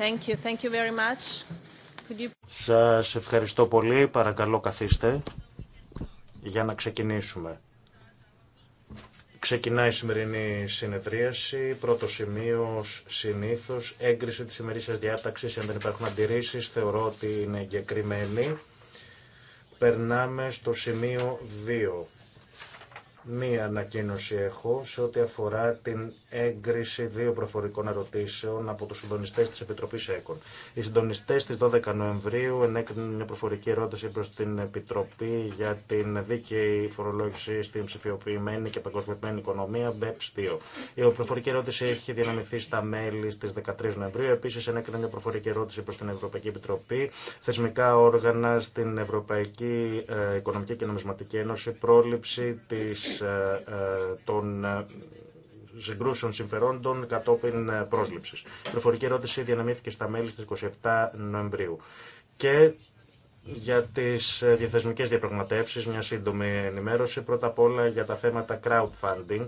Thank you. Σας ευχαριστώ πολύ. Παρακαλώ καθίστε για να ξεκινήσουμε. Ξεκινάει η σημερινή συνεδρίαση. Πρώτο σημείο συνήθω έγκριση τη ημερήσια διάταξη. Αν δεν υπάρχουν αντιρρήσει, θεωρώ ότι είναι εγκεκριμένη. Περνάμε στο σημείο 2. Μία ανακοίνωση έχω σε ό,τι αφορά την έγκριση δύο προφορικών ερωτήσεων από του συντονιστέ τη Επιτροπή ΕΚΟΝ. Οι συντονιστέ τη 12 Νοεμβρίου ενέκριναν μια προφορική ερώτηση προ την Επιτροπή για την δίκαιη φορολόγηση στην ψηφιοποιημένη και παγκοσμιοποιημένη οικονομία, BEPS 2. Η προφορική ερώτηση έχει διανεμηθεί στα μέλη στι 13 Νοεμβρίου. Επίση, ενέκριναν μια προφορική ερώτηση προ την Ευρωπαϊκή Επιτροπή, θεσμικά όργανα στην Ευρωπαϊκή ε, Οικονομική και Νομισματική Ένωση, πρόληψη της, ε, ε, των συγκρούσεων συμφερόντων κατόπιν ε, πρόσληψη. Η προφορική ερώτηση διανεμήθηκε στα μέλη στι 27 Νοεμβρίου. Και για τι ε, διαθεσμικέ διαπραγματεύσει, μια σύντομη ενημέρωση. Πρώτα απ' όλα για τα θέματα crowdfunding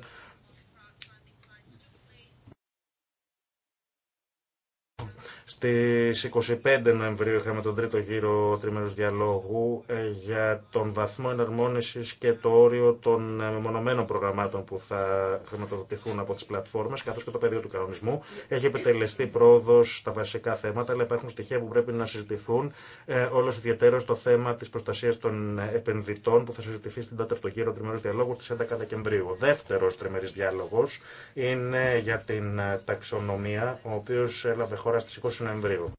Στις 25 Νοεμβρίου είχαμε τον τρίτο γύρο τριμερούς διαλόγου ε, για τον βαθμό εναρμόνισης και το όριο των ε, μεμονωμένων προγραμμάτων που θα χρηματοδοτηθούν από τις πλατφόρμες καθώς και το πεδίο του κανονισμού. Έχει επιτελεστεί πρόοδος στα βασικά θέματα αλλά υπάρχουν στοιχεία που πρέπει να συζητηθούν ε, όλος ιδιαίτερο το θέμα της προστασίας των επενδυτών που θα συζητηθεί στην τέταρτο γύρο τριμερούς διαλόγου στις 11 Δεκεμβρίου. Ο δεύτερος τριμερής διάλογος είναι για την ταξονομία ο οποίος έλαβε χώρα στις 20 Νοεμβρίου.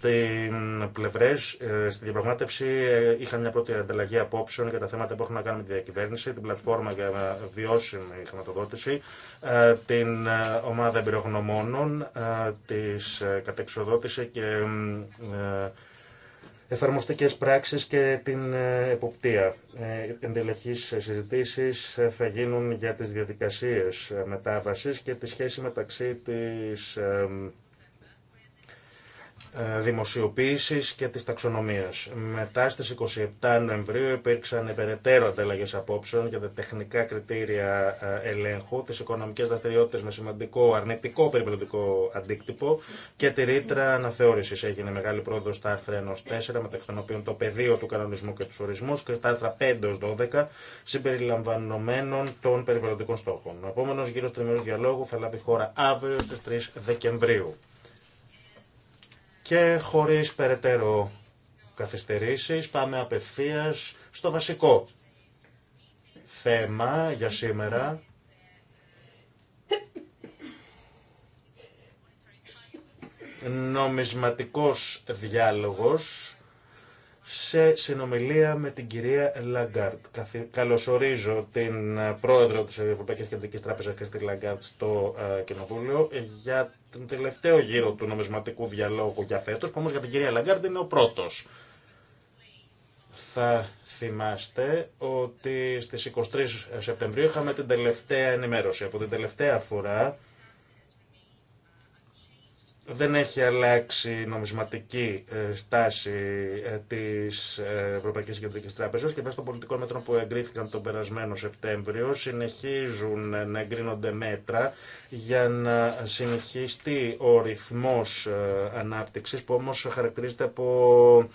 Την πλευρέ ε, στη διαπραγμάτευση ε, είχαν μια πρώτη ανταλλαγή απόψεων για τα θέματα που έχουν να κάνουν με τη διακυβέρνηση, την πλατφόρμα για βιώσιμη χρηματοδότηση, ε, την ομάδα εμπειρογνωμόνων, τη κατεξοδότηση και εφαρμοστικέ πράξει και την εποπτεία. Εντελεχεί συζητήσει θα γίνουν για τι διαδικασίε μετάβαση και τη σχέση μεταξύ της ε, Δημοσιοποίηση και τη ταξονομίας. Μετά στι 27 Νοεμβρίου υπήρξαν περαιτέρω ανταλλαγέ απόψεων για τα τεχνικά κριτήρια ε, ελέγχου, τι οικονομικέ δραστηριότητε με σημαντικό αρνητικό περιβαλλοντικό αντίκτυπο και τη ρήτρα αναθεώρηση. Έγινε μεγάλη πρόοδο στα άρθρα 1-4 μεταξύ των οποίων το πεδίο του κανονισμού και του ορισμού και στα άρθρα 5-12 συμπεριλαμβανομένων των περιβαλλοντικών στόχων. Ο επόμενο γύρο τριμερού διαλόγου θα λάβει χώρα αύριο στι 3 Δεκεμβρίου. Και χωρίς περαιτέρω καθυστερήσεις πάμε απευθείας στο βασικό θέμα για σήμερα. Νομισματικός διάλογος σε συνομιλία με την κυρία Λαγκάρτ. Καλωσορίζω την ε, πρόεδρο της Ευρωπαϊκής Κεντρικής Τράπεζας Κριστή Λαγκάρτ στο ε, Κοινοβούλιο για τον τελευταίο γύρο του νομισματικού διαλόγου για φέτος, που όμως για την κυρία Λαγκάρτ είναι ο πρώτος. Θα θυμάστε ότι στις 23 Σεπτεμβρίου είχαμε την τελευταία ενημέρωση. Από την τελευταία φορά δεν έχει αλλάξει νομισματική ε, στάση ε, της ε, Ευρωπαϊκής Κεντρικής Τράπεζας και μέσα των πολιτικών μέτρων που εγκρίθηκαν τον περασμένο Σεπτέμβριο συνεχίζουν να εγκρίνονται μέτρα για να συνεχιστεί ο ρυθμός ανάπτυξης που όμως χαρακτηρίζεται από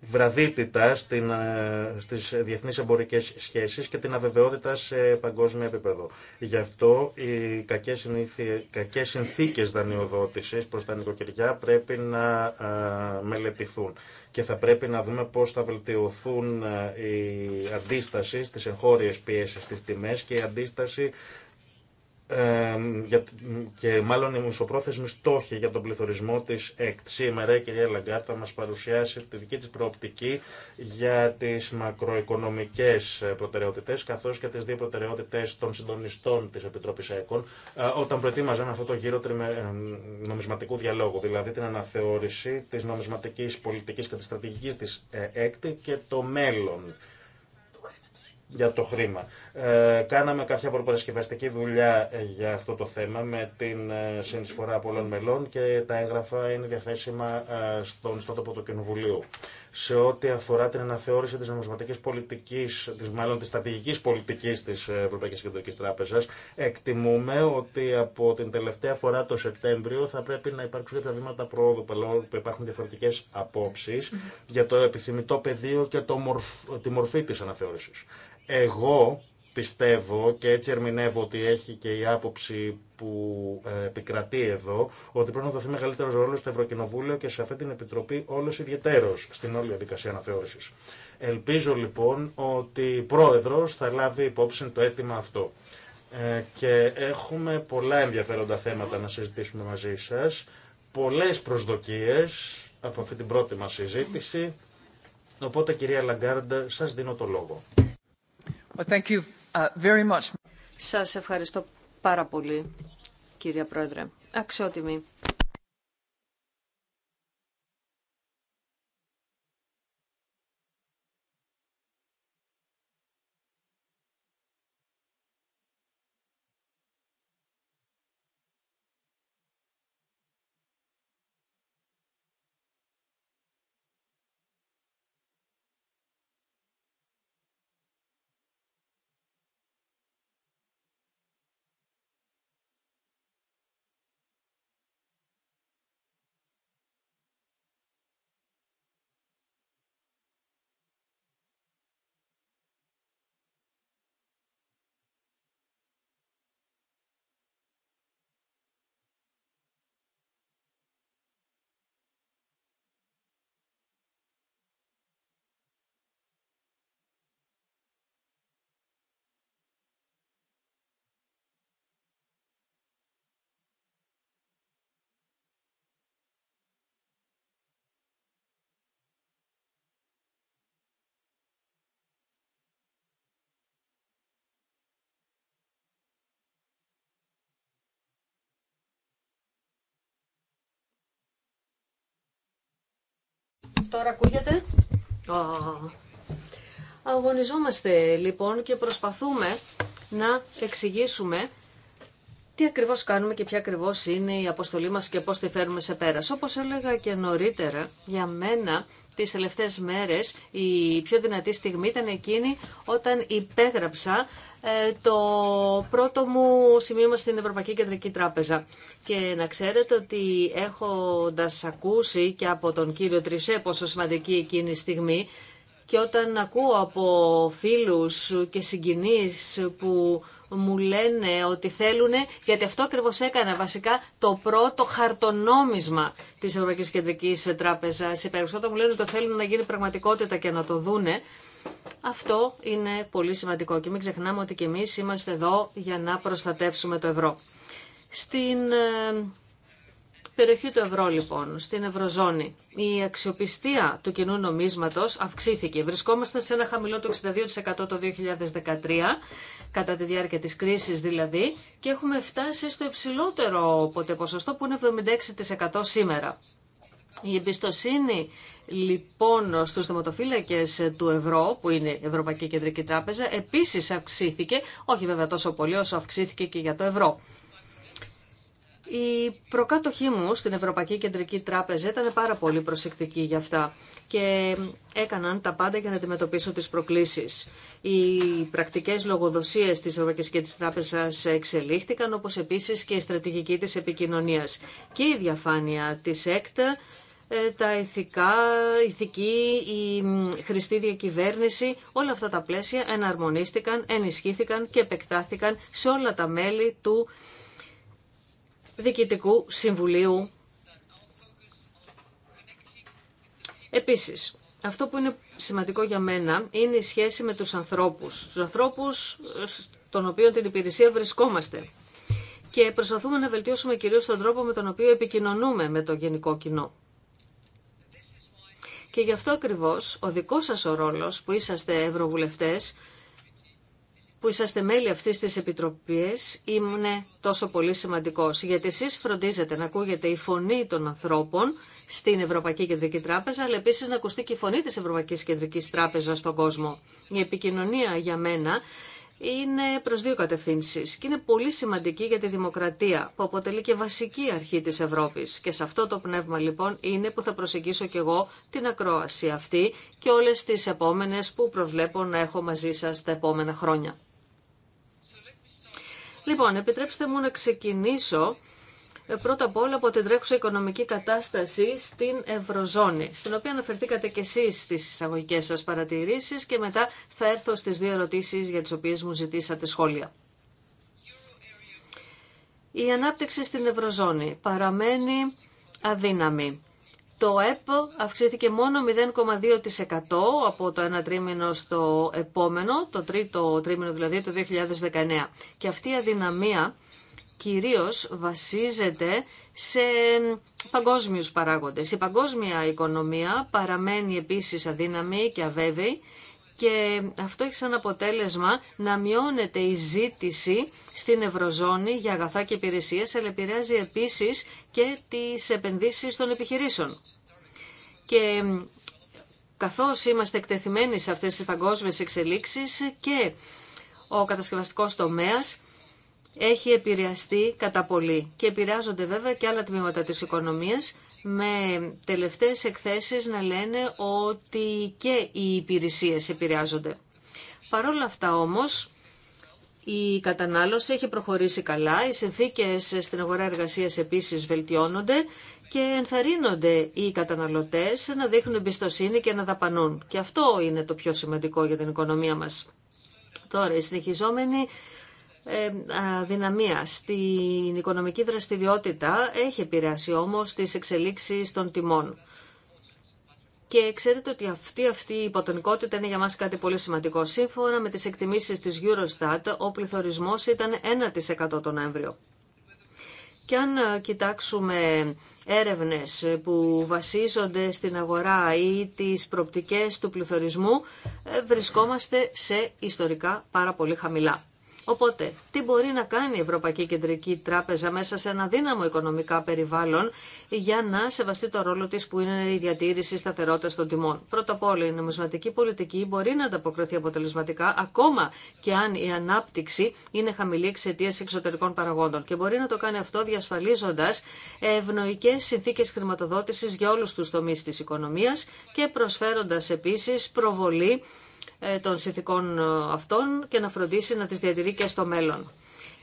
βραδύτητα στην, ε, στις διεθνείς εμπορικές σχέσεις και την αβεβαιότητα σε παγκόσμιο επίπεδο. Γι' αυτό οι κακές, συνθήκε κακές συνθήκες δανειοδότησης προς τα νοικοκυριά πρέπει να ε, μελετηθούν και θα πρέπει να δούμε πώς θα βελτιωθούν η ε, αντίσταση στις εγχώριες πιέσεις στις τιμές και η αντίσταση και μάλλον η μισοπρόθεσμη στόχη για τον πληθωρισμό της ΕΚΤ. Σήμερα η κυρία θα μας παρουσιάσει τη δική της προοπτική για τις μακροοικονομικές ε, προτεραιότητες καθώς και τις δύο προτεραιότητες των συντονιστών της Επιτροπής ΕΚΟΝ ε, όταν προετοίμαζαν αυτό το γύρο ε, νομισματικού διαλόγου, δηλαδή την αναθεώρηση τη νομισματική πολιτική και τη στρατηγική τη ΕΚΤ και το μέλλον για το χρήμα. Ε, κάναμε κάποια προπαρασκευαστική δουλειά για αυτό το θέμα με την ε, συνεισφορά πολλών μελών και τα έγγραφα είναι διαθέσιμα ε, στον ιστότοπο του Κοινοβουλίου. Σε ό,τι αφορά την αναθεώρηση τη νομισματική πολιτική, μάλλον τη στρατηγικής πολιτική της Ευρωπαϊκής Κεντρική Τράπεζα, εκτιμούμε ότι από την τελευταία φορά το Σεπτέμβριο θα πρέπει να υπάρξουν κάποια βήματα προόδου που υπάρχουν διαφορετικέ απόψει για το επιθυμητό πεδίο και το μορφ, τη μορφή τη αναθεώρηση. Εγώ πιστεύω και έτσι ερμηνεύω ότι έχει και η άποψη που ε, επικρατεί εδώ, ότι πρέπει να δοθεί μεγαλύτερο ρόλο στο Ευρωκοινοβούλιο και σε αυτή την Επιτροπή όλο ιδιαίτερο στην όλη διαδικασία αναθεώρηση. Ελπίζω λοιπόν ότι η Πρόεδρο θα λάβει υπόψη το αίτημα αυτό. Ε, και έχουμε πολλά ενδιαφέροντα θέματα να συζητήσουμε μαζί σα, πολλέ προσδοκίε από αυτή την πρώτη μα συζήτηση. Οπότε, κυρία Λαγκάρντα, σας δίνω το λόγο. Uh, Σας ευχαριστώ πάρα πολύ, κυρία Πρόεδρε. Αξιότιμη. Τώρα ακούγεται. Oh. Αγωνιζόμαστε λοιπόν και προσπαθούμε να εξηγήσουμε τι ακριβώς κάνουμε και ποια ακριβώς είναι η αποστολή μας και πώς τη φέρουμε σε πέρας. Όπως έλεγα και νωρίτερα, για μένα τις τελευταίες μέρες η πιο δυνατή στιγμή ήταν εκείνη όταν υπέγραψα ε, το πρώτο μου σημείωμα στην Ευρωπαϊκή Κεντρική Τράπεζα. Και να ξέρετε ότι έχοντας ακούσει και από τον κύριο Τρισέ πόσο σημαντική εκείνη η στιγμή, και όταν ακούω από φίλους και συγκινείς που μου λένε ότι θέλουν, γιατί αυτό ακριβώ έκανα βασικά το πρώτο χαρτονόμισμα της Ευρωπαϊκής Κεντρικής Τράπεζας. Οι περισσότερο μου λένε ότι το θέλουν να γίνει πραγματικότητα και να το δούνε. Αυτό είναι πολύ σημαντικό και μην ξεχνάμε ότι και εμείς είμαστε εδώ για να προστατεύσουμε το ευρώ. Στην ε, περιοχή του ευρώ λοιπόν, στην ευρωζώνη, η αξιοπιστία του κοινού νομίσματος αυξήθηκε. Βρισκόμαστε σε ένα χαμηλό του 62% το 2013, κατά τη διάρκεια της κρίσης δηλαδή, και έχουμε φτάσει στο υψηλότερο ποτέ ποσοστό που είναι 76% σήμερα. Η εμπιστοσύνη λοιπόν στους θεματοφύλακες του ευρώ, που είναι η Ευρωπαϊκή Κεντρική Τράπεζα, επίσης αυξήθηκε, όχι βέβαια τόσο πολύ όσο αυξήθηκε και για το ευρώ. Οι προκάτοχοί μου στην Ευρωπαϊκή Κεντρική Τράπεζα ήταν πάρα πολύ προσεκτική για αυτά και έκαναν τα πάντα για να αντιμετωπίσουν τις προκλήσεις. Οι πρακτικές λογοδοσίες της Ευρωπαϊκής Κεντρικής Τράπεζας εξελίχθηκαν, όπως επίσης και η στρατηγική της επικοινωνίας και η διαφάνεια της ΕΚΤΑ ε, τα ηθικά, ηθική, η χρηστή διακυβέρνηση, όλα αυτά τα πλαίσια εναρμονίστηκαν, ενισχύθηκαν και επεκτάθηκαν σε όλα τα μέλη του Διοικητικού Συμβουλίου. Επίσης, αυτό που είναι σημαντικό για μένα είναι η σχέση με τους ανθρώπους. Τους ανθρώπους των οποίων την υπηρεσία βρισκόμαστε. Και προσπαθούμε να βελτιώσουμε κυρίως τον τρόπο με τον οποίο επικοινωνούμε με το γενικό κοινό. Και γι' αυτό ακριβώς ο δικός σας ο ρόλος που είσαστε ευρωβουλευτές που είσαστε μέλη αυτής της Επιτροπής είναι τόσο πολύ σημαντικός. Γιατί εσείς φροντίζετε να ακούγεται η φωνή των ανθρώπων στην Ευρωπαϊκή Κεντρική Τράπεζα, αλλά επίσης να ακουστεί και η φωνή της Ευρωπαϊκής Κεντρικής Τράπεζας στον κόσμο. Η επικοινωνία για μένα είναι προ δύο κατευθύνσει και είναι πολύ σημαντική για τη δημοκρατία που αποτελεί και βασική αρχή τη Ευρώπη, Και σε αυτό το πνεύμα λοιπόν είναι που θα προσεγγίσω και εγώ την ακρόαση αυτή και όλε τι επόμενε που προβλέπω να έχω μαζί σα τα επόμενα χρόνια. Λοιπόν, επιτρέψτε μου να ξεκινήσω ε, πρώτα απ' όλα από την τρέχουσα οικονομική κατάσταση στην Ευρωζώνη, στην οποία αναφερθήκατε και εσείς στις εισαγωγικές σας παρατηρήσεις και μετά θα έρθω στις δύο ερωτήσεις για τις οποίες μου ζητήσατε σχόλια. Η ανάπτυξη στην Ευρωζώνη παραμένει αδύναμη. Το ΕΠ αυξήθηκε μόνο 0,2% από το ένα τρίμηνο στο επόμενο, το τρίτο τρίμηνο δηλαδή το 2019. Και αυτή η αδυναμία κυρίως βασίζεται σε παγκόσμιους παράγοντες. Η παγκόσμια οικονομία παραμένει επίσης αδύναμη και αβέβαιη και αυτό έχει σαν αποτέλεσμα να μειώνεται η ζήτηση στην Ευρωζώνη για αγαθά και υπηρεσίες, αλλά επηρεάζει επίσης και τις επενδύσεις των επιχειρήσεων. Και καθώς είμαστε εκτεθειμένοι σε αυτές τις παγκόσμιες εξελίξεις και ο κατασκευαστικός τομέας έχει επηρεαστεί κατά πολύ και επηρεάζονται βέβαια και άλλα τμήματα της οικονομίας με τελευταίες εκθέσεις να λένε ότι και οι υπηρεσίες επηρεάζονται. Παρ' όλα αυτά όμως, η κατανάλωση έχει προχωρήσει καλά, οι συνθήκες στην αγορά εργασίας επίσης βελτιώνονται και ενθαρρύνονται οι καταναλωτές να δείχνουν εμπιστοσύνη και να δαπανούν. Και αυτό είναι το πιο σημαντικό για την οικονομία μας. Τώρα, οι ε, δυναμία στην οικονομική δραστηριότητα έχει επηρεάσει όμως τις εξελίξεις των τιμών. Και ξέρετε ότι αυτή, αυτή η υποτονικότητα είναι για μας κάτι πολύ σημαντικό. Σύμφωνα με τις εκτιμήσεις της Eurostat, ο πληθωρισμός ήταν 1% τον Νοέμβριο. Και αν ε, κοιτάξουμε έρευνες που βασίζονται στην αγορά ή τις προπτικές του πληθωρισμού, ε, βρισκόμαστε σε ιστορικά πάρα πολύ χαμηλά. Οπότε, τι μπορεί να κάνει η Ευρωπαϊκή Κεντρική Τράπεζα μέσα σε ένα δύναμο οικονομικά περιβάλλον για να σεβαστεί το ρόλο τη που είναι η διατήρηση σταθερότητα των τιμών. Πρώτα απ' όλα, η νομισματική πολιτική μπορεί να ανταποκριθεί αποτελεσματικά ακόμα και αν η ανάπτυξη είναι χαμηλή εξαιτία εξωτερικών παραγόντων και μπορεί να το κάνει αυτό διασφαλίζοντα ευνοϊκέ συνθήκε χρηματοδότησης για όλου του τομεί τη οικονομία και προσφέροντα επίση προβολή ε, των συνθηκών ε, αυτών και να φροντίσει να τις διατηρεί και στο μέλλον.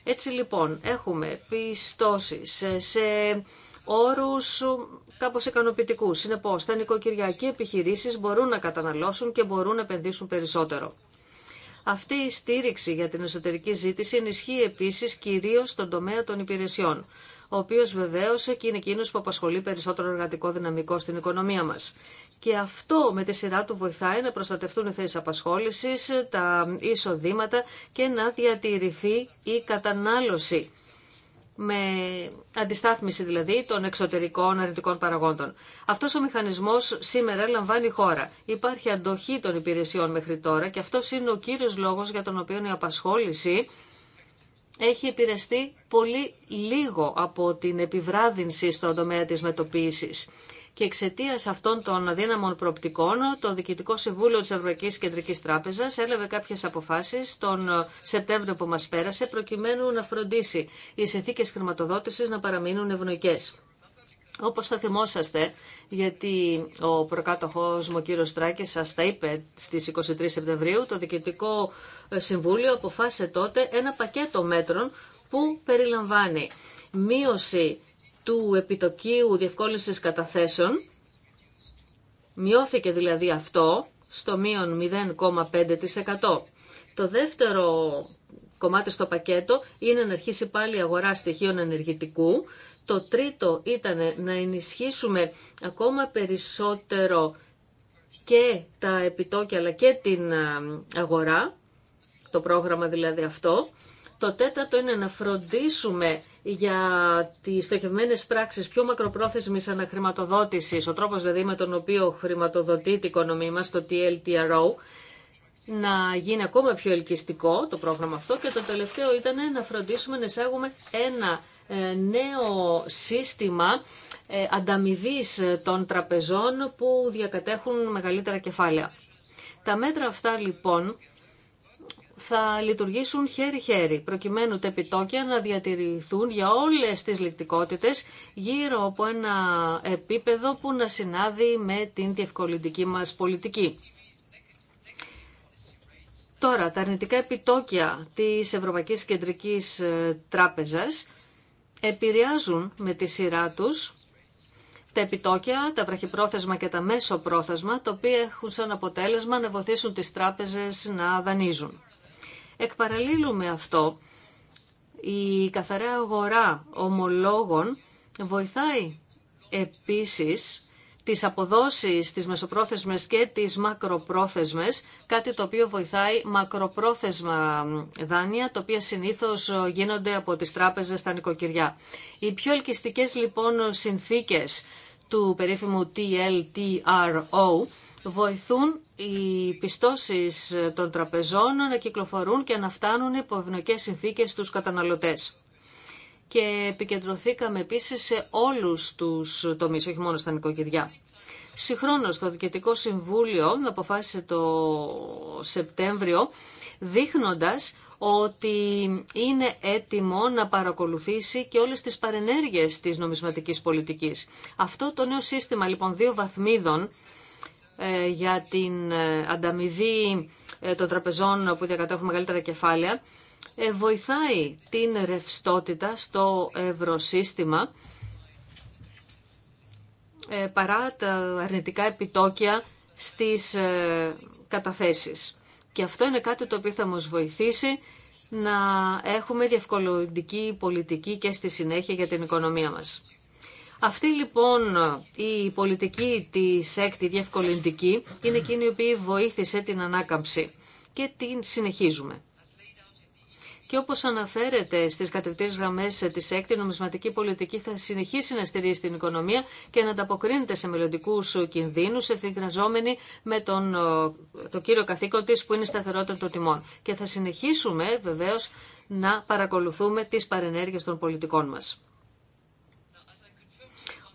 Έτσι λοιπόν έχουμε πιστώσει σε όρους κάπως ικανοποιητικού. Συνεπώς, τα νοικοκυριακή επιχειρήσεις μπορούν να καταναλώσουν και μπορούν να επενδύσουν περισσότερο. Αυτή η στήριξη για την εσωτερική ζήτηση ενισχύει επίσης κυρίως στον τομέα των υπηρεσιών, ο οποίος βεβαίω και είναι εκείνος που απασχολεί περισσότερο εργατικό δυναμικό στην οικονομία μας. Και αυτό με τη σειρά του βοηθάει να προστατευτούν οι θέσεις απασχόλησης, τα εισοδήματα και να διατηρηθεί η κατανάλωση με αντιστάθμιση δηλαδή των εξωτερικών αρνητικών παραγόντων. Αυτός ο μηχανισμός σήμερα λαμβάνει χώρα. Υπάρχει αντοχή των υπηρεσιών μέχρι τώρα και αυτός είναι ο κύριος λόγος για τον οποίο η απασχόληση έχει επηρεαστεί πολύ λίγο από την επιβράδυνση στον τομέα της μετοποίησης. Και εξαιτία αυτών των αδύναμων προοπτικών, το Δικητικό Συμβούλιο τη Ευρωπαϊκή Κεντρική Τράπεζα έλαβε κάποιε αποφάσει τον ε, Σεπτέμβριο που μα πέρασε, προκειμένου να φροντίσει οι συνθήκε χρηματοδότηση να παραμείνουν ευνοϊκέ. Όπω θα θυμόσαστε, γιατί ο προκάτοχός μου, ο κύριο Στράκης, σα τα είπε στι 23 Σεπτεμβρίου, το Δικητικό ε, Συμβούλιο αποφάσισε τότε ένα πακέτο μέτρων που περιλαμβάνει μείωση του επιτοκίου διευκόλυνσης καταθέσεων. Μειώθηκε δηλαδή αυτό στο μείον 0,5%. Το δεύτερο κομμάτι στο πακέτο είναι να αρχίσει πάλι η αγορά στοιχείων ενεργητικού. Το τρίτο ήταν να ενισχύσουμε ακόμα περισσότερο και τα επιτόκια αλλά και την αγορά, το πρόγραμμα δηλαδή αυτό. Το τέταρτο είναι να φροντίσουμε για τις στοχευμένες πράξεις πιο μακροπρόθεσμη αναχρηματοδότησης, ο τρόπος δηλαδή με τον οποίο χρηματοδοτεί την οικονομία μας, το TLTRO, να γίνει ακόμα πιο ελκυστικό το πρόγραμμα αυτό και το τελευταίο ήταν να φροντίσουμε να εισάγουμε ένα ε, νέο σύστημα ε, ανταμοιβή ε, των τραπεζών που διακατέχουν μεγαλύτερα κεφάλαια. Τα μέτρα αυτά λοιπόν θα λειτουργήσουν χέρι-χέρι, προκειμένου τα επιτόκια να διατηρηθούν για όλες τις λεκτικότητες γύρω από ένα επίπεδο που να συνάδει με την διευκολυντική μας πολιτική. Τώρα, τα αρνητικά επιτόκια της Ευρωπαϊκής Κεντρικής ε, Τράπεζας επηρεάζουν με τη σειρά τους τα επιτόκια, τα βραχυπρόθεσμα και τα μέσο πρόθεσμα, τα οποία έχουν σαν αποτέλεσμα να βοηθήσουν τις τράπεζες να δανείζουν. Εκ με αυτό, η καθαρά αγορά ομολόγων βοηθάει επίσης τις αποδόσεις τις μεσοπρόθεσμες και τις μακροπρόθεσμες, κάτι το οποίο βοηθάει μακροπρόθεσμα δάνεια, τα οποία συνήθως γίνονται από τις τράπεζες στα νοικοκυριά. Οι πιο ελκυστικές λοιπόν συνθήκες του περίφημου TLTRO βοηθούν οι πιστώσεις των τραπεζών να κυκλοφορούν και να φτάνουν υπό ευνοϊκές συνθήκες στους καταναλωτές. Και επικεντρωθήκαμε επίσης σε όλους τους τομείς, όχι μόνο στα νοικοκυριά. Συγχρόνως το Διοικητικό Συμβούλιο αποφάσισε το Σεπτέμβριο δείχνοντας ότι είναι έτοιμο να παρακολουθήσει και όλες τις παρενέργειες της νομισματικής πολιτικής. Αυτό το νέο σύστημα λοιπόν δύο βαθμίδων ε, για την ε, ανταμοιβή ε, των τραπεζών που διακατέχουν μεγαλύτερα κεφάλαια, βοηθάει την ρευστότητα στο ευρωσύστημα παρά τα αρνητικά επιτόκια στις καταθέσεις. Και αυτό είναι κάτι το οποίο θα μας βοηθήσει να έχουμε διευκολυντική πολιτική και στη συνέχεια για την οικονομία μας. Αυτή λοιπόν η πολιτική της έκτη διευκολυντική είναι εκείνη η οποία βοήθησε την ανάκαμψη και την συνεχίζουμε. Και όπως αναφέρεται στις κατευθύνσεις γραμμές της ΕΚΤ, η νομισματική πολιτική θα συνεχίσει να στηρίζει την οικονομία και να ανταποκρίνεται σε μελλοντικού κινδύνους, ευθυγραζόμενη με τον, το κύριο καθήκον της που είναι η σταθερότητα των τιμών. Και θα συνεχίσουμε βεβαίως να παρακολουθούμε τις παρενέργειες των πολιτικών μας.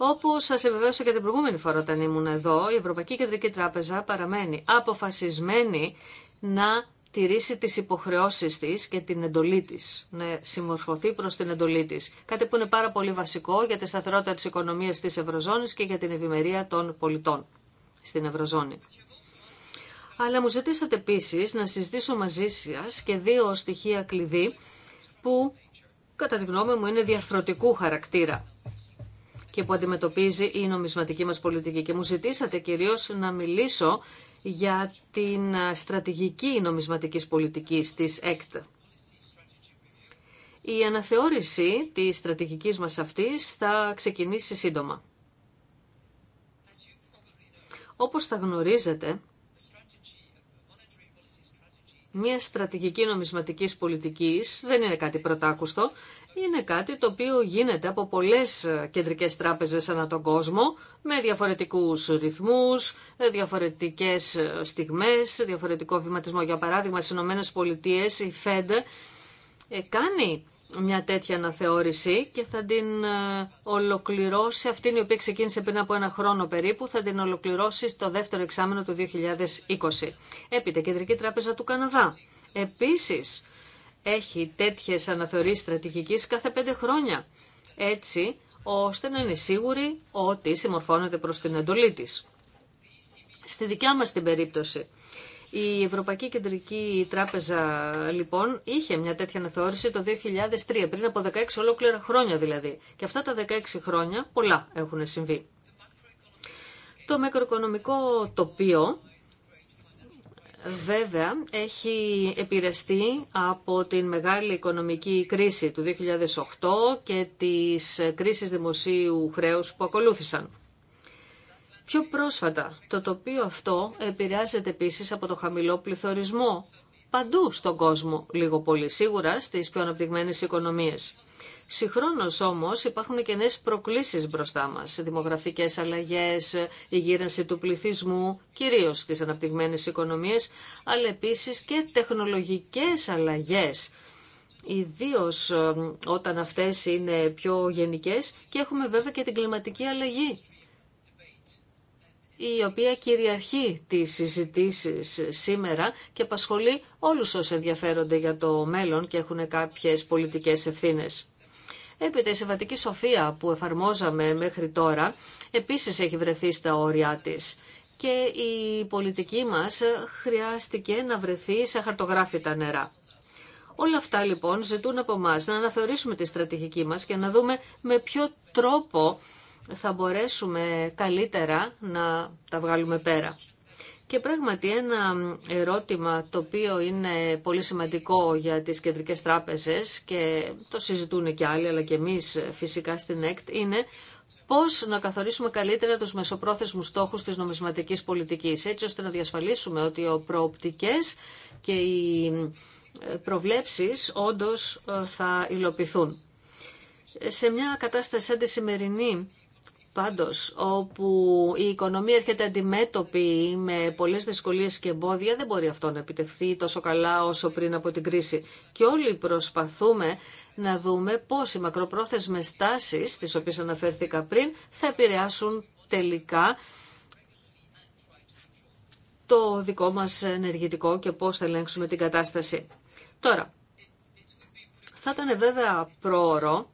Όπω σα επιβεβαίωσα και την προηγούμενη φορά όταν ήμουν εδώ, η Ευρωπαϊκή Κεντρική Τράπεζα παραμένει αποφασισμένη να τηρήσει τις υποχρεώσεις της και την εντολή της, να συμμορφωθεί προς την εντολή της. Κάτι που είναι πάρα πολύ βασικό για τη σταθερότητα της οικονομίας της Ευρωζώνης και για την ευημερία των πολιτών στην Ευρωζώνη. Αλλά μου ζητήσατε επίση να συζητήσω μαζί σα και δύο στοιχεία κλειδί που κατά τη γνώμη μου είναι διαρθρωτικού χαρακτήρα και που αντιμετωπίζει η νομισματική μας πολιτική. Και μου ζητήσατε κυρίως να μιλήσω για την στρατηγική νομισματικής πολιτικής της ΕΚΤ. Η αναθεώρηση της στρατηγικής μας αυτής θα ξεκινήσει σύντομα. Όπως θα γνωρίζετε, μια στρατηγική νομισματικής πολιτικής δεν είναι κάτι πρωτάκουστο είναι κάτι το οποίο γίνεται από πολλές κεντρικές τράπεζες ανά τον κόσμο με διαφορετικούς ρυθμούς, διαφορετικές στιγμές, διαφορετικό βηματισμό. Για παράδειγμα, στις Ηνωμένες Πολιτείες η Fed ε, κάνει μια τέτοια αναθεώρηση και θα την ε, ολοκληρώσει, αυτήν η οποία ξεκίνησε πριν από ένα χρόνο περίπου, θα την ολοκληρώσει στο δεύτερο εξάμενο του 2020. Έπειτα, Κεντρική Τράπεζα του Καναδά. Επίσης, έχει τέτοιες αναθεωρήσεις στρατηγικής κάθε πέντε χρόνια, έτσι ώστε να είναι σίγουρη ότι συμμορφώνεται προς την εντολή της. Στη δικιά μας την περίπτωση, η Ευρωπαϊκή Κεντρική Τράπεζα, λοιπόν, είχε μια τέτοια αναθεώρηση το 2003, πριν από 16 ολόκληρα χρόνια δηλαδή. Και αυτά τα 16 χρόνια πολλά έχουν συμβεί. Το μακροοικονομικό τοπίο βέβαια έχει επηρεαστεί από την μεγάλη οικονομική κρίση του 2008 και τις κρίσεις δημοσίου χρέους που ακολούθησαν. Πιο πρόσφατα, το τοπίο αυτό επηρεάζεται επίσης από το χαμηλό πληθωρισμό παντού στον κόσμο, λίγο πολύ σίγουρα στις πιο αναπτυγμένες οικονομίες. Συγχρόνω όμω, υπάρχουν και νέε προκλήσεις μπροστά μας, δημογραφικές αλλαγές, η γύρανση του πληθυσμού, κυρίως στι αναπτυγμένες οικονομίες, αλλά επίση και τεχνολογικές αλλαγές ιδίω ε, όταν αυτές είναι πιο γενικές και έχουμε βέβαια και την κλιματική αλλαγή η οποία κυριαρχεί τις συζητήσεις σήμερα και απασχολεί όλους όσοι ενδιαφέρονται για το μέλλον και έχουν κάποιες πολιτικές ευθύνες. Έπειτα η συμβατική σοφία που εφαρμόζαμε μέχρι τώρα επίσης έχει βρεθεί στα όρια της και η πολιτική μας χρειάστηκε να βρεθεί σε χαρτογράφητα νερά. Όλα αυτά λοιπόν ζητούν από εμά να αναθεωρήσουμε τη στρατηγική μας και να δούμε με ποιο τρόπο θα μπορέσουμε καλύτερα να τα βγάλουμε πέρα. Και πράγματι ένα ερώτημα το οποίο είναι πολύ σημαντικό για τις κεντρικές τράπεζες και το συζητούν και άλλοι αλλά και εμείς φυσικά στην ΕΚΤ είναι πώς να καθορίσουμε καλύτερα τους μεσοπρόθεσμους στόχους της νομισματικής πολιτικής έτσι ώστε να διασφαλίσουμε ότι οι προοπτικές και οι ε, προβλέψεις όντως ε, θα υλοποιηθούν. Σε μια κατάσταση σαν τη σημερινή Πάντως, όπου η οικονομία έρχεται αντιμέτωπη με πολλές δυσκολίες και εμπόδια, δεν μπορεί αυτό να επιτευχθεί τόσο καλά όσο πριν από την κρίση. Και όλοι προσπαθούμε να δούμε πώς οι μακροπρόθεσμες τάσεις, τις οποίες αναφέρθηκα πριν, θα επηρεάσουν τελικά το δικό μας ενεργητικό και πώς θα ελέγξουμε την κατάσταση. Τώρα, θα ήταν βέβαια πρόωρο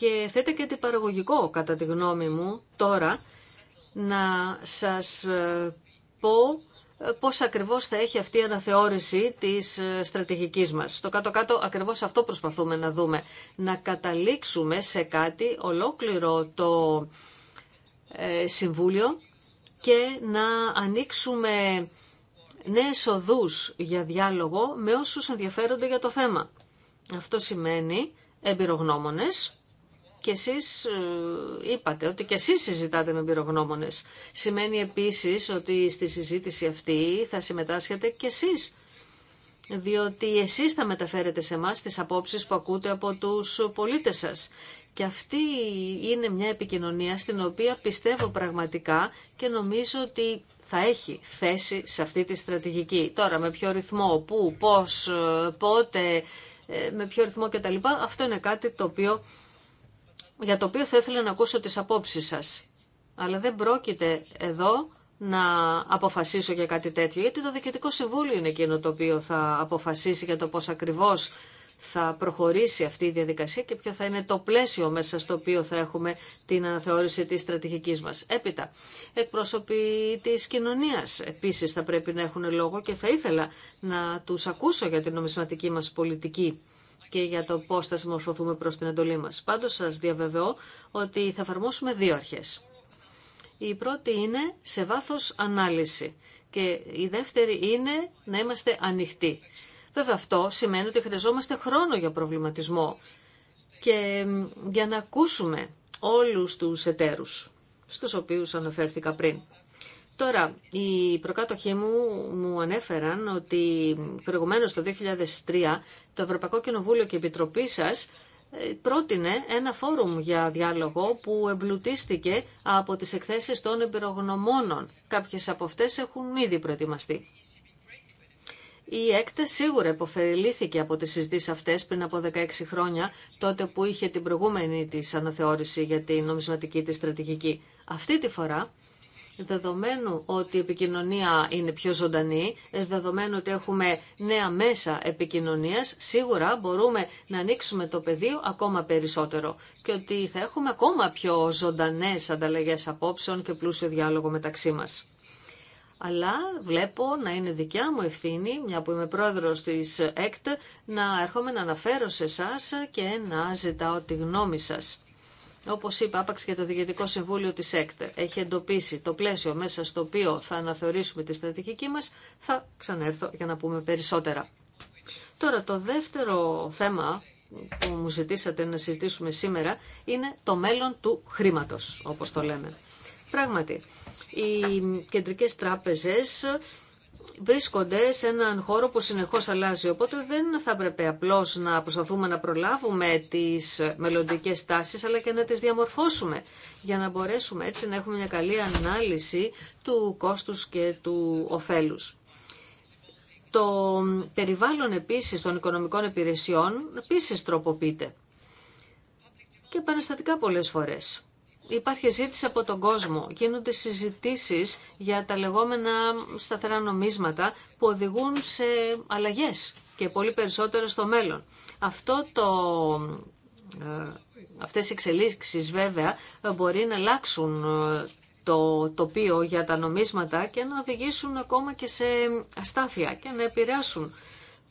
και θέτε και αντιπαραγωγικό κατά τη γνώμη μου τώρα να σας ε, πω ε, πώς ακριβώς θα έχει αυτή η αναθεώρηση της ε, στρατηγικής μας. Στο κάτω-κάτω ακριβώς αυτό προσπαθούμε να δούμε. Να καταλήξουμε σε κάτι ολόκληρο το Συμβούλιο και να ανοίξουμε νέες οδούς για διάλογο με όσους ενδιαφέρονται για το θέμα. Αυτό σημαίνει εμπειρογνώμονες, και εσείς ε, είπατε ότι και εσείς συζητάτε με πυρογνώμονες. Σημαίνει επίσης ότι στη συζήτηση αυτή θα συμμετάσχετε και εσείς διότι εσείς θα μεταφέρετε σε μας τις απόψεις που ακούτε από τους πολίτες σας. Και αυτή είναι μια επικοινωνία στην οποία πιστεύω πραγματικά και νομίζω ότι θα έχει θέση σε αυτή τη στρατηγική. Τώρα με ποιο ρυθμό, πού, πώς, ε, πότε, ε, με ποιο ρυθμό κτλ. Αυτό είναι κάτι το οποίο για το οποίο θα ήθελα να ακούσω τις απόψεις σας. Αλλά δεν πρόκειται εδώ να αποφασίσω για κάτι τέτοιο, γιατί το Διοικητικό Συμβούλιο είναι εκείνο το οποίο θα αποφασίσει για το πώς ακριβώς θα προχωρήσει αυτή η διαδικασία και ποιο θα είναι το πλαίσιο μέσα στο οποίο θα έχουμε την αναθεώρηση της στρατηγικής μας. Έπειτα, εκπρόσωποι της κοινωνίας επίσης θα πρέπει να έχουν λόγο και θα ήθελα να τους ακούσω για την νομισματική μας πολιτική και για το πώς θα συμμορφωθούμε προς την εντολή μας. Πάντως σας διαβεβαιώ ότι θα εφαρμόσουμε δύο αρχές. Η πρώτη είναι σε βάθος ανάλυση και η δεύτερη είναι να είμαστε ανοιχτοί. Βέβαια αυτό σημαίνει ότι χρειαζόμαστε χρόνο για προβληματισμό και για να ακούσουμε όλους τους εταίρους στους οποίους αναφέρθηκα πριν. Τώρα, οι προκάτοχοί μου μου ανέφεραν ότι προηγουμένως το 2003 το Ευρωπαϊκό Κοινοβούλιο και η Επιτροπή σας ε, πρότεινε ένα φόρουμ για διάλογο που εμπλουτίστηκε από τις εκθέσεις των εμπειρογνωμόνων. Κάποιες από αυτές έχουν ήδη προετοιμαστεί. Η ΕΚΤΕ σίγουρα υποφελήθηκε από τις συζητήσεις αυτές πριν από 16 χρόνια, τότε που είχε την προηγούμενη της αναθεώρηση για την νομισματική της στρατηγική. Αυτή τη φορά δεδομένου ότι η επικοινωνία είναι πιο ζωντανή, ε, δεδομένου ότι έχουμε νέα μέσα επικοινωνίας, σίγουρα μπορούμε να ανοίξουμε το πεδίο ακόμα περισσότερο και ότι θα έχουμε ακόμα πιο ζωντανές ανταλλαγές απόψεων και πλούσιο διάλογο μεταξύ μας. Αλλά βλέπω να είναι δικιά μου ευθύνη, μια που είμαι πρόεδρος της ΕΚΤ, να έρχομαι να αναφέρω σε εσά και να ζητάω τη γνώμη σας. Όπως είπα, άπαξ και το Διοικητικό Συμβούλιο της εκτε. έχει εντοπίσει το πλαίσιο μέσα στο οποίο θα αναθεωρήσουμε τη στρατηγική μας, θα ξανέρθω για να πούμε περισσότερα. Τώρα, το δεύτερο θέμα που μου ζητήσατε να συζητήσουμε σήμερα είναι το μέλλον του χρήματος, όπως το λέμε. Πράγματι, οι κεντρικές τράπεζε βρίσκονται σε έναν χώρο που συνεχώς αλλάζει. Οπότε δεν θα έπρεπε απλώς να προσπαθούμε να προλάβουμε τις μελλοντικέ τάσεις, αλλά και να τις διαμορφώσουμε, για να μπορέσουμε έτσι να έχουμε μια καλή ανάλυση του κόστους και του ωφέλους. Το περιβάλλον επίσης των οικονομικών υπηρεσιών επίσης τροποποιείται και επαναστατικά πολλές φορές. Υπάρχει ζήτηση από τον κόσμο. Γίνονται συζητήσεις για τα λεγόμενα σταθερά νομίσματα που οδηγούν σε αλλαγές και πολύ περισσότερο στο μέλλον. Αυτό το, ε, αυτές οι εξελίξεις βέβαια μπορεί να αλλάξουν ε, το τοπίο για τα νομίσματα και να οδηγήσουν ακόμα και σε αστάθεια και να επηρεάσουν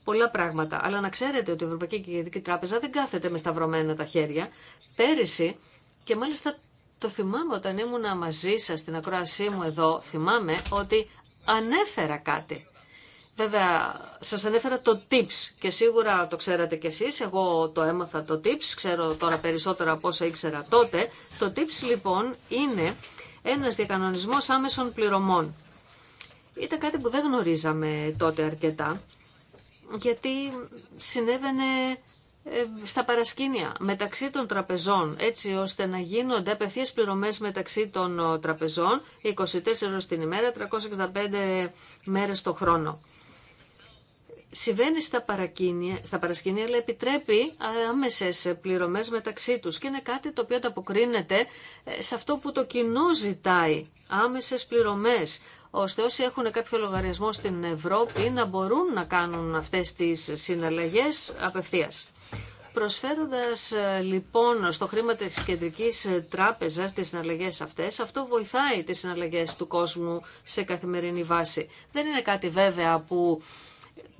πολλά πράγματα. Αλλά να ξέρετε ότι η Ευρωπαϊκή Κεντρική Τράπεζα δεν κάθεται με σταυρωμένα τα χέρια. Πέρυσι και μάλιστα το θυμάμαι όταν ήμουν μαζί σας στην ακρόασή μου εδώ, θυμάμαι ότι ανέφερα κάτι. Βέβαια, σας ανέφερα το tips και σίγουρα το ξέρατε κι εσείς, εγώ το έμαθα το tips, ξέρω τώρα περισσότερα από όσα ήξερα τότε. Το tips λοιπόν είναι ένας διακανονισμός άμεσων πληρωμών. Ήταν κάτι που δεν γνωρίζαμε τότε αρκετά, γιατί συνέβαινε ε, στα παρασκήνια μεταξύ των τραπεζών έτσι ώστε να γίνονται απευθεία πληρωμές μεταξύ των τραπεζών 24 ώρες την ημέρα, 365 μέρες το χρόνο. Συμβαίνει στα, στα παρασκήνια αλλά επιτρέπει ε, άμεσες πληρωμές μεταξύ τους και είναι κάτι το οποίο ανταποκρίνεται ε, σε αυτό που το κοινό ζητάει, άμεσες πληρωμές ώστε όσοι έχουν κάποιο λογαριασμό στην Ευρώπη να μπορούν να κάνουν αυτές τις συναλλαγές απευθείας. Προσφέροντας ε, λοιπόν στο χρήμα της Κεντρικής Τράπεζας τις συναλλαγές αυτές, αυτό βοηθάει τις συναλλαγές του κόσμου σε καθημερινή βάση. Δεν είναι κάτι βέβαια που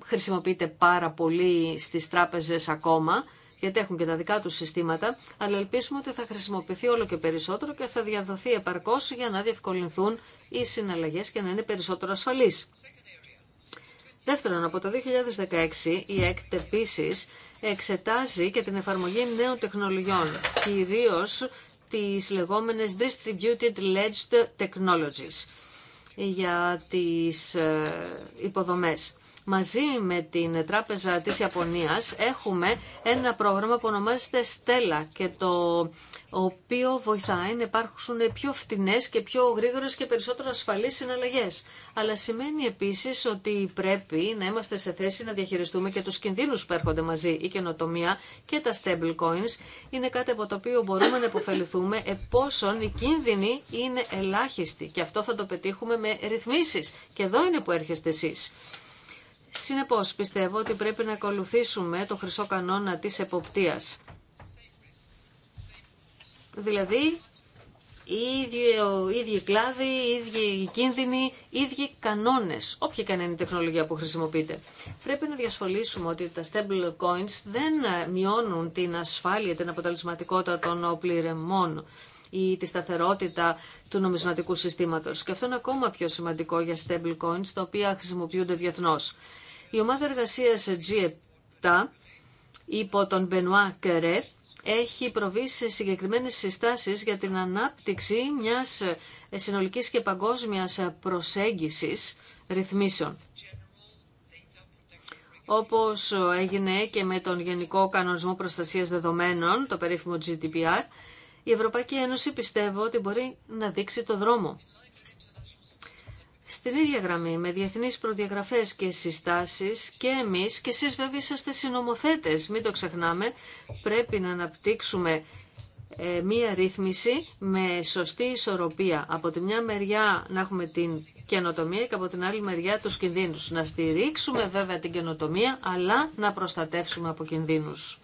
χρησιμοποιείται πάρα πολύ στις τράπεζες ακόμα, γιατί έχουν και τα δικά τους συστήματα, αλλά ελπίζουμε ότι θα χρησιμοποιηθεί όλο και περισσότερο και θα διαδοθεί επαρκώς για να διευκολυνθούν οι συναλλαγές και να είναι περισσότερο ασφαλείς. Δεύτερον, από το 2016 η ΕΚΤ επίση εξετάζει και την εφαρμογή νέων τεχνολογιών, κυρίως τις λεγόμενες Distributed Ledged Technologies για τις ε, υποδομές μαζί με την Τράπεζα της Ιαπωνίας έχουμε ένα πρόγραμμα που ονομάζεται Στέλλα και το οποίο βοηθάει να υπάρχουν πιο φτηνές και πιο γρήγορες και περισσότερο ασφαλείς συναλλαγές. Αλλά σημαίνει επίσης ότι πρέπει να είμαστε σε θέση να διαχειριστούμε και τους κινδύνους που έρχονται μαζί. Η καινοτομία και τα stable coins είναι κάτι από το οποίο μπορούμε να υποφεληθούμε επόσον οι κίνδυνοι είναι ελάχιστοι. Και αυτό θα το πετύχουμε με ρυθμίσεις. Και εδώ είναι που έρχεστε εσείς. Συνεπώς πιστεύω ότι πρέπει να ακολουθήσουμε το χρυσό κανόνα της εποπτείας. Δηλαδή, ίδιο ίδιοι, ίδιο κλάδοι, οι ίδιοι κίνδυνοι, οι ίδιοι κανόνες, όποια και είναι η τεχνολογία που χρησιμοποιείτε. Πρέπει να διασφαλίσουμε ότι τα stable coins δεν μειώνουν την ασφάλεια, την αποτελεσματικότητα των πληρεμών ή τη σταθερότητα του νομισματικού συστήματος. Και αυτό είναι ακόμα πιο σημαντικό για coins, τα οποία χρησιμοποιούνται διεθνώς. Η ομάδα εργασίας G7 υπό τον Benoit Κερέ έχει προβεί σε συγκεκριμένες συστάσεις για την ανάπτυξη μιας συνολικής και παγκόσμιας προσέγγισης ρυθμίσεων. Όπως έγινε και με τον Γενικό Κανονισμό Προστασίας Δεδομένων, το περίφημο GDPR, η Ευρωπαϊκή Ένωση πιστεύω ότι μπορεί να δείξει το δρόμο. Στην ίδια γραμμή, με διεθνείς προδιαγραφές και συστάσεις και εμείς, και εσείς βέβαια είσαστε συνομοθέτες, μην το ξεχνάμε, πρέπει να αναπτύξουμε ε, μία ρύθμιση με σωστή ισορροπία. Από τη μια μεριά να έχουμε την καινοτομία και από την άλλη μεριά τους κινδύνους. Να στηρίξουμε βέβαια την καινοτομία, αλλά να προστατεύσουμε από κινδύνους.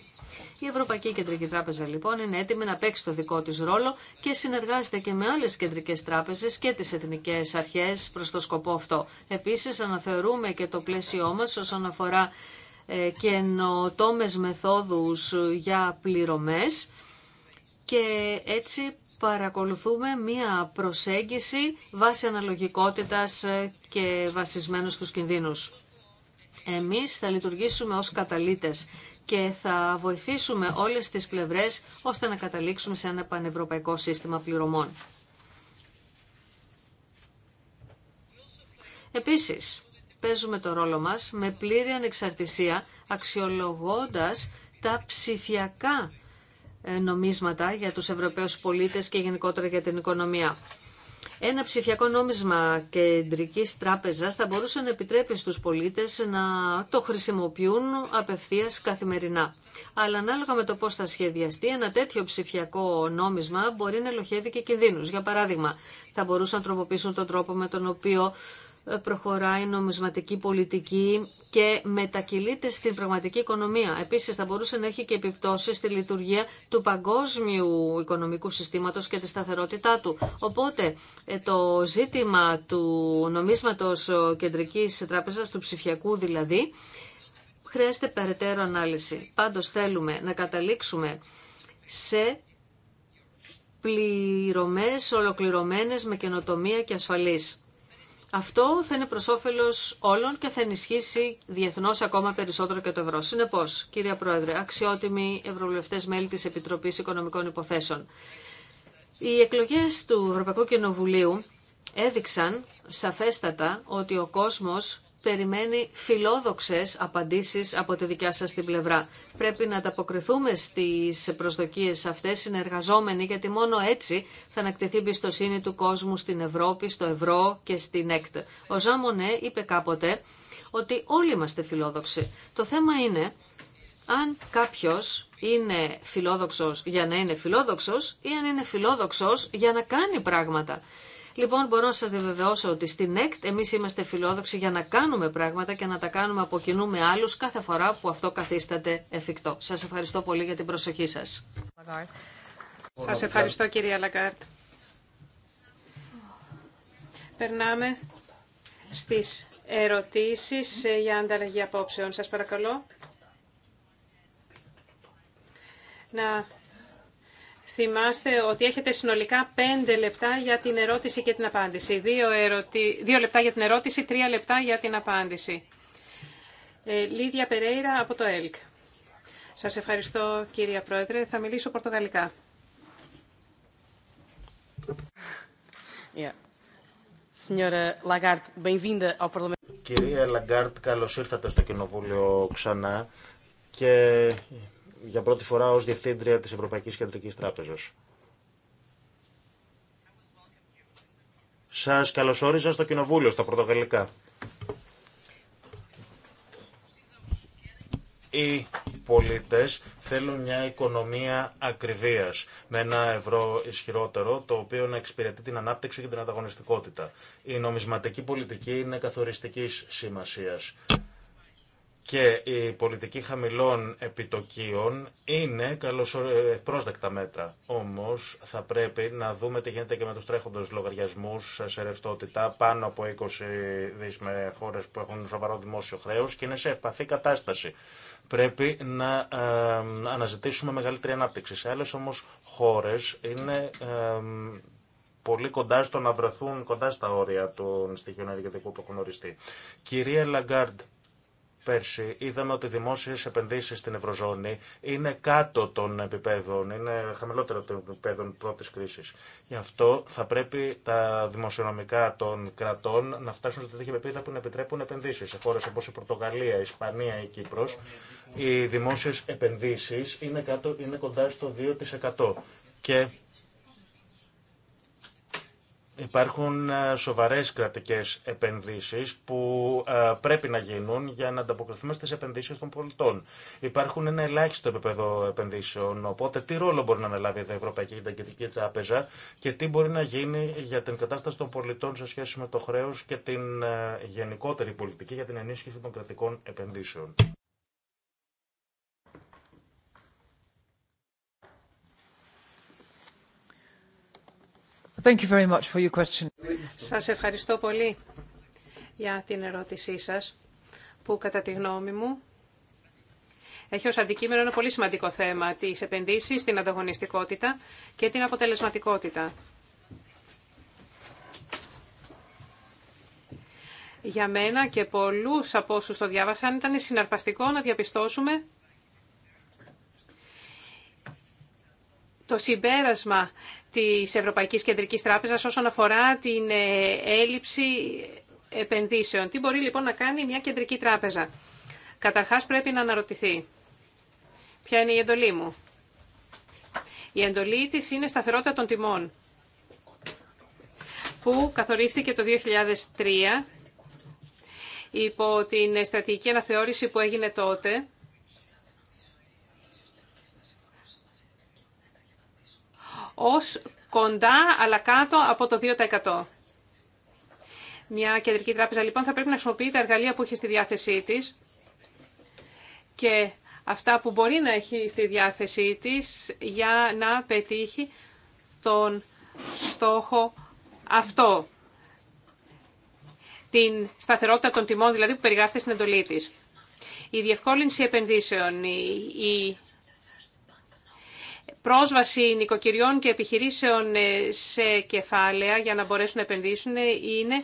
Η Ευρωπαϊκή Κεντρική Τράπεζα λοιπόν είναι έτοιμη να παίξει το δικό της ρόλο και συνεργάζεται και με άλλες κεντρικές τράπεζες και τις εθνικές αρχές προς το σκοπό αυτό. Επίσης αναθεωρούμε και το πλαίσιό μας όσον αφορά ε, καινοτόμες μεθόδους για πληρωμές και έτσι παρακολουθούμε μία προσέγγιση βάσει αναλογικότητας ε, και βασισμένου στους κινδύνους. Εμείς θα λειτουργήσουμε ως καταλήτες και θα βοηθήσουμε όλες τις πλευρές ώστε να καταλήξουμε σε ένα πανευρωπαϊκό σύστημα πληρωμών. Επίσης, παίζουμε το ρόλο μας με πλήρη ανεξαρτησία αξιολογώντας τα ψηφιακά ε, νομίσματα για τους Ευρωπαίους πολίτες και γενικότερα για την οικονομία. Ένα ψηφιακό νόμισμα κεντρικής τράπεζας θα μπορούσε να επιτρέπει στους πολίτες να το χρησιμοποιούν απευθεία καθημερινά. Αλλά ανάλογα με το πώς θα σχεδιαστεί, ένα τέτοιο ψηφιακό νόμισμα μπορεί να ελοχεύει και κινδύνου. Για παράδειγμα, θα μπορούσαν να τροποποιήσουν τον τρόπο με τον οποίο προχωράει νομισματική πολιτική και μετακυλείται στην πραγματική οικονομία. Επίσης θα μπορούσε να έχει και επιπτώσεις στη λειτουργία του παγκόσμιου οικονομικού συστήματος και τη σταθερότητά του. Οπότε ε, το ζήτημα του νομίσματος κεντρικής τράπεζας, του ψηφιακού δηλαδή, χρειάζεται περαιτέρω ανάλυση. Πάντως θέλουμε να καταλήξουμε σε πληρωμές ολοκληρωμένες με καινοτομία και ασφαλής. Αυτό θα είναι προ όφελο όλων και θα ενισχύσει διεθνώ ακόμα περισσότερο και το ευρώ. Συνεπώ, κύριε Πρόεδρε, αξιότιμοι ευρωβουλευτέ μέλη τη Επιτροπή Οικονομικών Υποθέσεων. Οι εκλογέ του Ευρωπαϊκού Κοινοβουλίου έδειξαν σαφέστατα ότι ο κόσμος περιμένει φιλόδοξες απαντήσεις από τη δικιά σας την πλευρά. Πρέπει να ανταποκριθούμε στις προσδοκίες αυτές συνεργαζόμενοι, γιατί μόνο έτσι θα ανακτηθεί η του κόσμου στην Ευρώπη, στο ευρώ και στην ΕΚΤ. Ο Ζάμονε είπε κάποτε ότι όλοι είμαστε φιλόδοξοι. Το θέμα είναι αν κάποιος είναι φιλόδοξος για να είναι φιλόδοξος ή αν είναι φιλόδοξος για να κάνει πράγματα. Λοιπόν, μπορώ να σας διαβεβαιώσω ότι στην ΕΚΤ εμείς είμαστε φιλόδοξοι για να κάνουμε πράγματα και να τα κάνουμε από κοινού με άλλου κάθε φορά που αυτό καθίσταται εφικτό. Σας ευχαριστώ πολύ για την προσοχή σας. Σα ευχαριστώ κυρία Λαγκάρτ. Περνάμε στι ερωτήσει ε, για ανταλλαγή απόψεων. Σα παρακαλώ να θυμάστε ότι έχετε συνολικά πέντε λεπτά για την ερώτηση και την απάντηση. Δύο ερωτη... λεπτά για την ερώτηση, τρία λεπτά για την απάντηση. Ε, Λίδια Περέιρα από το ΕΛΚ. Σας ευχαριστώ κύριε Πρόεδρε. Θα μιλήσω πορτογαλικά. Κυρία Λαγκάρτ, καλώς ήρθατε στο Κοινοβούλιο ξανά και για πρώτη φορά ως Διευθύντρια της Ευρωπαϊκής Κεντρικής Τράπεζας. Σας καλωσορίζω στο Κοινοβούλιο, στα πρωτογαλλικά. Οι πολίτες θέλουν μια οικονομία ακριβίας, με ένα ευρώ ισχυρότερο, το οποίο να εξυπηρετεί την ανάπτυξη και την ανταγωνιστικότητα. Η νομισματική πολιτική είναι καθοριστικής σημασίας και η πολιτική χαμηλών επιτοκίων είναι πρόσδεκτα μέτρα. Όμως θα πρέπει να δούμε τι γίνεται και με τους τρέχοντες λογαριασμούς σε ρευστότητα πάνω από 20 δις με χώρες που έχουν σοβαρό δημόσιο χρέος και είναι σε ευπαθή κατάσταση. Πρέπει να αναζητήσουμε μεγαλύτερη ανάπτυξη. Σε άλλες όμως χώρες είναι πολύ κοντά στο να βρεθούν κοντά στα όρια των στοιχείων ενεργητικού που έχουν οριστεί. Κυρία Λαγκάρντ, πέρσι είδαμε ότι οι δημόσιες επενδύσεις στην Ευρωζώνη είναι κάτω των επιπέδων, είναι χαμηλότερο των επιπέδων πρώτης κρίσης. Γι' αυτό θα πρέπει τα δημοσιονομικά των κρατών να φτάσουν σε τέτοια επίπεδα που να επιτρέπουν επενδύσεις. Σε χώρες όπως η Πορτογαλία, η Ισπανία, η Κύπρος, οι δημόσιες επενδύσεις είναι, είναι κοντά στο 2%. Και Υπάρχουν ε, σοβαρές κρατικές επενδύσεις που ε, πρέπει να γίνουν για να ανταποκριθούμε στις επενδύσεις των πολιτών. Υπάρχουν ένα ελάχιστο επίπεδο επενδύσεων, οπότε τι ρόλο μπορεί να αναλάβει η Ευρωπαϊκή Κεντρική Τράπεζα και τι μπορεί να γίνει για την κατάσταση των πολιτών σε σχέση με το χρέος και την ε, γενικότερη πολιτική για την ενίσχυση των κρατικών επενδύσεων. Thank Σας ευχαριστώ πολύ για την ερώτησή σας, που κατά τη γνώμη μου έχει ως αντικείμενο ένα πολύ σημαντικό θέμα, τις επενδύσεις, την ανταγωνιστικότητα και την αποτελεσματικότητα. Για μένα και πολλούς από όσους το διάβασαν ήταν συναρπαστικό να διαπιστώσουμε το συμπέρασμα της Ευρωπαϊκής Κεντρικής Τράπεζας όσον αφορά την ε, έλλειψη επενδύσεων. Τι μπορεί λοιπόν να κάνει μια κεντρική τράπεζα. Καταρχάς πρέπει να αναρωτηθεί. Ποια είναι η εντολή μου. Η εντολή της είναι σταθερότητα των τιμών που καθορίστηκε το 2003 υπό την στρατηγική αναθεώρηση που έγινε τότε ως κοντά αλλά κάτω από το 2%. Μια κεντρική τράπεζα λοιπόν θα πρέπει να χρησιμοποιεί τα εργαλεία που έχει στη διάθεσή της και αυτά που μπορεί να έχει στη διάθεσή της για να πετύχει τον στόχο αυτό. Την σταθερότητα των τιμών δηλαδή που περιγράφεται στην εντολή της. Η διευκόλυνση επενδύσεων, η πρόσβαση νοικοκυριών και επιχειρήσεων ε, σε κεφάλαια για να μπορέσουν να επενδύσουν είναι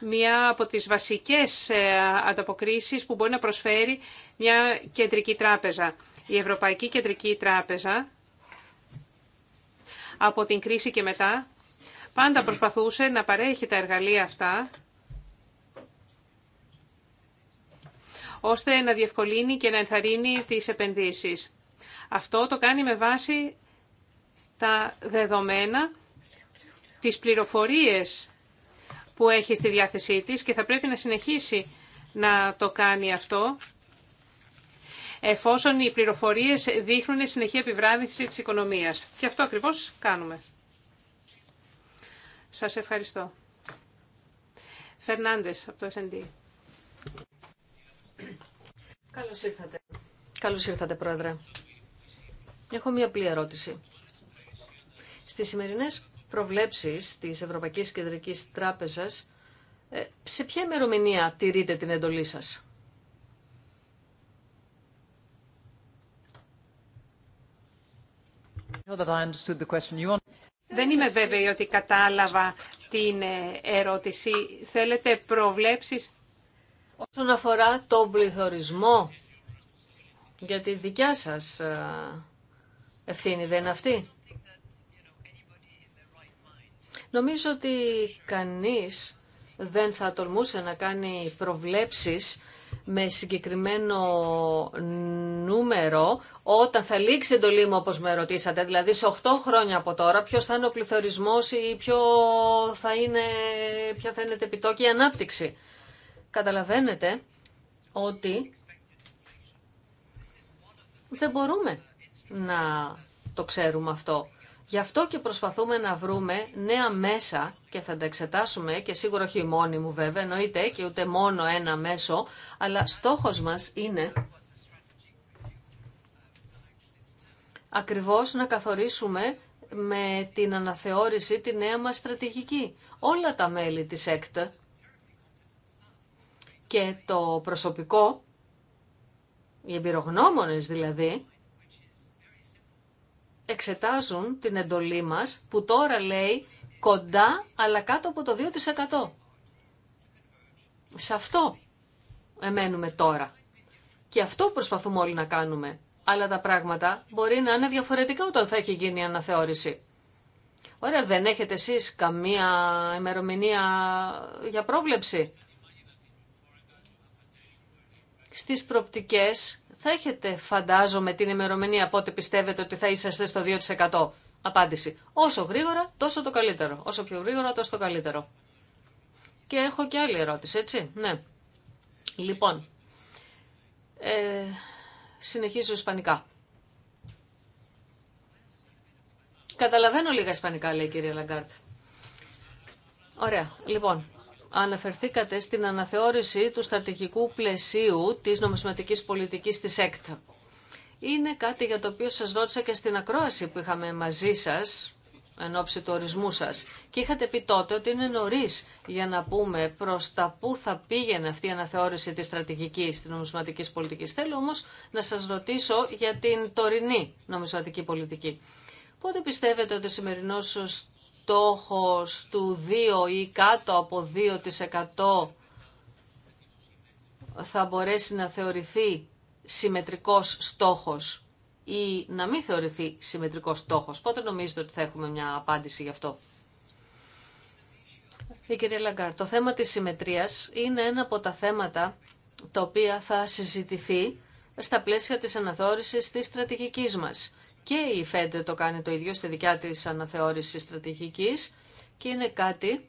μία από τις βασικές ε, ανταποκρίσεις που μπορεί να προσφέρει μια κεντρική τράπεζα. Η Ευρωπαϊκή Κεντρική Τράπεζα από την κρίση και μετά πάντα προσπαθούσε να παρέχει τα εργαλεία αυτά ώστε να διευκολύνει και να ενθαρρύνει τις επενδύσεις. Αυτό το κάνει με βάση τα δεδομένα, τις πληροφορίες που έχει στη διάθεσή της και θα πρέπει να συνεχίσει να το κάνει αυτό εφόσον οι πληροφορίες δείχνουν συνεχή επιβράδυνση της οικονομίας. Και αυτό ακριβώς κάνουμε. Σας ευχαριστώ. Φερνάντες από το S&D. Καλώς ήρθατε. Καλώς ήρθατε, Πρόεδρε. Έχω μία απλή ερώτηση. Στις σημερινές προβλέψεις της Ευρωπαϊκής Κεντρικής Τράπεζας, ε, σε ποια ημερομηνία τηρείτε την εντολή σας. Δεν είμαι βέβαιη ότι κατάλαβα την ε, ερώτηση. Θέλετε προβλέψεις όσον αφορά τον πληθωρισμό για τη δικιά σας ε, ευθύνη δεν είναι αυτή. Νομίζω ότι κανείς δεν θα τολμούσε να κάνει προβλέψεις με συγκεκριμένο νούμερο όταν θα λήξει το εντολή όπως με ρωτήσατε, δηλαδή σε 8 χρόνια από τώρα ποιος θα είναι ο πληθωρισμός ή ποιο θα είναι, ποια θα είναι επιτόκια ανάπτυξη. Καταλαβαίνετε ότι δεν μπορούμε να το ξέρουμε αυτό. Γι' αυτό και προσπαθούμε να βρούμε νέα μέσα και θα τα εξετάσουμε και σίγουρα όχι μόνοι μου βέβαια, εννοείται και ούτε μόνο ένα μέσο, αλλά στόχος μας είναι ακριβώς να καθορίσουμε με την αναθεώρηση τη νέα μας στρατηγική. Όλα τα μέλη της ΕΚΤ και το προσωπικό, οι εμπειρογνώμονες δηλαδή, εξετάζουν την εντολή μας που τώρα λέει κοντά αλλά κάτω από το 2%. Σε αυτό εμένουμε τώρα. Και αυτό προσπαθούμε όλοι να κάνουμε. Αλλά τα πράγματα μπορεί να είναι διαφορετικά όταν θα έχει γίνει η αναθεώρηση. Ωραία, δεν έχετε εσείς καμία ημερομηνία για πρόβλεψη. Στις προπτικές θα έχετε φαντάζομαι την ημερομηνία πότε πιστεύετε ότι θα είσαστε στο 2%. Απάντηση. Όσο γρήγορα, τόσο το καλύτερο. Όσο πιο γρήγορα, τόσο το καλύτερο. Και έχω και άλλη ερώτηση, έτσι. Ναι. Λοιπόν, ε, συνεχίζω ισπανικά. Καταλαβαίνω λίγα ισπανικά, λέει η κυρία Λαγκάρτ. Ωραία. Λοιπόν, αναφερθήκατε στην αναθεώρηση του στρατηγικού πλαισίου της νομισματικής πολιτικής της ΕΚΤ. Είναι κάτι για το οποίο σας ρώτησα και στην ακρόαση που είχαμε μαζί σας, εν ώψη του ορισμού σας. Και είχατε πει τότε ότι είναι νωρί για να πούμε προς τα πού θα πήγαινε αυτή η αναθεώρηση της στρατηγικής, της νομισματικής πολιτικής. Θέλω όμως να σας ρωτήσω για την τωρινή νομισματική πολιτική. Πότε πιστεύετε ότι ο σημερινός στόχος του 2 ή κάτω από 2% θα μπορέσει να θεωρηθεί συμμετρικός στόχος ή να μην θεωρηθεί συμμετρικός στόχος. Πότε νομίζετε ότι θα έχουμε μια απάντηση γι' αυτό. Η κυρία Λαγκάρ, το θέμα της συμμετρίας είναι ένα από τα θέματα τα οποία θα συζητηθεί στα πλαίσια της αναθεώρησης της στρατηγικής μας. Και η ΦΕΔ το κάνει το ίδιο στη δικιά της αναθεώρηση στρατηγικής και είναι κάτι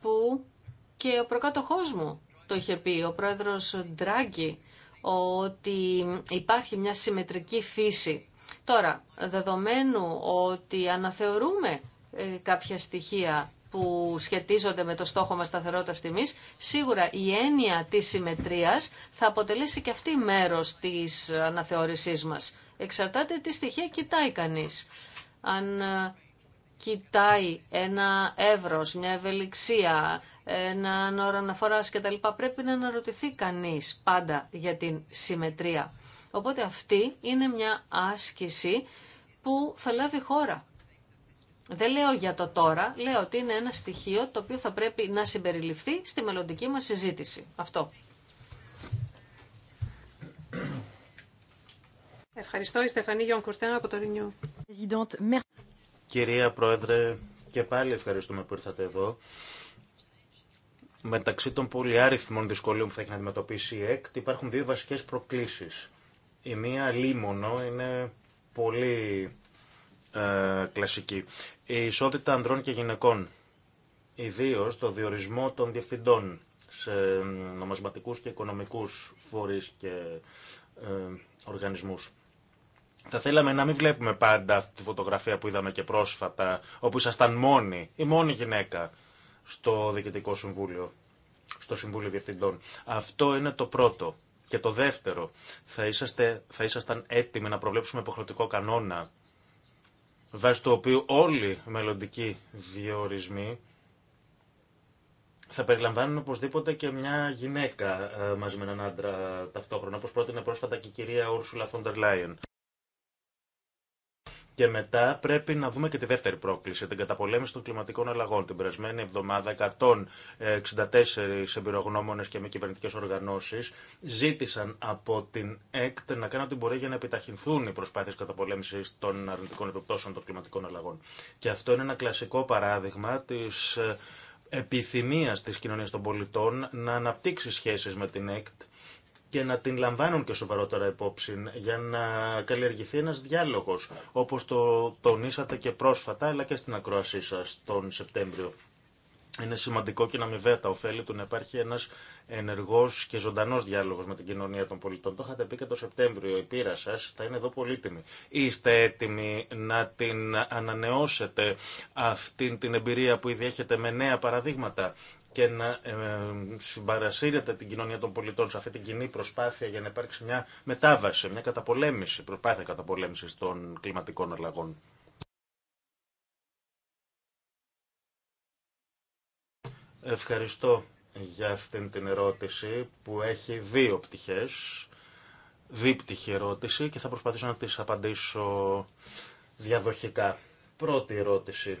που και ο προκάτοχός μου το είχε πει, ο πρόεδρος Ντράγκη, ότι υπάρχει μια συμμετρική φύση. Τώρα, δεδομένου ότι αναθεωρούμε ε, κάποια στοιχεία που σχετίζονται με το στόχο μας σταθερότητας τιμής, σίγουρα η έννοια της συμμετρίας θα αποτελέσει και αυτή μέρος της αναθεώρησής μας. Εξαρτάται τι στοιχεία κοιτάει κανείς. Αν ε, κοιτάει ένα εύρος, μια ευελιξία, έναν ώρα αναφορά κτλ. Πρέπει να αναρωτηθεί κανείς πάντα για την συμμετρία. Οπότε αυτή είναι μια άσκηση που θα λάβει χώρα. Δεν λέω για το τώρα, λέω ότι είναι ένα στοιχείο το οποίο θα πρέπει να συμπεριληφθεί στη μελλοντική μας συζήτηση. Αυτό. Ευχαριστώ. Η Στεφανή Κουρτένα, από το Ρινιού. Κυρία Πρόεδρε, και πάλι ευχαριστούμε που ήρθατε εδώ. Μεταξύ των πολυάριθμων δυσκολίων που θα έχει να αντιμετωπίσει η ΕΚΤ υπάρχουν δύο βασικέ προκλήσει. Η μία λίμωνο είναι πολύ ε, κλασική. Η ισότητα ανδρών και γυναικών, ιδίω το διορισμό των διευθυντών σε νομασματικού και οικονομικού φορεί και ε, θα θέλαμε να μην βλέπουμε πάντα αυτή τη φωτογραφία που είδαμε και πρόσφατα, όπου ήσασταν μόνοι, η μόνη γυναίκα στο Διοικητικό Συμβούλιο, στο Συμβούλιο Διευθυντών. Αυτό είναι το πρώτο. Και το δεύτερο, θα, είσαστε, θα ήσασταν έτοιμοι να προβλέψουμε υποχρεωτικό κανόνα, βάσει του οποίου όλοι οι μελλοντικοί διορισμοί θα περιλαμβάνουν οπωσδήποτε και μια γυναίκα ε, μαζί με έναν άντρα ταυτόχρονα, όπως πρότεινε πρόσφατα και η κυρία Ούρσουλα Φοντερ και μετά πρέπει να δούμε και τη δεύτερη πρόκληση, την καταπολέμηση των κλιματικών αλλαγών. Την περασμένη εβδομάδα 164 ε, εμπειρογνώμονε και με κυβερνητικέ οργανώσει ζήτησαν από την ΕΚΤ να κάνουν ό,τι μπορεί για να επιταχυνθούν οι προσπάθειε καταπολέμηση των αρνητικών επιπτώσεων των κλιματικών αλλαγών. Και αυτό είναι ένα κλασικό παράδειγμα τη ε, επιθυμία τη κοινωνία των πολιτών να αναπτύξει σχέσει με την ΕΚΤ και να την λαμβάνουν και σοβαρότερα υπόψη για να καλλιεργηθεί ένας διάλογος, όπως το τονίσατε και πρόσφατα, αλλά και στην ακρόασή σας τον Σεπτέμβριο. Είναι σημαντικό και να αμοιβαία τα ωφέλη του να υπάρχει ένας ενεργός και ζωντανός διάλογος με την κοινωνία των πολιτών. Το είχατε πει και το Σεπτέμβριο, η πείρα σα θα είναι εδώ πολύτιμη. Είστε έτοιμοι να την ανανεώσετε αυτή την εμπειρία που ήδη έχετε με νέα παραδείγματα και να ε, συμπαρασύρεται την κοινωνία των πολιτών σε αυτή την κοινή προσπάθεια για να υπάρξει μια μετάβαση, μια καταπολέμηση, προσπάθεια καταπολέμησης των κλιματικών αλλαγών. Ευχαριστώ για αυτήν την ερώτηση που έχει δύο πτυχές, δίπτυχη ερώτηση και θα προσπαθήσω να τις απαντήσω διαδοχικά. Πρώτη ερώτηση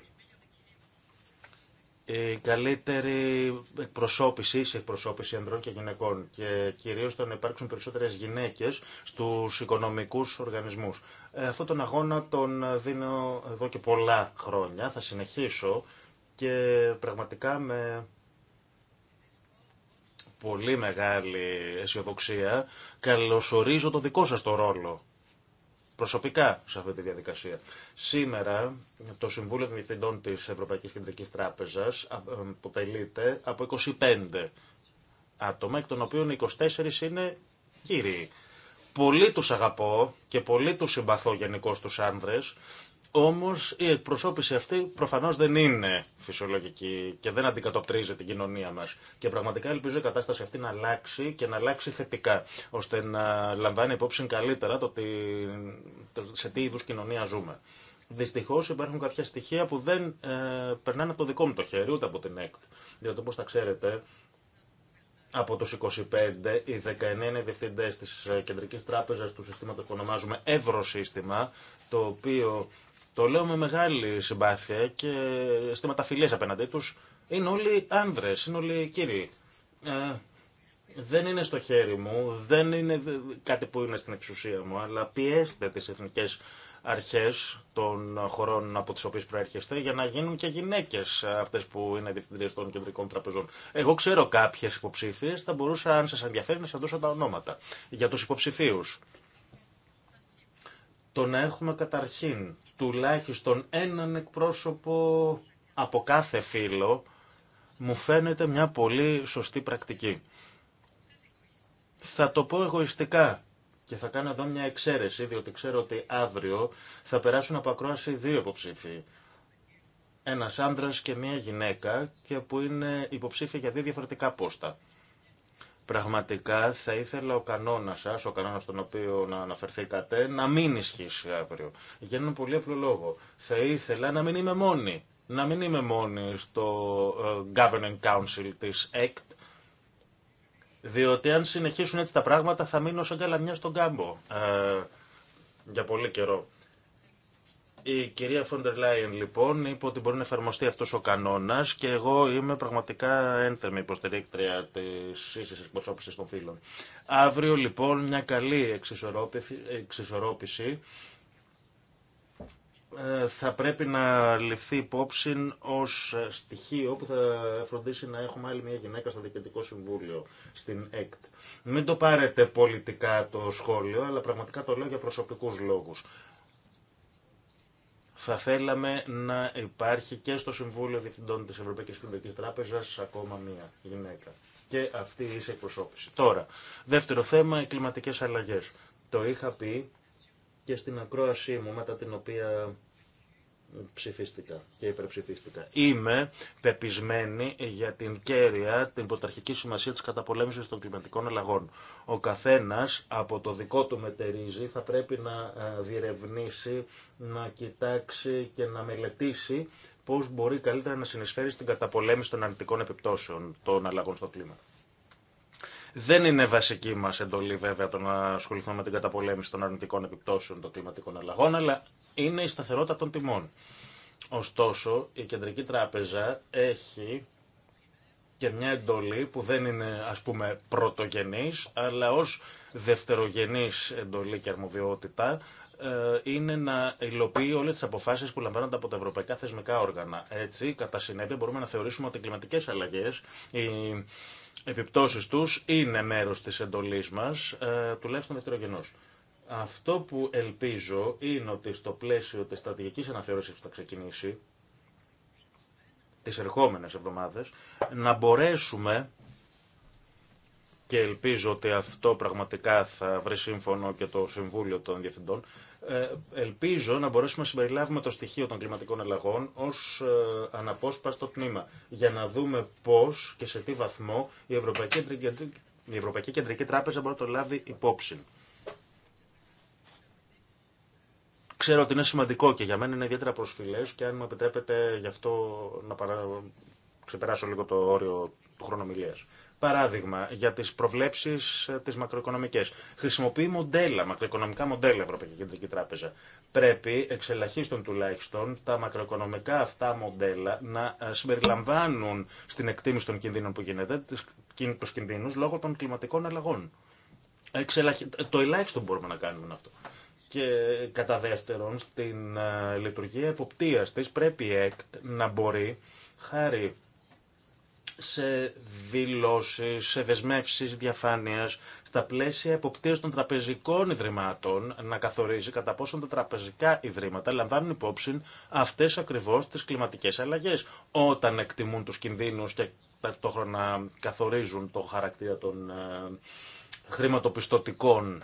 η καλύτερη εκπροσώπηση, σε εκπροσώπηση ανδρών και γυναικών και κυρίως το να υπάρξουν περισσότερες γυναίκες στους οικονομικούς οργανισμούς. Ε, αυτόν τον αγώνα τον δίνω εδώ και πολλά χρόνια, θα συνεχίσω και πραγματικά με πολύ μεγάλη αισιοδοξία καλωσορίζω το δικό σας το ρόλο προσωπικά σε αυτή τη διαδικασία. Σήμερα το Συμβούλιο Διευθυντών της Ευρωπαϊκής Κεντρικής Τράπεζας αποτελείται ε, από 25 άτομα, εκ των οποίων 24 είναι κύριοι. Πολύ τους αγαπώ και πολύ τους συμπαθώ γενικώ τους άνδρες, Όμω η εκπροσώπηση αυτή προφανώ δεν είναι φυσιολογική και δεν αντικατοπτρίζει την κοινωνία μα. Και πραγματικά ελπίζω η κατάσταση αυτή να αλλάξει και να αλλάξει θετικά, ώστε να λαμβάνει υπόψη καλύτερα το σε τι είδου κοινωνία ζούμε. Δυστυχώ υπάρχουν κάποια στοιχεία που δεν ε, περνάνε από το δικό μου το χέρι, ούτε από την ΕΚΤ. Διότι όπω τα ξέρετε, από ε, του 25, οι 19 είναι διευθυντέ τη Κεντρική Τράπεζα του συστήματο που ονομάζουμε Ευρωσύστημα, το οποίο το λέω με μεγάλη συμπάθεια και αισθήματα φιλία απέναντί του. Είναι όλοι άνδρε, είναι όλοι κύριοι. Ε, δεν είναι στο χέρι μου, δεν είναι κάτι που είναι στην εξουσία μου, αλλά πιέστε τι εθνικέ αρχέ των χωρών από τι οποίε προέρχεστε για να γίνουν και γυναίκε αυτέ που είναι διευθυντρίε των κεντρικών τραπεζών. Εγώ ξέρω κάποιε υποψήφιε, θα μπορούσα, αν σα ενδιαφέρει, να σα δώσω τα ονόματα. Για του υποψηφίου. Το να έχουμε καταρχήν τουλάχιστον έναν εκπρόσωπο από κάθε φίλο μου φαίνεται μια πολύ σωστή πρακτική. Θα το πω εγωιστικά και θα κάνω εδώ μια εξαίρεση, διότι ξέρω ότι αύριο θα περάσουν από ακρόαση δύο υποψήφοι. Ένας άντρας και μια γυναίκα και που είναι υποψήφια για δύο διαφορετικά πόστα. Πραγματικά θα ήθελα ο κανόνα σα, ο κανόνα στον οποίο να αναφερθήκατε, να μην ισχύσει αύριο. Για έναν πολύ απλό λόγο. Θα ήθελα να μην είμαι μόνη. Να μην είμαι μόνη στο ε, Governing Council τη ΕΚΤ, διότι αν συνεχίσουν έτσι τα πράγματα θα μείνω σαν καλαμιά στον κάμπο ε, για πολύ καιρό. Η κυρία Φόντερ Λάιεν λοιπόν είπε ότι μπορεί να εφαρμοστεί αυτός ο κανόνας και εγώ είμαι πραγματικά ένθερμη υποστηρίκτρια της ίσης εκπροσώπησης των φίλων. Αύριο λοιπόν μια καλή εξισορρόπηση ε, θα πρέπει να ληφθεί υπόψη ως στοιχείο που θα φροντίσει να έχουμε άλλη μια γυναίκα στο Διοικητικό Συμβούλιο στην ΕΚΤ. Μην το πάρετε πολιτικά το σχόλιο, αλλά πραγματικά το λέω για προσωπικούς λόγους. Θα θέλαμε να υπάρχει και στο Συμβούλιο Διευθυντών της Ευρωπαϊκής Κεντρικής Τράπεζας ακόμα μία γυναίκα. Και αυτή η ίσα εκπροσώπηση. Τώρα, δεύτερο θέμα, οι κλιματικές αλλαγές. Το είχα πει και στην ακρόασή μου, μετά την οποία ψηφίστηκα και υπερψηφίστηκα. Είμαι πεπισμένη για την κέρια, την πρωταρχική σημασία της καταπολέμησης των κλιματικών αλλαγών. Ο καθένας από το δικό του μετερίζει θα πρέπει να ε, διερευνήσει, να κοιτάξει και να μελετήσει πώς μπορεί καλύτερα να συνεισφέρει στην καταπολέμηση των αρνητικών επιπτώσεων των αλλαγών στο κλίμα. Δεν είναι βασική μα εντολή, βέβαια, το να ασχοληθούμε με την καταπολέμηση των αρνητικών επιπτώσεων των κλιματικών αλλαγών, αλλά είναι η σταθερότητα των τιμών. Ωστόσο, η Κεντρική Τράπεζα έχει και μια εντολή που δεν είναι, ας πούμε, πρωτογενής, αλλά ως δευτερογενής εντολή και αρμοδιότητα, ε, είναι να υλοποιεί όλε τι αποφάσει που λαμβάνονται από τα ευρωπαϊκά θεσμικά όργανα. Έτσι, κατά συνέπεια, μπορούμε να θεωρήσουμε ότι οι κλιματικέ αλλαγέ, οι επιπτώσεις τους είναι μέρος της εντολής μας, ε, τουλάχιστον δευτερογενός. Αυτό που ελπίζω είναι ότι στο πλαίσιο της στρατηγικής αναθεώρησης που θα ξεκινήσει, τις ερχόμενες εβδομάδες, να μπορέσουμε και ελπίζω ότι αυτό πραγματικά θα βρει σύμφωνο και το Συμβούλιο των Διευθυντών, ε, ελπίζω να μπορέσουμε να συμπεριλάβουμε το στοιχείο των κλιματικών αλλαγών ως ε, αναπόσπαστο τμήμα για να δούμε πώς και σε τι βαθμό η Ευρωπαϊκή, η Ευρωπαϊκή Κεντρική Τράπεζα μπορεί να το λάβει υπόψη. Ξέρω ότι είναι σημαντικό και για μένα είναι ιδιαίτερα προσφυλές και αν μου επιτρέπετε γι' αυτό να παρα... ξεπεράσω λίγο το όριο του χρονομιλία. Παράδειγμα, για τι προβλέψει ε, τι μακροοικονομικέ. Χρησιμοποιεί μοντέλα, μακροοικονομικά μοντέλα Ευρωπαϊκή Κεντρική Τράπεζα. Πρέπει, εξελαχίστων τουλάχιστον, τα μακροοικονομικά αυτά μοντέλα να ε, συμπεριλαμβάνουν στην εκτίμηση των κινδύνων που γίνεται του κινδύνου λόγω των κλιματικών αλλαγών. Το ελάχιστο μπορούμε να κάνουμε αυτό. Και κατά δεύτερον, στην ε, λειτουργία εποπτεία τη πρέπει η ΕΚΤ να μπορεί, χάρη σε δηλώσει, σε δεσμεύσει διαφάνεια στα πλαίσια εποπτεία των τραπεζικών ιδρυμάτων να καθορίζει κατά πόσον τα τραπεζικά ιδρύματα λαμβάνουν υπόψη αυτέ ακριβώ τι κλιματικέ αλλαγέ όταν εκτιμούν του κινδύνου και ταυτόχρονα καθορίζουν το χαρακτήρα των ε, χρηματοπιστωτικών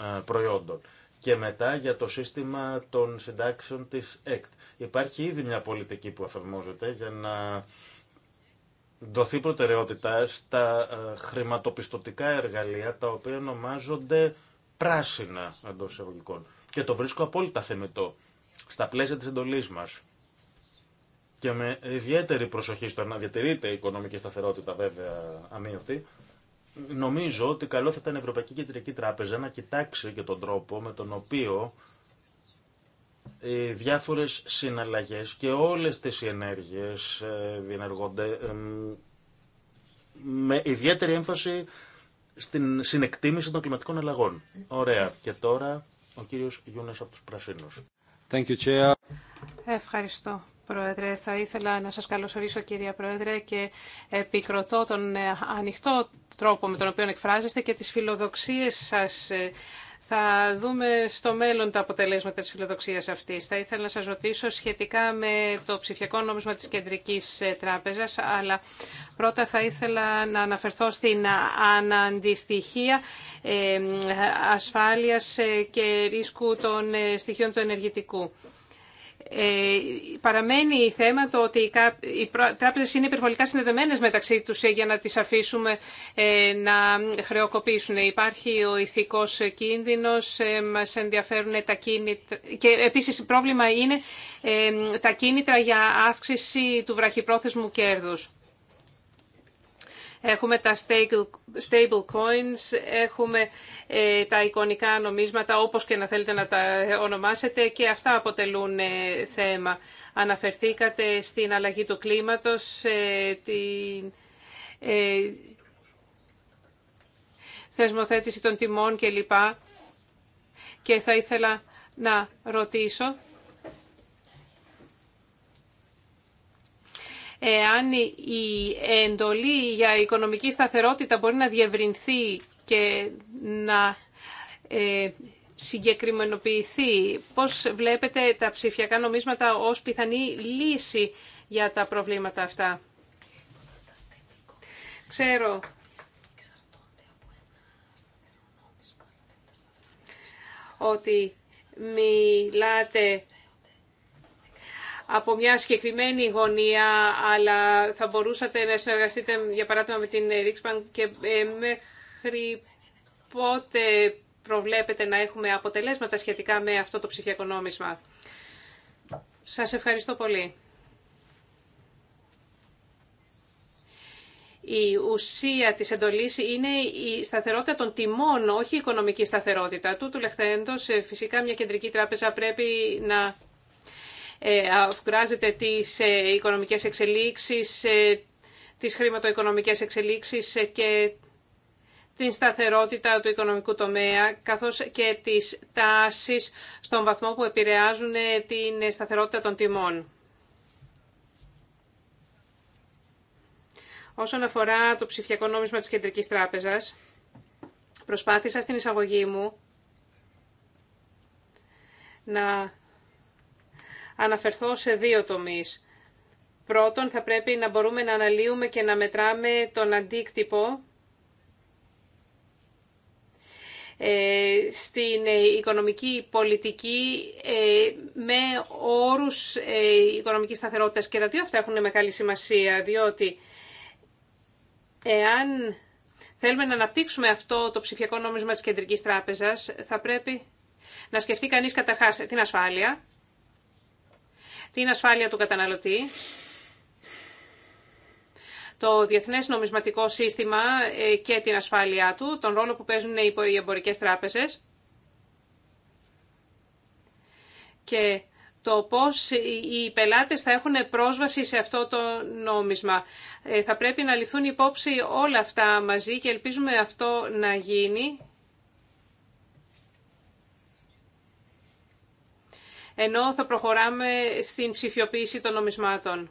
ε, προϊόντων. Και μετά για το σύστημα των συντάξεων της ΕΚΤ. Υπάρχει ήδη μια πολιτική που εφαρμόζεται για να δοθεί προτεραιότητα στα ε, χρηματοπιστωτικά εργαλεία τα οποία ονομάζονται πράσινα εντό εισαγωγικών. Και το βρίσκω απόλυτα θεμετό στα πλαίσια της εντολής μας. Και με ιδιαίτερη προσοχή στο να διατηρείται η οικονομική σταθερότητα βέβαια αμύωτη, νομίζω ότι καλό θα ήταν η Ευρωπαϊκή Κεντρική Τράπεζα να κοιτάξει και τον τρόπο με τον οποίο οι ε, διάφορες συναλλαγές και όλες τις ενέργειες ε, διενεργούνται με ιδιαίτερη έμφαση στην συνεκτίμηση των κλιματικών αλλαγών. Ωραία. Και τώρα ο κύριος Γιούνας από τους Πρασίνους. Thank you, Chair. Ευχαριστώ. Πρόεδρε, θα ήθελα να σας καλωσορίσω κυρία Πρόεδρε και επικροτώ τον ε, ανοιχτό τρόπο με τον οποίο εκφράζεστε και τις φιλοδοξίες σας θα δούμε στο μέλλον τα αποτελέσματα της φιλοδοξίας αυτής. Θα ήθελα να σας ρωτήσω σχετικά με το ψηφιακό νόμισμα της Κεντρικής ε, Τράπεζας, αλλά πρώτα θα ήθελα να αναφερθώ στην αναντιστοιχεία ε, ασφάλειας ε, και ρίσκου των στοιχείων του ενεργητικού. Ε, παραμένει θέμα το ότι οι τράπεζες είναι υπερβολικά συνδεδεμένες μεταξύ τους ε, για να τις αφήσουμε ε, να χρεοκοπήσουν. Υπάρχει ο ηθικός κίνδυνος, μας ενδιαφέρουν τα κίνητρα και επίσης πρόβλημα είναι τα κίνητρα για αύξηση του βραχυπρόθεσμου κέρδους. Έχουμε τα stable coins, έχουμε ε, τα εικονικά νομίσματα, όπως και να θέλετε να τα ονομάσετε, και αυτά αποτελούν ε, θέμα. Αναφερθήκατε στην αλλαγή του κλίματος, ε, την θεσμοθέτηση των τιμών κλπ. Και θα ήθελα να ρωτήσω εάν η εντολή για οικονομική σταθερότητα μπορεί να διευρυνθεί και να ε, συγκεκριμενοποιηθεί. Πώς βλέπετε τα ψηφιακά νομίσματα ως πιθανή λύση για τα προβλήματα αυτά. Ξέρω ότι μιλάτε από μια συγκεκριμένη γωνία, αλλά θα μπορούσατε να συνεργαστείτε, για παράδειγμα, με την Ρίξπαν και ε, μέχρι πότε προβλέπετε να έχουμε αποτελέσματα σχετικά με αυτό το ψηφιακό νόμισμα. Σας ευχαριστώ πολύ. Η ουσία της εντολής είναι η σταθερότητα των τιμών, όχι η οικονομική σταθερότητα. Τούτου λεχθέντος, ε, φυσικά μια κεντρική τράπεζα πρέπει να ε, αφουγκράζεται τις ε, οικονομικές εξελίξεις, ε, τις χρηματοοικονομικές εξελίξεις και την σταθερότητα του οικονομικού τομέα, καθώς και τις τάσεις στον βαθμό που επηρεάζουν την σταθερότητα των τιμών. Όσον αφορά το ψηφιακό νόμισμα της Κεντρικής Τράπεζας, προσπάθησα στην εισαγωγή μου να αναφερθώ σε δύο τομείς. Πρώτον, θα πρέπει να μπορούμε να αναλύουμε και να μετράμε τον αντίκτυπο ε, στην ε, οικονομική πολιτική ε, με όρους οικονομικής σταθερότητας. Και τα δύο αυτά έχουν μεγάλη σημασία, διότι εάν θέλουμε να αναπτύξουμε αυτό το ψηφιακό νόμισμα της Κεντρικής Τράπεζας, θα πρέπει να σκεφτεί κανείς καταρχάς την ασφάλεια, την ασφάλεια του καταναλωτή. Το Διεθνές Νομισματικό Σύστημα ε, και την ασφάλειά του, τον ρόλο που παίζουν οι εμπορικές τράπεζες και το πώς οι πελάτες θα έχουν πρόσβαση σε αυτό το νόμισμα. Ε, θα πρέπει να ληφθούν υπόψη όλα αυτά μαζί και ελπίζουμε αυτό να γίνει ενώ θα προχωράμε στην ψηφιοποίηση των νομισμάτων.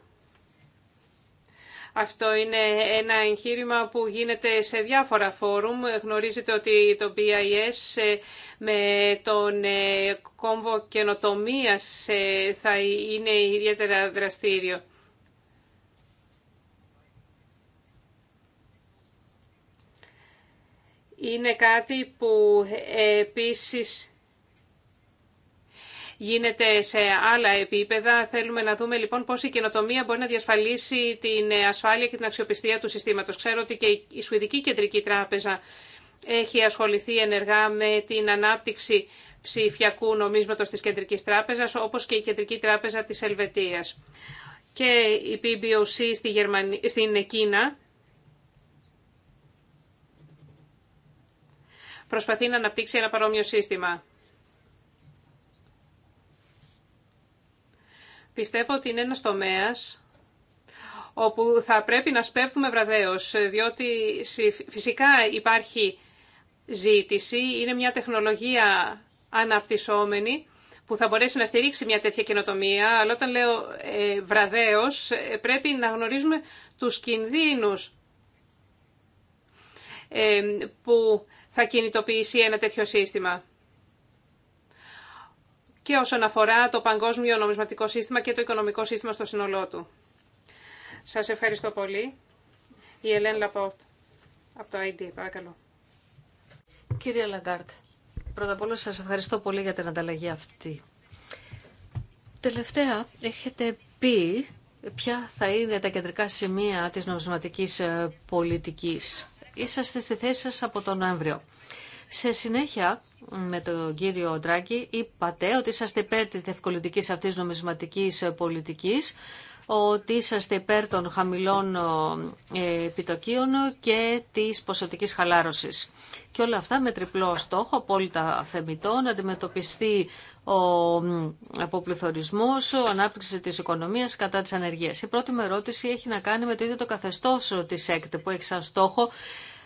Αυτό είναι ένα εγχείρημα που γίνεται σε διάφορα φόρουμ. Γνωρίζετε ότι το BIS ε, με τον ε, κόμβο καινοτομία ε, θα είναι ιδιαίτερα δραστήριο. Είναι κάτι που επίσης γίνεται σε άλλα επίπεδα. Θέλουμε να δούμε λοιπόν πώς η καινοτομία μπορεί να διασφαλίσει την ασφάλεια και την αξιοπιστία του συστήματος. Ξέρω ότι και η Σουηδική Κεντρική Τράπεζα έχει ασχοληθεί ενεργά με την ανάπτυξη ψηφιακού νομίσματος της Κεντρικής Τράπεζας, όπως και η Κεντρική Τράπεζα της Ελβετίας. Και η PBOC στη στην Κίνα προσπαθεί να αναπτύξει ένα παρόμοιο σύστημα. Πιστεύω ότι είναι ένας τομέας όπου θα πρέπει να σπέβδουμε βραδέως, διότι φυσικά υπάρχει ζήτηση, είναι μια τεχνολογία αναπτυσσόμενη που θα μπορέσει να στηρίξει μια τέτοια καινοτομία, αλλά όταν λέω ε, βραδέως ε, πρέπει να γνωρίζουμε τους κινδύνους ε, που θα κινητοποιήσει ένα τέτοιο σύστημα και όσον αφορά το παγκόσμιο νομισματικό σύστημα και το οικονομικό σύστημα στο σύνολό του. Σας ευχαριστώ πολύ. Η Ελέν Λαπόρτ από το ID, παρακαλώ. Κύριε Λαγκάρτ, πρώτα απ' όλα σας ευχαριστώ πολύ για την ανταλλαγή αυτή. Τελευταία, έχετε πει ποια θα είναι τα κεντρικά σημεία της νομισματικής ε, πολιτικής. Είσαστε στη θέση σας από τον Νοέμβριο. Σε συνέχεια, με τον κύριο Ντράκη είπατε ότι είσαστε υπέρ της διευκολυντικής αυτής νομισματικής πολιτικής, ότι είσαστε υπέρ των χαμηλών ε, επιτοκίων και της ποσοτικής χαλάρωσης. Και όλα αυτά με τριπλό στόχο, απόλυτα θεμητό, να αντιμετωπιστεί ο αποπληθωρισμός, ο ανάπτυξη της οικονομίας κατά της ανεργίας. Η πρώτη μου ερώτηση έχει να κάνει με το ίδιο το καθεστώς της ΕΚΤ που έχει σαν στόχο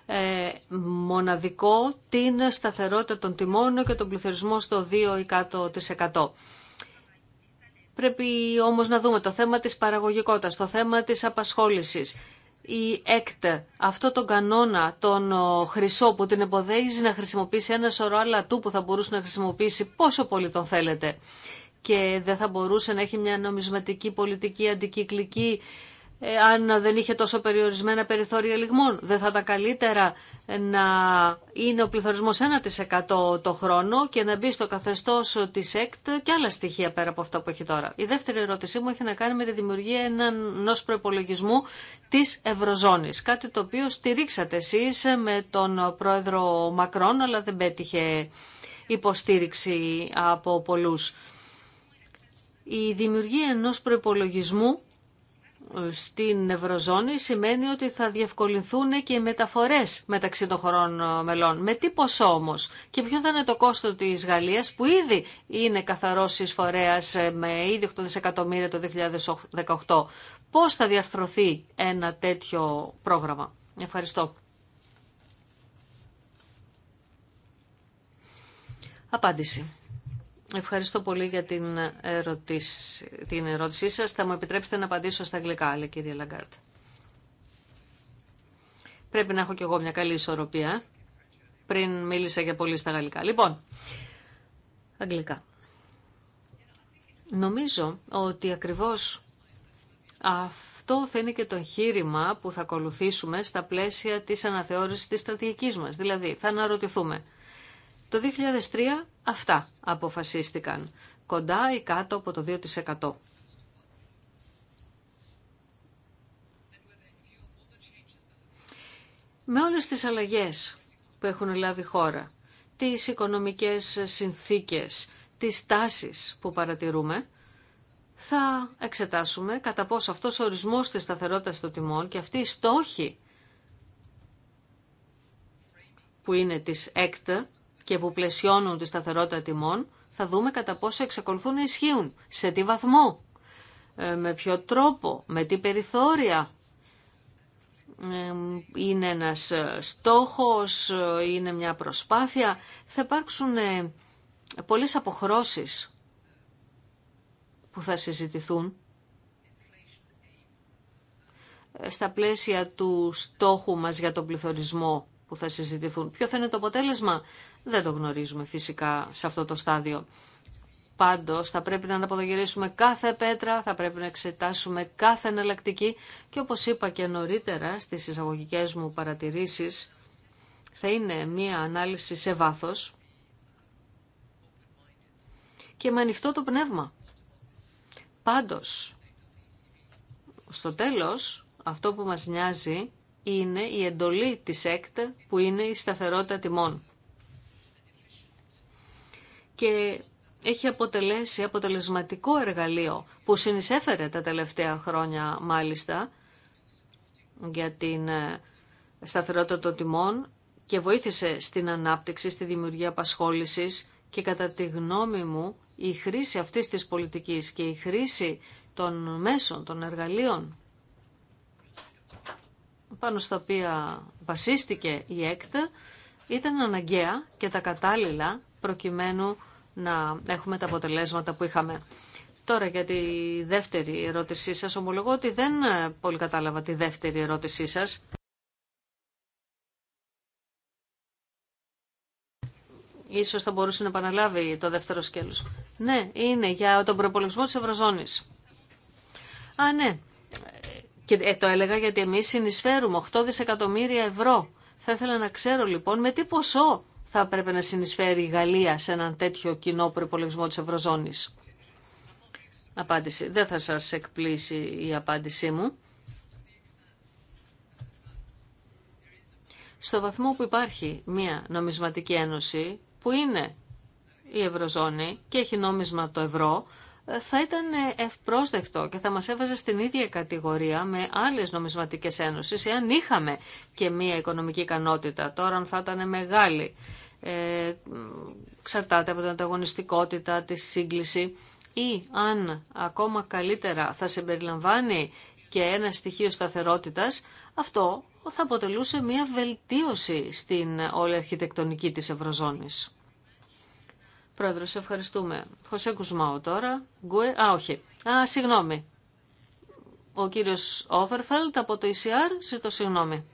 ε, μοναδικό την σταθερότητα των τιμών και τον πληθωρισμό στο 2 ή Πρέπει όμως να δούμε το θέμα της παραγωγικότητας, το θέμα της απασχόλησης. Η ΕΚΤ αυτό τον κανόνα, τον χρυσό που την εμποδίζει να χρησιμοποιήσει ένα σωρό άλλα του που θα μπορούσε να χρησιμοποιήσει πόσο πολύ τον θέλετε και δεν θα μπορούσε να έχει μια νομισματική πολιτική αντικυκλική ε, αν δεν είχε τόσο περιορισμένα περιθώρια λιγμών. Δεν θα ήταν καλύτερα να είναι ο πληθωρισμός 1% το χρόνο και να μπει στο καθεστώς της ΕΚΤ και άλλα στοιχεία πέρα από αυτά που έχει τώρα. Η δεύτερη ερώτησή μου έχει να κάνει με τη δημιουργία ενός προπολογισμού της Ευρωζώνης. Κάτι το οποίο στηρίξατε εσείς με τον πρόεδρο Μακρόν, αλλά δεν πέτυχε υποστήριξη από πολλούς. Η δημιουργία ενός προπολογισμού στην Ευρωζώνη σημαίνει ότι θα διευκολυνθούν και οι μεταφορές μεταξύ των χωρών ε, μελών. Με τι ποσό όμως και ποιο θα είναι το κόστο της Γαλλίας που ήδη είναι καθαρός εισφορέας ε, με ήδη 8 δισεκατομμύρια το 2018. Πώς θα διαρθρωθεί ένα τέτοιο πρόγραμμα. Ευχαριστώ. Απάντηση. Ευχαριστώ πολύ για την, ερωτήση, την ερώτησή σας. Θα μου επιτρέψετε να απαντήσω στα αγγλικά, λέει κυρία Λαγκάρτ. Πρέπει να έχω κι εγώ μια καλή ισορροπία. Ε? Πριν μίλησα για πολύ στα γαλλικά. Λοιπόν, αγγλικά. Νομίζω ότι ακριβώς αυτό θα είναι και το εγχείρημα που θα ακολουθήσουμε στα πλαίσια της αναθεώρησης της στρατηγικής μας. Δηλαδή, θα αναρωτηθούμε. Το 2003 Αυτά αποφασίστηκαν. Κοντά ή κάτω από το 2%. Με όλες τις αλλαγές που έχουν λάβει η χώρα, τις οικονομικές συνθήκες, τις τάσεις που παρατηρούμε, θα εξετάσουμε κατά πόσο αυτός ο ορισμός της σταθερότητας των τιμών και αυτή η στόχη που είναι της ΕΚΤΑ, και που πλαισιώνουν τη σταθερότητα τιμών, θα δούμε κατά πόσο εξακολουθούν να ισχύουν, σε τι βαθμό, ε, με ποιο τρόπο, με τι περιθώρια. Ε, είναι ένας ε, στόχος, είναι μια προσπάθεια. Θα υπάρξουν πολλές αποχρώσεις που θα συζητηθούν στα πλαίσια του στόχου μας για τον πληθωρισμό που θα συζητηθούν. Ποιο θα είναι το αποτέλεσμα δεν το γνωρίζουμε φυσικά σε αυτό το στάδιο. Πάντως θα πρέπει να αναποδογυρίσουμε κάθε πέτρα, θα πρέπει να εξετάσουμε κάθε εναλλακτική και όπως είπα και νωρίτερα στις εισαγωγικέ μου παρατηρήσεις θα είναι μία ανάλυση σε βάθος και με ανοιχτό το πνεύμα. Πάντως, στο τέλος, αυτό που μας νοιάζει είναι η εντολή της ΕΚΤ που είναι η σταθερότητα τιμών. Και έχει αποτελέσει αποτελεσματικό εργαλείο που συνεισέφερε τα τελευταία χρόνια μάλιστα για την ε, σταθερότητα των τιμών και βοήθησε στην ανάπτυξη, στη δημιουργία απασχόλησης και κατά τη γνώμη μου η χρήση αυτής της πολιτικής και η χρήση των μέσων, των εργαλείων πάνω στα οποία βασίστηκε η ΕΚΤ ήταν αναγκαία και τα κατάλληλα προκειμένου να έχουμε τα αποτελέσματα που είχαμε. Τώρα για τη δεύτερη ερώτησή σας, ομολογώ ότι δεν ε, πολύ κατάλαβα τη δεύτερη ερώτησή σας. Ίσως θα μπορούσε να επαναλάβει το δεύτερο σκέλος. Ναι, είναι για τον προπολογισμό της Ευρωζώνης. Α, ναι, και ε, το έλεγα γιατί εμείς συνεισφέρουμε 8 δισεκατομμύρια ευρώ. Θα ήθελα να ξέρω λοιπόν με τι ποσό θα έπρεπε να συνεισφέρει η Γαλλία σε έναν τέτοιο κοινό προπολογισμό της Ευρωζώνης. Απάντηση. Δεν θα σας εκπλήσει η απάντησή μου. Στο βαθμό που υπάρχει μία νομισματική ένωση που είναι η Ευρωζώνη και έχει νόμισμα το ευρώ, θα ήταν ευπρόσδεκτο και θα μας έβαζε στην ίδια κατηγορία με άλλες νομισματικές ένωσεις, εάν είχαμε και μία οικονομική ικανότητα, τώρα αν θα ήταν μεγάλη, ε, ξαρτάται από την ανταγωνιστικότητα, τη σύγκληση ή αν ακόμα καλύτερα θα συμπεριλαμβάνει και ένα στοιχείο σταθερότητας, αυτό θα αποτελούσε μία βελτίωση στην όλη αρχιτεκτονική της Ευρωζώνης. Πρόεδρο, σε ευχαριστούμε. Χωσέ Κουσμάου τώρα. Γκουε, α, όχι. Α, συγγνώμη. Ο κύριο Όφερφελτ από το ECR, ζητώ συγγνώμη.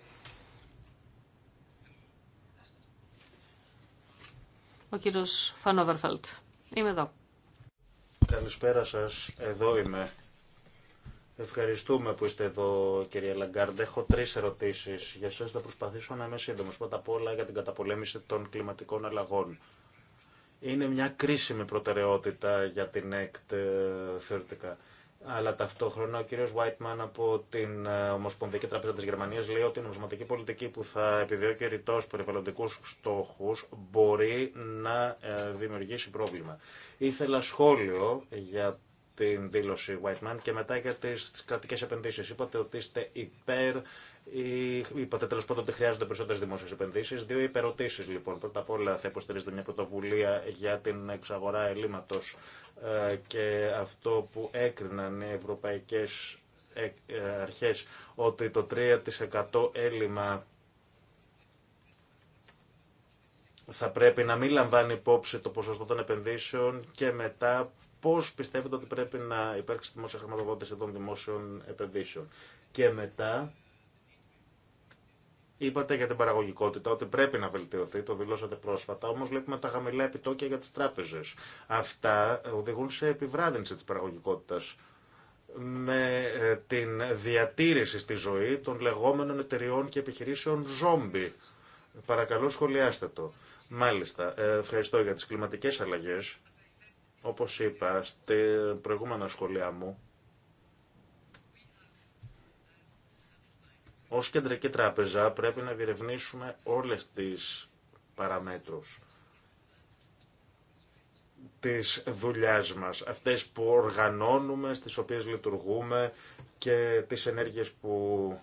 Ο κύριο Φανόβερφελτ. Είμαι εδώ. Καλησπέρα σα Εδώ είμαι. Ευχαριστούμε που είστε εδώ, κύριε Λαγκάρντ. Έχω τρει ερωτήσει για εσά. Θα προσπαθήσω να είμαι σύντομο. Πρώτα απ' όλα για την καταπολέμηση των κλιματικών αλλαγών είναι μια κρίσιμη προτεραιότητα για την ΕΚΤ ε, θεωρητικά. Αλλά ταυτόχρονα ο κύριος Βάιτμαν από την ε, Ομοσπονδιακή Τράπεζα της Γερμανίας λέει ότι η νομισματική πολιτική που θα επιδιώκει ρητός περιβαλλοντικούς στόχους μπορεί να ε, δημιουργήσει πρόβλημα. Ήθελα σχόλιο για την δήλωση Whiteman και μετά για τις κρατικές επενδύσεις. Είπατε ότι είστε υπέρ Είπατε τέλο πάντων ότι χρειάζονται περισσότερε δημόσιε επενδύσει. Δύο υπερωτήσει λοιπόν. Πρώτα απ' όλα θα υποστηρίζετε μια πρωτοβουλία για την εξαγορά ελλείμματο ε, και αυτό που έκριναν οι ευρωπαϊκέ ε, αρχέ ότι το 3% έλλειμμα θα πρέπει να μην λαμβάνει υπόψη το ποσοστό των επενδύσεων και μετά πώ πιστεύετε ότι πρέπει να υπάρξει δημόσια χρηματοδότηση των δημόσιων επενδύσεων. Και μετά Είπατε για την παραγωγικότητα ότι πρέπει να βελτιωθεί, το δηλώσατε πρόσφατα, όμω βλέπουμε τα χαμηλά επιτόκια για τι τράπεζε. Αυτά οδηγούν σε επιβράδυνση τη παραγωγικότητα με ε, την διατήρηση στη ζωή των λεγόμενων εταιριών και επιχειρήσεων ζόμπι. Παρακαλώ σχολιάστε το. Μάλιστα, ε, ευχαριστώ για τις κλιματικές αλλαγές. Όπως είπα, στην προηγούμενα σχολεία μου, Ως κεντρική τράπεζα πρέπει να διερευνήσουμε όλες τις παραμέτρους της δουλειάς μας, αυτές που οργανώνουμε, στις οποίες λειτουργούμε και τις ενέργειες που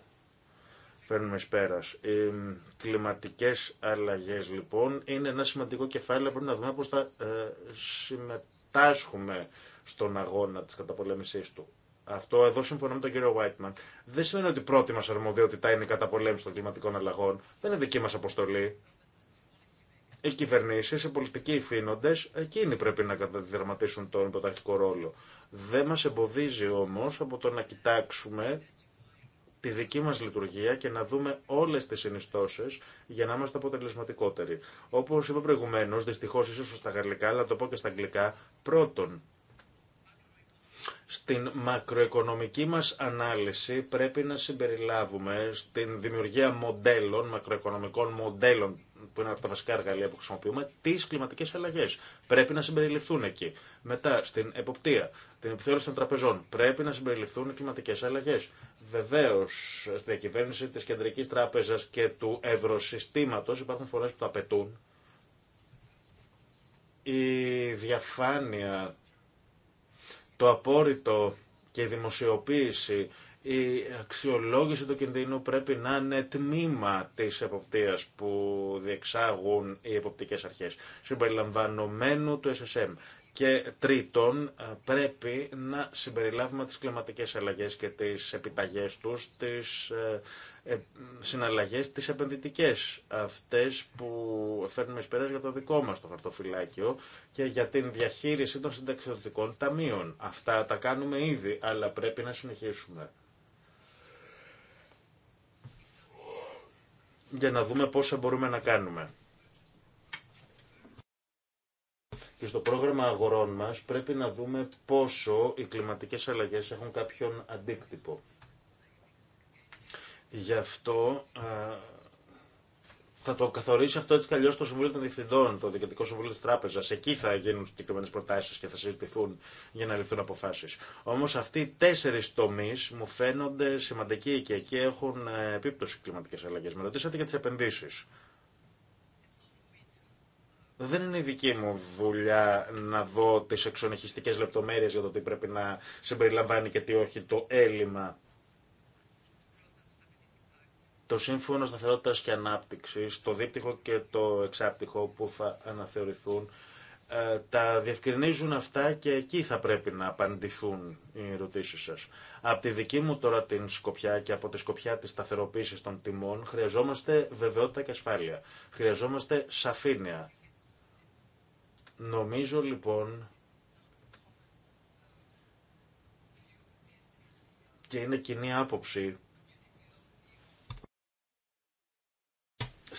φέρνουμε εις πέρας. Οι κλιματικές αλλαγές λοιπόν είναι ένα σημαντικό κεφάλαιο, πρέπει να δούμε πώς θα ε, συμμετάσχουμε στον αγώνα της καταπολέμησής του. Αυτό εδώ συμφωνώ με τον κύριο Βάιτμαν. Δεν σημαίνει ότι η πρώτη μα αρμοδιότητα είναι η καταπολέμηση των κλιματικών αλλαγών. Δεν είναι δική μα αποστολή. Οι κυβερνήσει, οι πολιτικοί ηθήνοντε, εκείνοι πρέπει να καταδιδραματίσουν τον πρωταρχικό ρόλο. Δεν μα εμποδίζει όμω από το να κοιτάξουμε τη δική μας λειτουργία και να δούμε όλες τις συνιστώσεις για να είμαστε αποτελεσματικότεροι. Όπως είπα προηγουμένως, δυστυχώς ίσως στα γαλλικά, αλλά το πω και στα αγγλικά, πρώτον, στην μακροοικονομική μας ανάλυση πρέπει να συμπεριλάβουμε στην δημιουργία μοντέλων, μακροοικονομικών μοντέλων που είναι από τα βασικά εργαλεία που χρησιμοποιούμε, τι κλιματικέ αλλαγέ. Πρέπει να συμπεριληφθούν εκεί. Μετά, στην εποπτεία, την επιθεώρηση των τραπεζών, πρέπει να συμπεριληφθούν οι κλιματικέ αλλαγέ. Βεβαίω, στη διακυβέρνηση τη Κεντρική Τράπεζα και του Ευρωσυστήματο υπάρχουν φορέ που το απαιτούν. διαφάνεια το απόρριτο και η δημοσιοποίηση, η αξιολόγηση του κινδύνου πρέπει να είναι τμήμα της εποπτείας που διεξάγουν οι εποπτικές αρχές, συμπεριλαμβανομένου του SSM. Και τρίτον, πρέπει να συμπεριλάβουμε τις κλιματικές αλλαγές και τις επιταγές τους, τις ε, ε, συναλλαγές, τις επενδυτικές, αυτές που φέρνουμε εις για το δικό μας το χαρτοφυλάκιο και για την διαχείριση των συνταξιδοτικών ταμείων. Αυτά τα κάνουμε ήδη, αλλά πρέπει να συνεχίσουμε. Για να δούμε πόσα μπορούμε να κάνουμε. Και στο πρόγραμμα αγορών μας πρέπει να δούμε πόσο οι κλιματικές αλλαγές έχουν κάποιον αντίκτυπο. Γι' αυτό θα το καθορίσει αυτό έτσι καλλιώ το Συμβούλιο των Διευθυντών, το Διοικητικό Συμβούλιο τη Τράπεζα. Εκεί θα γίνουν συγκεκριμένε προτάσει και θα συζητηθούν για να ληφθούν αποφάσει. Όμω αυτοί οι τέσσερι τομεί μου φαίνονται σημαντικοί και εκεί έχουν ε, επίπτωση κλιματικέ αλλαγέ. Με ρωτήσατε για τι επενδύσει. Δεν είναι η δική μου δουλειά να δω τι εξονυχιστικέ λεπτομέρειε για το τι πρέπει να συμπεριλαμβάνει και τι όχι το έλλειμμα το Σύμφωνο σταθερότητα και ανάπτυξη, το Δίπτυχο και το Εξάπτυχο που θα αναθεωρηθούν, ε, τα διευκρινίζουν αυτά και εκεί θα πρέπει να απαντηθούν οι ερωτήσει σας. Από τη δική μου τώρα την σκοπιά και από τη σκοπιά της σταθεροποίηση των τιμών χρειαζόμαστε βεβαιότητα και ασφάλεια. Χρειαζόμαστε σαφήνεια. Νομίζω λοιπόν και είναι κοινή άποψη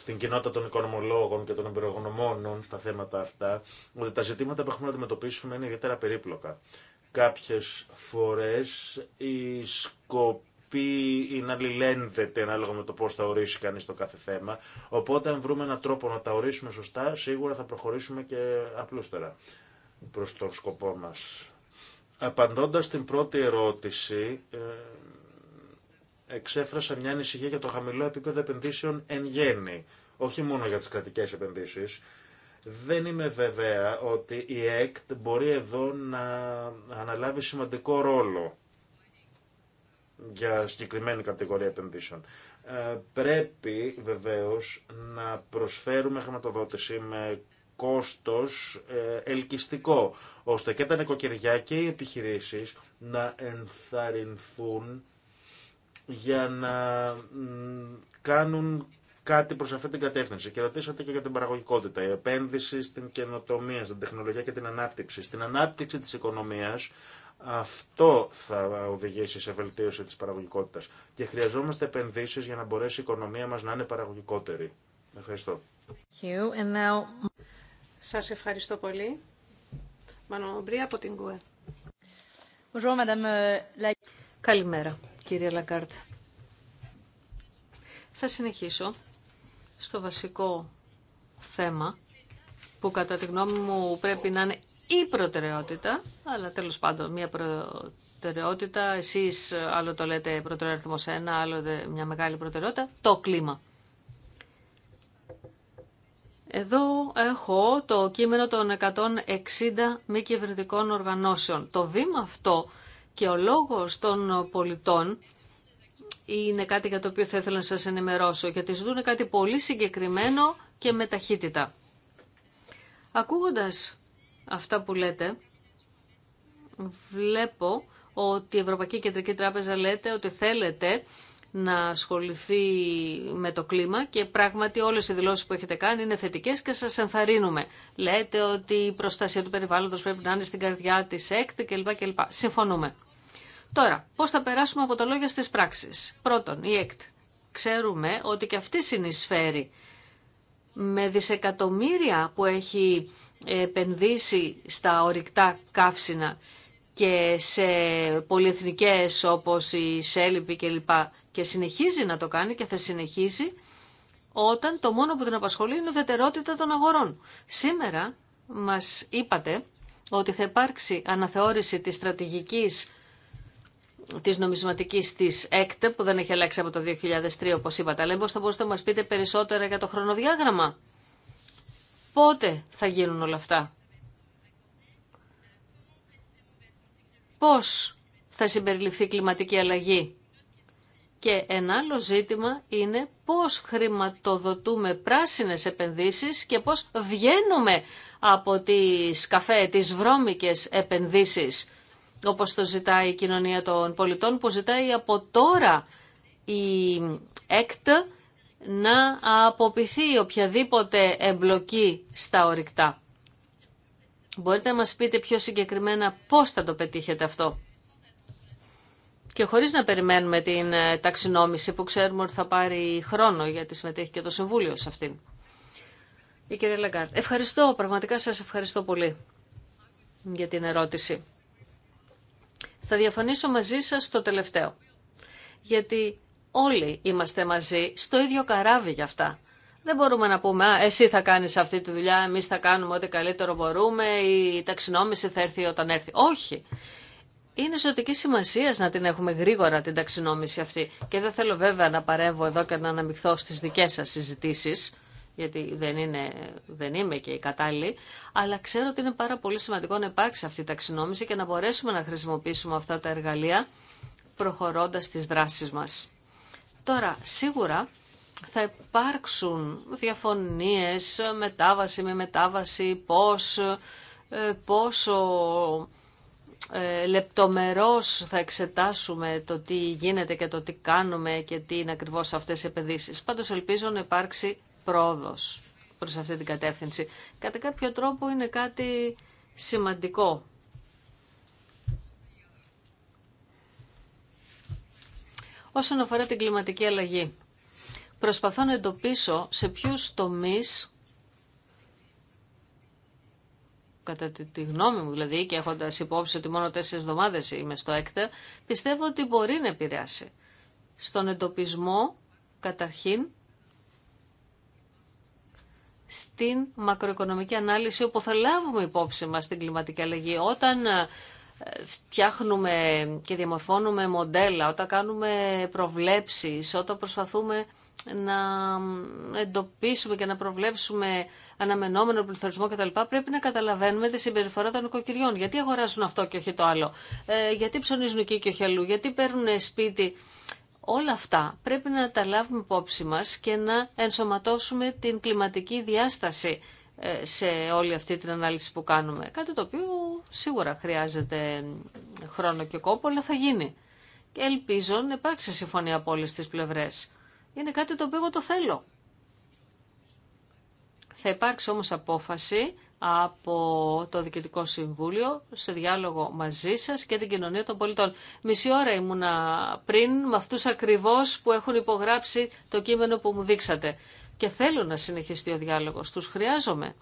στην κοινότητα των οικονομολόγων και των εμπειρογνωμόνων στα θέματα αυτά, ότι τα ζητήματα που έχουμε να αντιμετωπίσουμε είναι ιδιαίτερα περίπλοκα. Κάποιε φορέ η σκοπή είναι αλληλένδεται ανάλογα με το πώ θα ορίσει κανεί το κάθε θέμα, οπότε αν βρούμε έναν τρόπο να τα ορίσουμε σωστά, σίγουρα θα προχωρήσουμε και απλούστερα προ τον σκοπό μα. Απαντώντας την πρώτη ερώτηση, ε, εξέφρασα μια ανησυχία για το χαμηλό επίπεδο επενδύσεων εν γέννη, όχι μόνο για τις κρατικές επενδύσεις. Δεν είμαι βέβαια ότι η ΕΚΤ μπορεί εδώ να αναλάβει σημαντικό ρόλο για συγκεκριμένη κατηγορία επενδύσεων. Ε, πρέπει βεβαίως να προσφέρουμε χρηματοδότηση με κόστος ε, ελκυστικό, ώστε και τα νοικοκυριά και οι επιχειρήσεις να ενθαρρυνθούν για να κάνουν κάτι προ αυτή την κατεύθυνση. Και ρωτήσατε και για την παραγωγικότητα. Η επένδυση στην καινοτομία, στην τεχνολογία και την ανάπτυξη. Στην ανάπτυξη της οικονομίας, αυτό θα οδηγήσει σε βελτίωση της παραγωγικότητας. Και χρειαζόμαστε επενδύσει για να μπορέσει η οικονομία μας να είναι παραγωγικότερη. Ευχαριστώ. Now... Σα ευχαριστώ πολύ. Μανομπρία από την ΚΟΕ. Euh, Καλημέρα κύριε Λαγκάρτ. Θα συνεχίσω στο βασικό θέμα που κατά τη γνώμη μου πρέπει να είναι η προτεραιότητα, αλλά τέλος πάντων μια προτεραιότητα, εσείς άλλο το λέτε προτεραιότητα άλλο μια μεγάλη προτεραιότητα, το κλίμα. Εδώ έχω το κείμενο των 160 μη κυβερνητικών οργανώσεων. Το βήμα αυτό και ο λόγος των πολιτών είναι κάτι για το οποίο θα ήθελα να σας ενημερώσω, γιατί ζητούν κάτι πολύ συγκεκριμένο και με ταχύτητα. Ακούγοντας αυτά που λέτε, βλέπω ότι η Ευρωπαϊκή Κεντρική Τράπεζα λέτε ότι θέλετε να ασχοληθεί με το κλίμα και πράγματι όλες οι δηλώσεις που έχετε κάνει είναι θετικές και σας ενθαρρύνουμε. Λέτε ότι η προστασία του περιβάλλοντος πρέπει να είναι στην καρδιά της ΕΚΤ κλπ. κλπ. Συμφωνούμε. Τώρα, πώς θα περάσουμε από τα λόγια στις πράξεις. Πρώτον, η ΕΚΤ. Ξέρουμε ότι και αυτή συνεισφέρει με δισεκατομμύρια που έχει επενδύσει στα ορυκτά καύσινα και σε πολυεθνικές όπως η Σέλιπη κλπ. Και συνεχίζει να το κάνει και θα συνεχίσει όταν το μόνο που την απασχολεί είναι η ουδετερότητα των αγορών. Σήμερα μας είπατε ότι θα υπάρξει αναθεώρηση της στρατηγικής Τη νομισματική τη ΕΚΤΕ που δεν έχει αλλάξει από το 2003 όπω είπατε. Αλλά μήπω θα μπορούσατε να μα πείτε περισσότερα για το χρονοδιάγραμμα. Πότε θα γίνουν όλα αυτά. Πώς θα συμπεριληφθεί η κλιματική αλλαγή. Και ένα άλλο ζήτημα είναι πώς χρηματοδοτούμε πράσινες επενδύσεις και πώς βγαίνουμε από τις καφέ, τις βρώμικες επενδύσεις όπως το ζητάει η κοινωνία των πολιτών, που ζητάει από τώρα η ΕΚΤ να αποποιηθεί οποιαδήποτε εμπλοκή στα ορυκτά. Μπορείτε να μας πείτε πιο συγκεκριμένα πώς θα το πετύχετε αυτό. Και χωρίς να περιμένουμε την ε, ταξινόμηση που ξέρουμε ότι θα πάρει χρόνο γιατί συμμετέχει και το Συμβούλιο σε αυτήν. Η κυρία Λαγκάρτ. Ευχαριστώ, πραγματικά σας ευχαριστώ πολύ για την ερώτηση. Θα διαφωνήσω μαζί σας στο τελευταίο. Γιατί όλοι είμαστε μαζί στο ίδιο καράβι για αυτά. Δεν μπορούμε να πούμε, α, εσύ θα κάνεις αυτή τη δουλειά, εμείς θα κάνουμε ό,τι καλύτερο μπορούμε, η ταξινόμηση θα έρθει όταν έρθει. Όχι. Είναι ζωτική σημασία να την έχουμε γρήγορα την ταξινόμηση αυτή. Και δεν θέλω βέβαια να παρέμβω εδώ και να αναμειχθώ στις δικές σας συζητήσεις γιατί δεν, είναι, δεν είμαι και η κατάλληλη, αλλά ξέρω ότι είναι πάρα πολύ σημαντικό να υπάρξει αυτή η ταξινόμηση και να μπορέσουμε να χρησιμοποιήσουμε αυτά τα εργαλεία προχωρώντας τις δράσεις μας. Τώρα, σίγουρα θα υπάρξουν διαφωνίες, μετάβαση με μετάβαση, πώς, ε, πόσο ε, λεπτομερώς θα εξετάσουμε το τι γίνεται και το τι κάνουμε και τι είναι ακριβώς αυτές οι επενδύσεις. Πάντως ελπίζω να υπάρξει πρόοδος προς αυτή την κατεύθυνση. Κατά κάποιο τρόπο είναι κάτι σημαντικό. Όσον αφορά την κλιματική αλλαγή, προσπαθώ να εντοπίσω σε ποιους τομείς κατά τη, γνώμη μου δηλαδή και έχοντας υπόψη ότι μόνο τέσσερις εβδομάδες είμαι στο έκτα, πιστεύω ότι μπορεί να επηρεάσει. Στον εντοπισμό καταρχήν στην μακροοικονομική ανάλυση όπου θα λάβουμε υπόψη μας την κλιματική αλλαγή. Όταν ε, φτιάχνουμε και διαμορφώνουμε μοντέλα, όταν κάνουμε προβλέψεις, όταν προσπαθούμε να εντοπίσουμε και να προβλέψουμε αναμενόμενο πληθωρισμό κτλ. Πρέπει να καταλαβαίνουμε τη συμπεριφορά των οικοκυριών. Γιατί αγοράζουν αυτό και όχι το άλλο. Ε, γιατί ψωνίζουν εκεί και όχι αλλού. Γιατί παίρνουν σπίτι Όλα αυτά πρέπει να τα λάβουμε υπόψη μας και να ενσωματώσουμε την κλιματική διάσταση ε, σε όλη αυτή την ανάλυση που κάνουμε. Κάτι το οποίο σίγουρα χρειάζεται χρόνο και κόπο, αλλά θα γίνει. Και ελπίζω να υπάρξει συμφωνία από όλες τις πλευρές. Είναι κάτι το οποίο το θέλω. Θα υπάρξει όμως απόφαση από το Διοικητικό Συμβούλιο σε διάλογο μαζί σας και την κοινωνία των πολιτών. Μισή ώρα ήμουνα πριν με αυτούς ακριβώς που έχουν υπογράψει το κείμενο που μου δείξατε. Και θέλω να συνεχιστεί ο διάλογος. Τους χρειάζομαι.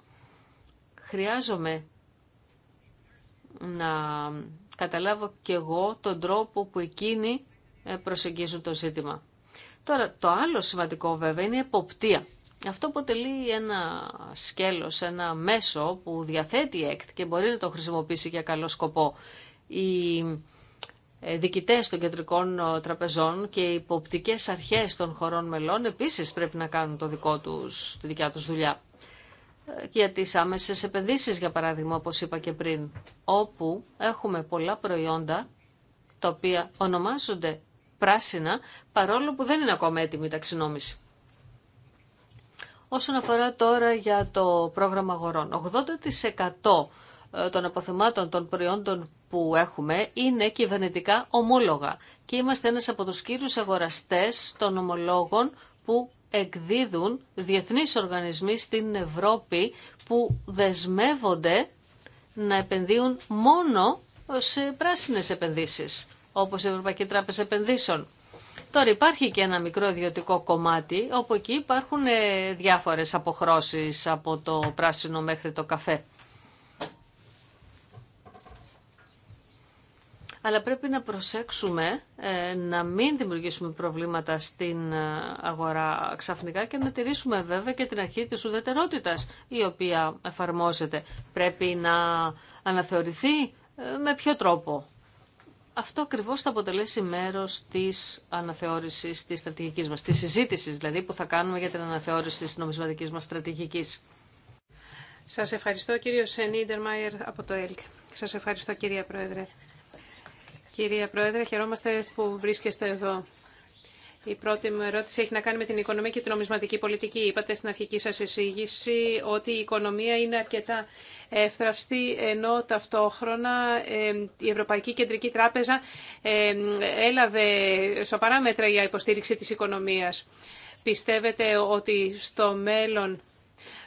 Χρειάζομαι να καταλάβω κι εγώ τον τρόπο που εκείνοι ε, προσεγγίζουν το ζήτημα. Τώρα, το άλλο σημαντικό βέβαια είναι η εποπτεία. Αυτό αποτελεί ένα σκέλος, ένα μέσο που διαθέτει η ΕΚΤ και μπορεί να το χρησιμοποιήσει για καλό σκοπό. Οι ε, διοικητές των κεντρικών ε, τραπεζών και οι υποπτικές αρχές των χωρών μελών επίσης πρέπει να κάνουν το δικό τους, τη δικιά τους δουλειά. Ε, για τις άμεσες επενδύσεις, για παράδειγμα, όπως είπα και πριν, όπου έχουμε πολλά προϊόντα τα οποία ονομάζονται πράσινα, παρόλο που δεν είναι ακόμα έτοιμη η ταξινόμηση. Όσον αφορά τώρα για το πρόγραμμα αγορών, 80% ε, των αποθεμάτων των προϊόντων που έχουμε είναι κυβερνητικά ομόλογα και είμαστε ένας από τους κύριους αγοραστές των ομολόγων που εκδίδουν διεθνείς οργανισμοί στην Ευρώπη που δεσμεύονται να επενδύουν μόνο σε πράσινες επενδύσεις, όπως η Ευρωπαϊκή Τράπεζα Επενδύσεων. Τώρα υπάρχει και ένα μικρό ιδιωτικό κομμάτι, όπου εκεί υπάρχουν ε, διάφορες αποχρώσεις από το πράσινο μέχρι το καφέ. αλλά πρέπει να προσέξουμε ε, να μην δημιουργήσουμε προβλήματα στην ε, αγορά ξαφνικά και να τηρήσουμε βέβαια και την αρχή της ουδετερότητας η οποία εφαρμόζεται. Πρέπει να αναθεωρηθεί με ποιο τρόπο αυτό ακριβώς θα αποτελέσει μέρος της αναθεώρησης της στρατηγικής μας, της συζήτησης δηλαδή που θα κάνουμε για την αναθεώρηση της νομισματικής μας στρατηγικής. Σας ευχαριστώ κύριο Σενίντερ από το ΕΛΚ. Σας ευχαριστώ κυρία Πρόεδρε. Κυρία Πρόεδρε, χαιρόμαστε που βρίσκεστε εδώ. Η πρώτη μου ερώτηση έχει να κάνει με την οικονομία και την νομισματική πολιτική. Είπατε στην αρχική σας εισήγηση ότι η οικονομία είναι αρκετά εύθραυστη, ενώ ταυτόχρονα η Ευρωπαϊκή Κεντρική Τράπεζα έλαβε σοβαρά μέτρα για υποστήριξη της οικονομίας. Πιστεύετε ότι στο μέλλον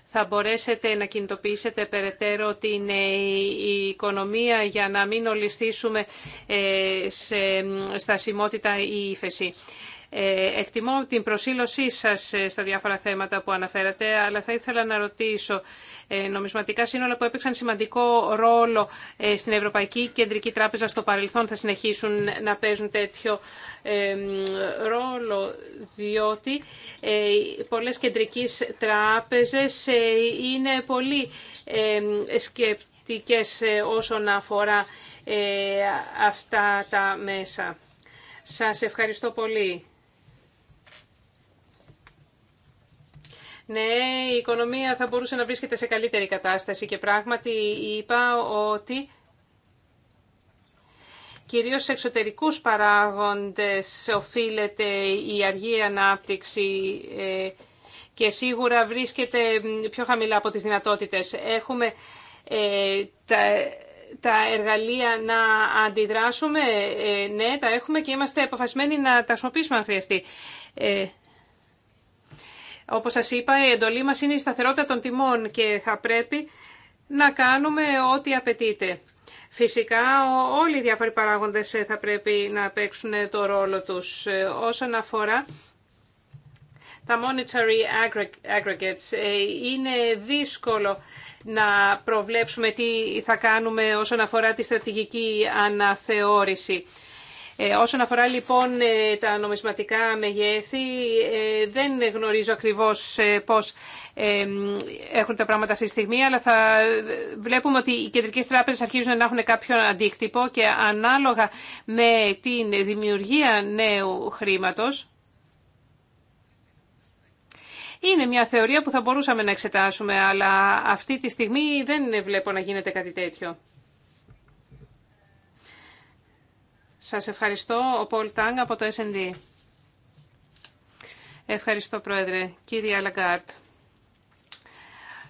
θα μπορέσετε να κινητοποιήσετε περαιτέρω την ε, οικονομία για να μην ολιστήσουμε ε, σε στασιμότητα ή ύφεση. Ε, εκτιμώ την προσήλωσή σας ε, στα διάφορα θέματα που αναφέρατε, αλλά θα ήθελα να ρωτήσω ε, νομισματικά σύνολα που έπαιξαν σημαντικό ρόλο στην Ευρωπαϊκή Κεντρική Τράπεζα στο παρελθόν θα συνεχίσουν να παίζουν τέτοιο ρόλο, διότι πολλές κεντρικές τράπεζες είναι πολύ σκεπτικές όσον αφορά αυτά τα μέσα. Σας ευχαριστώ πολύ. Ναι, η οικονομία θα μπορούσε να βρίσκεται σε καλύτερη κατάσταση και πράγματι είπα ότι κυρίως σε εξωτερικούς παράγοντες οφείλεται η αργή ανάπτυξη ε, και σίγουρα βρίσκεται πιο χαμηλά από τις δυνατότητες. Έχουμε ε, τα, τα εργαλεία να αντιδράσουμε, ε, ναι, τα έχουμε και είμαστε αποφασισμένοι να τα χρησιμοποιήσουμε αν χρειαστεί. Όπως σας είπα, η εντολή μας είναι η σταθερότητα των τιμών και θα πρέπει να κάνουμε ό,τι απαιτείται. Φυσικά όλοι οι διάφοροι παράγοντες ε, θα πρέπει να παίξουν το ρόλο τους ε, όσον αφορά τα monetary aggregates. Ε, είναι δύσκολο να προβλέψουμε τι θα κάνουμε όσον αφορά τη στρατηγική αναθεώρηση. Ε, όσον αφορά λοιπόν ε, τα νομισματικά μεγέθη, ε, δεν γνωρίζω ακριβώς πώς έχουν τα πράγματα αυτή τη στιγμή, αλλά θα βλέπουμε ότι οι κεντρικές τράπεζες αρχίζουν να έχουν κάποιο αντίκτυπο και ανάλογα με την δημιουργία νέου χρήματος, είναι μια θεωρία που θα μπορούσαμε να εξετάσουμε, αλλά αυτή τη στιγμή δεν βλέπω να γίνεται κάτι τέτοιο. Σας ευχαριστώ, ο Πολ Τάγκ από το S&D. Ευχαριστώ, Πρόεδρε. Κύριε Αλαγκάρτ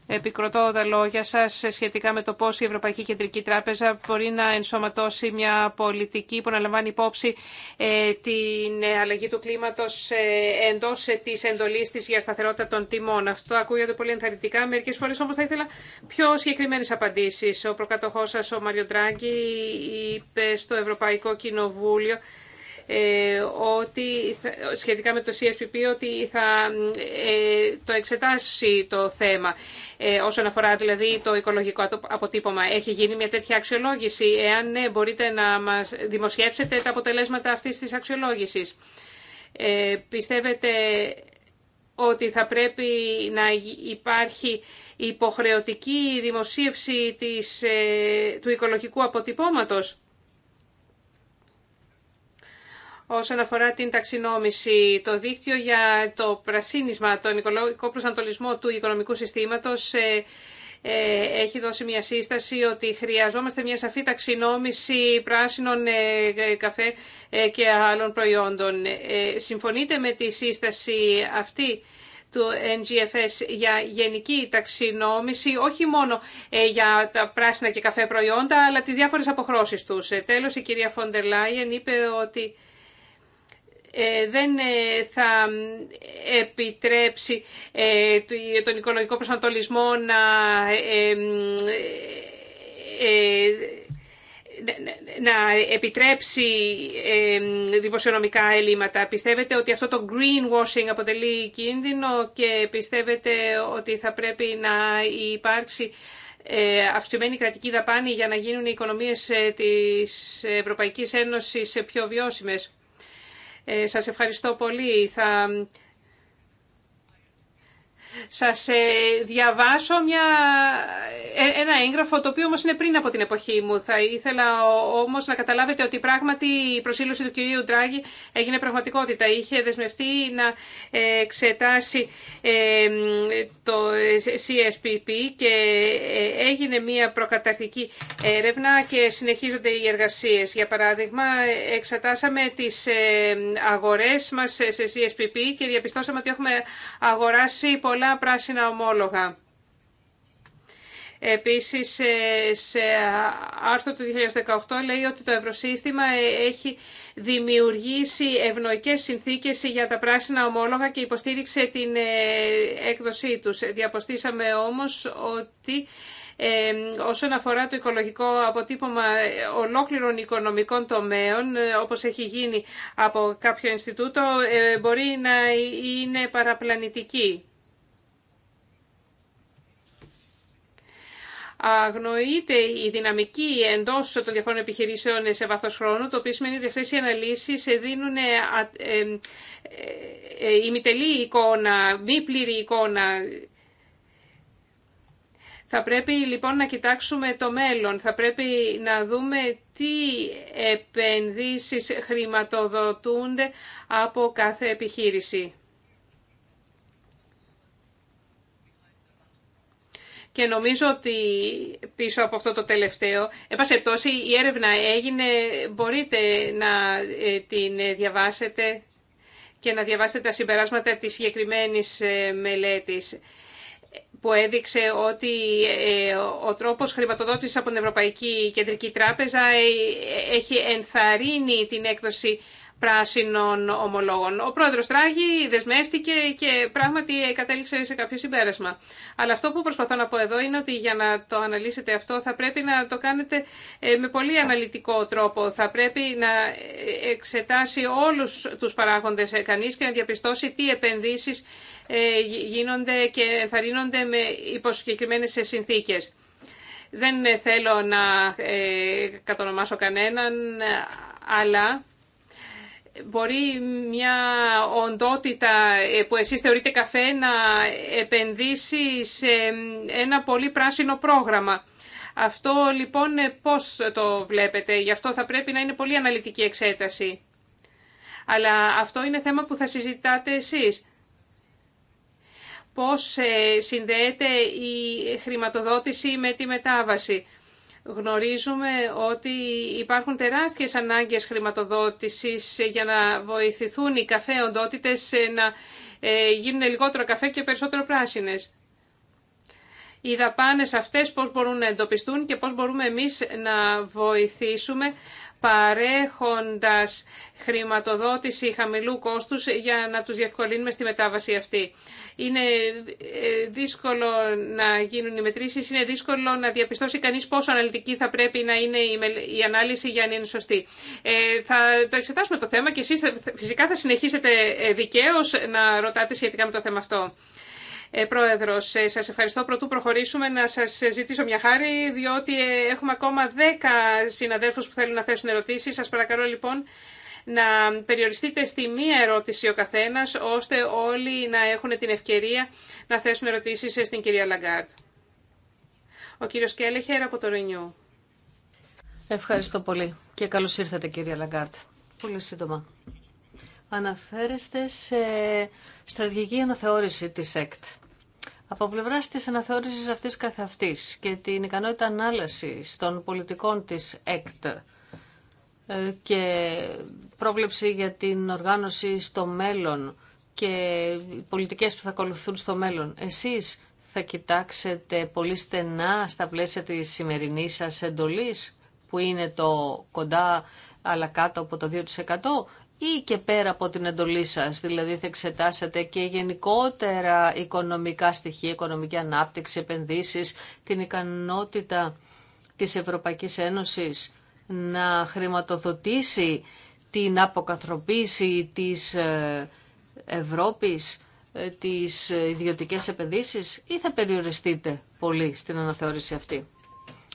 επικροτώ τα λόγια σας σχετικά με το πώς η Ευρωπαϊκή Κεντρική Τράπεζα μπορεί να ενσωματώσει μια πολιτική που να λαμβάνει υπόψη ε, την αλλαγή του κλίματος ε, εντός ε, της εντολής της για σταθερότητα των τιμών. Αυτό ακούγεται πολύ ενθαρρυντικά. Μερικές φορές όμως θα ήθελα πιο συγκεκριμένες απαντήσεις. Ο προκατοχός σας, ο Μαριο Ντράγκη, είπε στο Ευρωπαϊκό Κοινοβούλιο ε, ότι σχετικά με το CSPP ότι θα ε, το εξετάσει το θέμα ε, όσον αφορά δηλαδή το οικολογικό αποτύπωμα. Έχει γίνει μια τέτοια αξιολόγηση. Εάν ναι, μπορείτε να μας δημοσιεύσετε τα αποτελέσματα αυτής της αξιολόγησης. Ε, πιστεύετε ότι θα πρέπει να υπάρχει υποχρεωτική δημοσίευση της, του οικολογικού αποτυπώματος όσον αφορά την ταξινόμηση. Το δίκτυο για το πρασίνισμα, τον οικολογικό προσανατολισμό του οικονομικού συστήματος ε, ε, έχει δώσει μια σύσταση ότι χρειαζόμαστε μια σαφή ταξινόμηση πράσινων ε, καφέ και άλλων προϊόντων. Συμφωνείτε με τη σύσταση αυτή του NGFS για γενική ταξινόμηση, όχι μόνο για τα πράσινα και καφέ προϊόντα, αλλά τις διάφορες αποχρώσεις τους. Τέλος, η κυρία Φοντερ Λάιεν είπε ότι ε, δεν ε, θα επιτρέψει ε, τον οικολογικό προσανατολισμό να να επιτρέψει δημοσιονομικά έλλειμματα. Πιστεύετε ότι αυτό το greenwashing αποτελεί κίνδυνο και πιστεύετε ότι θα πρέπει να υπάρξει αυξημένη κρατική δαπάνη για να γίνουν οι οικονομίες της Ευρωπαϊκής Ένωσης πιο βιώσιμες. Ε, σας ευχαριστώ πολύ. Θα σας ε, διαβάσω μια, ε, ένα έγγραφο το οποίο όμως είναι πριν από την εποχή μου. Θα ήθελα όμως να καταλάβετε ότι πράγματι η προσήλωση του κυρίου Ντράγη έγινε πραγματικότητα. Είχε δεσμευτεί να εξετάσει ε, το CSPP και έγινε μια προκαταρχική έρευνα και συνεχίζονται οι εργασίες. Για παράδειγμα, εξετάσαμε τις αγορές μας σε CSPP και διαπιστώσαμε ότι έχουμε αγοράσει πολλές πολλά πράσινα ομόλογα. Επίσης, σε άρθρο του 2018 λέει ότι το ευρωσύστημα ε, έχει δημιουργήσει ευνοϊκές συνθήκες για τα πράσινα ομόλογα και υποστήριξε την ε, έκδοσή τους. Διαποστήσαμε όμως ότι ε, όσον αφορά το οικολογικό αποτύπωμα ολόκληρων οικονομικών τομέων, ε, όπως έχει γίνει από κάποιο Ινστιτούτο, μπορεί να είναι παραπλανητική. αγνοείται η δυναμική εντός των διαφόρων επιχειρήσεων σε βάθος χρόνου, το οποίο σημαίνει ότι αυτέ οι αναλύσει δίνουν ε, ε, ε, ημιτελή εικόνα, μη πλήρη εικόνα. Θα πρέπει λοιπόν να κοιτάξουμε το μέλλον, θα πρέπει να δούμε τι επενδύσεις χρηματοδοτούνται από κάθε επιχείρηση. και νομίζω ότι πίσω από αυτό το τελευταίο, πτώση, η έρευνα έγινε, μπορείτε να ε, την διαβάσετε και να διαβάσετε τα συμπεράσματα της συγκεκριμένη ε, μελέτης ε, που έδειξε ότι ο τρόπος χρηματοδότησης από την Ευρωπαϊκή Κεντρική Τράπεζα έχει ενθαρρύνει την έκδοση πράσινων ομολόγων. Ο πρόεδρος Τράγη δεσμεύτηκε και πράγματι κατέληξε σε κάποιο συμπέρασμα. Αλλά αυτό που προσπαθώ να πω εδώ είναι ότι για να το αναλύσετε αυτό θα πρέπει να το κάνετε ε, με πολύ αναλυτικό τρόπο. Θα πρέπει να ε, εξετάσει όλους τους παράγοντες ε, κανείς και να διαπιστώσει τι επενδύσεις γίνονται και ενθαρρύνονται με υποσυγκεκριμένες συνθήκες. Δεν θέλω να κατονομάσω κανέναν, αλλά Μπορεί μια οντότητα ε, που εσείς θεωρείτε καφέ να επενδύσει σε ένα πολύ πράσινο πρόγραμμα. Αυτό λοιπόν ε, πώς το βλέπετε, γι' αυτό θα πρέπει να είναι πολύ αναλυτική εξέταση. Αλλά αυτό είναι θέμα που θα συζητάτε εσείς. Πώς ε, συνδέεται η χρηματοδότηση με τη μετάβαση. Γνωρίζουμε ότι υπάρχουν τεράστιες ανάγκες χρηματοδότησης για να βοηθηθούν οι καφέ οντότητες να ε, γίνουν λιγότερο καφέ και περισσότερο πράσινες. Οι δαπάνες αυτές πώς μπορούν να εντοπιστούν και πώς μπορούμε εμείς να βοηθήσουμε παρέχοντας χρηματοδότηση χαμηλού κόστους για να τους διευκολύνουμε στη μετάβαση αυτή. Είναι ε, δύσκολο να γίνουν οι μετρήσεις, είναι δύσκολο να διαπιστώσει κανείς πόσο αναλυτική θα πρέπει να είναι η ανάλυση για να είναι σωστή. Ε, θα το εξετάσουμε το θέμα και εσείς φυσικά θα συνεχίσετε ε, δικαίως να ρωτάτε σχετικά με το θέμα αυτό. Ε, πρόεδρος, ε, σας ευχαριστώ. Πρωτού προχωρήσουμε να σας ζητήσω μια χάρη, διότι ε, έχουμε ακόμα δέκα συναδέλφους που θέλουν να θέσουν ερωτήσεις. Σας παρακαλώ λοιπόν να περιοριστείτε στη μία ερώτηση ο καθένας, ώστε όλοι να έχουν την ευκαιρία να θέσουν ερωτήσεις ε, στην κυρία Λαγκάρτ. Ο κύριος Κέλεχερ από το Ρενιού. Ευχαριστώ πολύ και καλώ ήρθατε κυρία Λαγκάρτ. Πολύ σύντομα αναφέρεστε σε στρατηγική αναθεώρηση της ΕΚΤ. Από πλευρά τη αναθεώρηση αυτή καθ' και την ικανότητα ανάλυση των πολιτικών τη ΕΚΤ ε, και πρόβλεψη για την οργάνωση στο μέλλον και πολιτικές που θα ακολουθούν στο μέλλον, εσείς θα κοιτάξετε πολύ στενά στα πλαίσια της σημερινής σας εντολής, που είναι το κοντά αλλά κάτω από το 2% ή και πέρα από την εντολή σας, δηλαδή θα εξετάσετε και γενικότερα οικονομικά στοιχεία, οικονομική ανάπτυξη, επενδύσεις, την ικανότητα της Ευρωπαϊκής Ένωσης να χρηματοδοτήσει την αποκαθροποίηση της ε, Ευρώπης, ε, τις ιδιωτικές επενδύσεις ή θα περιοριστείτε πολύ στην αναθεώρηση αυτή.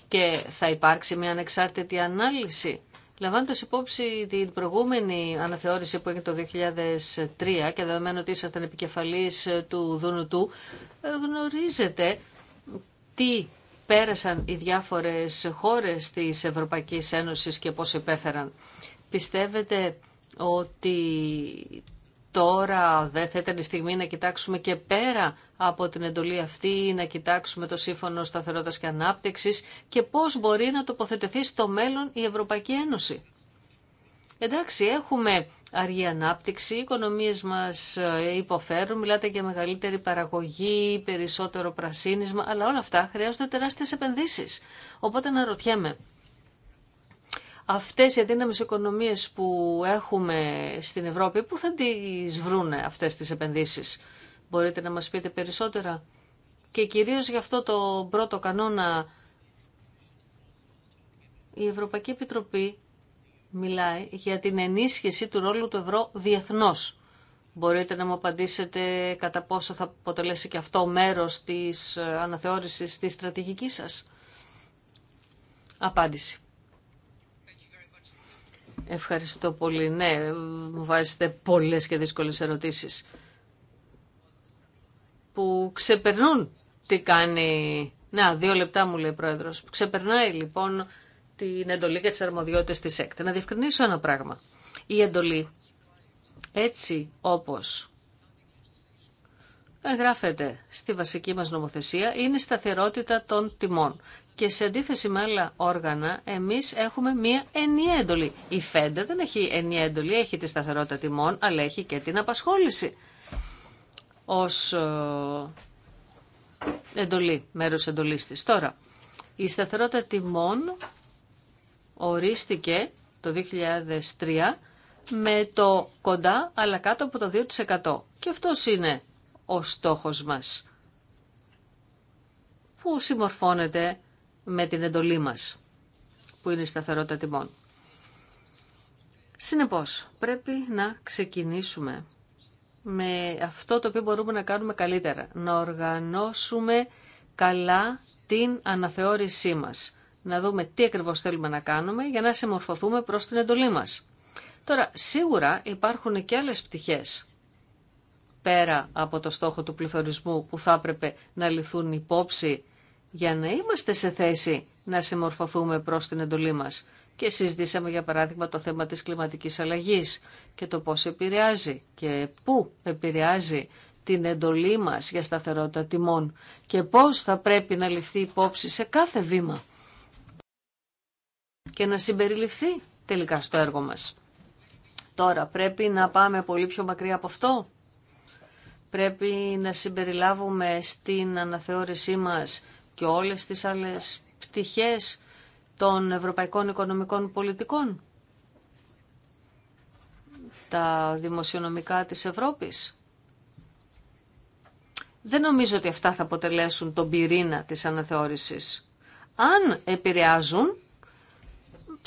Και θα υπάρξει μια ανεξάρτητη ανάλυση Λαμβάνοντα υπόψη την προηγούμενη αναθεώρηση που έγινε το 2003 και δεδομένου ότι ήσασταν επικεφαλή του Δούνου ε, γνωρίζετε τι πέρασαν οι διάφορε χώρες της Ευρωπαϊκή Ένωση και πώς υπέφεραν. Πιστεύετε ότι τώρα δεν θα ήταν η στιγμή να κοιτάξουμε και πέρα από την εντολή αυτή να κοιτάξουμε το Σύμφωνο Σταθερότητας και Ανάπτυξης και πώς μπορεί να τοποθετηθεί στο μέλλον η Ευρωπαϊκή Ένωση. Εντάξει, έχουμε αργή ανάπτυξη, οι οικονομίες μας ε, υποφέρουν, μιλάτε για μεγαλύτερη παραγωγή, περισσότερο πρασίνισμα, αλλά όλα αυτά χρειάζονται τεράστιες επενδύσεις. Οπότε να ρωτιέμαι, αυτές οι αδύναμες οικονομίες που έχουμε στην Ευρώπη, πού θα τις βρούνε αυτές τις επενδύσεις. Μπορείτε να μας πείτε περισσότερα. Και κυρίως για αυτό το πρώτο κανόνα η Ευρωπαϊκή Επιτροπή μιλάει για την ενίσχυση του ρόλου του ευρώ διεθνώς. Μπορείτε να μου απαντήσετε κατά πόσο θα αποτελέσει και αυτό μέρος της ε, αναθεώρησης της στρατηγικής σας. Απάντηση. Ευχαριστώ πολύ. Ναι, μου βάζετε πολλές και δύσκολες ερωτήσεις που ξεπερνούν τι κάνει... Να, δύο λεπτά μου λέει ο πρόεδρο, Ξεπερνάει λοιπόν την εντολή και τι αρμοδιότητες τη ΕΚΤ. Να διευκρινίσω ένα πράγμα. Η εντολή έτσι όπως εγγράφεται στη βασική μας νομοθεσία είναι η σταθερότητα των τιμών. Και σε αντίθεση με άλλα όργανα, εμείς έχουμε μία ενιαία εντολή. Η ΦΕΝΤΕ δεν έχει ενιαία εντολή, έχει τη σταθερότητα τιμών, αλλά έχει και την απασχόληση ως ε, εντολή, μέρος εντολής της. Τώρα, η σταθερότητα τιμών ορίστηκε το 2003 με το κοντά αλλά κάτω από το 2%. Και αυτός είναι ο στόχος μας που συμμορφώνεται με την εντολή μας που είναι η σταθερότητα τιμών. Συνεπώς, πρέπει να ξεκινήσουμε με αυτό το οποίο μπορούμε να κάνουμε καλύτερα. Να οργανώσουμε καλά την αναθεώρησή μας. Να δούμε τι ακριβώς θέλουμε να κάνουμε για να συμμορφωθούμε προς την εντολή μας. Τώρα, σίγουρα υπάρχουν και άλλες πτυχές πέρα από το στόχο του πληθωρισμού που θα έπρεπε να λυθούν υπόψη για να είμαστε σε θέση να συμμορφωθούμε προς την εντολή μας και συζητήσαμε για παράδειγμα το θέμα της κλιματικής αλλαγής και το πώς επηρεάζει και πού επηρεάζει την εντολή μας για σταθερότητα τιμών και πώς θα πρέπει να ληφθεί υπόψη σε κάθε βήμα και να συμπεριληφθεί τελικά στο έργο μας. Τώρα πρέπει να πάμε πολύ πιο μακριά από αυτό. Πρέπει να συμπεριλάβουμε στην αναθεώρησή μας και όλες τις άλλες πτυχές των ευρωπαϊκών οικονομικών πολιτικών, τα δημοσιονομικά της Ευρώπης. Δεν νομίζω ότι αυτά θα αποτελέσουν τον πυρήνα της αναθεώρησης. Αν επηρεάζουν,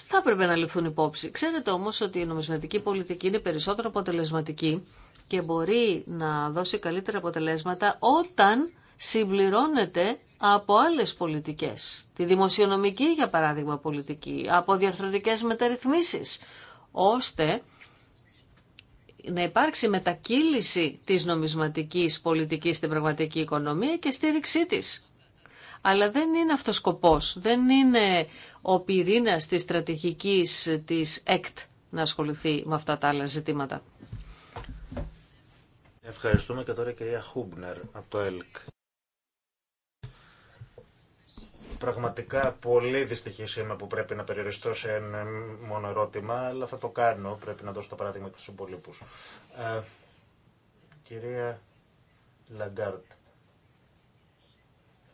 θα έπρεπε να ληφθούν υπόψη. Ξέρετε όμως ότι η νομισματική πολιτική είναι περισσότερο αποτελεσματική και μπορεί να δώσει καλύτερα αποτελέσματα όταν συμπληρώνεται από άλλες πολιτικές. Τη δημοσιονομική, για παράδειγμα, πολιτική, από διαρθρωτικές μεταρρυθμίσεις, ώστε να υπάρξει μετακύληση της νομισματικής πολιτικής στην πραγματική οικονομία και στήριξή της. Αλλά δεν είναι αυτός σκοπός, δεν είναι ο πυρήνας της στρατηγικής της ΕΚΤ να ασχοληθεί με αυτά τα άλλα ζητήματα. Ευχαριστούμε και τώρα κυρία Χούμπνερ από το ΕΛΚ. Πραγματικά πολύ δυστυχής είμαι που πρέπει να περιοριστώ σε ένα μόνο ερώτημα, αλλά θα το κάνω, πρέπει να δώσω το παράδειγμα και στους υπολείπους. Ε, κυρία Λαγκάρτ,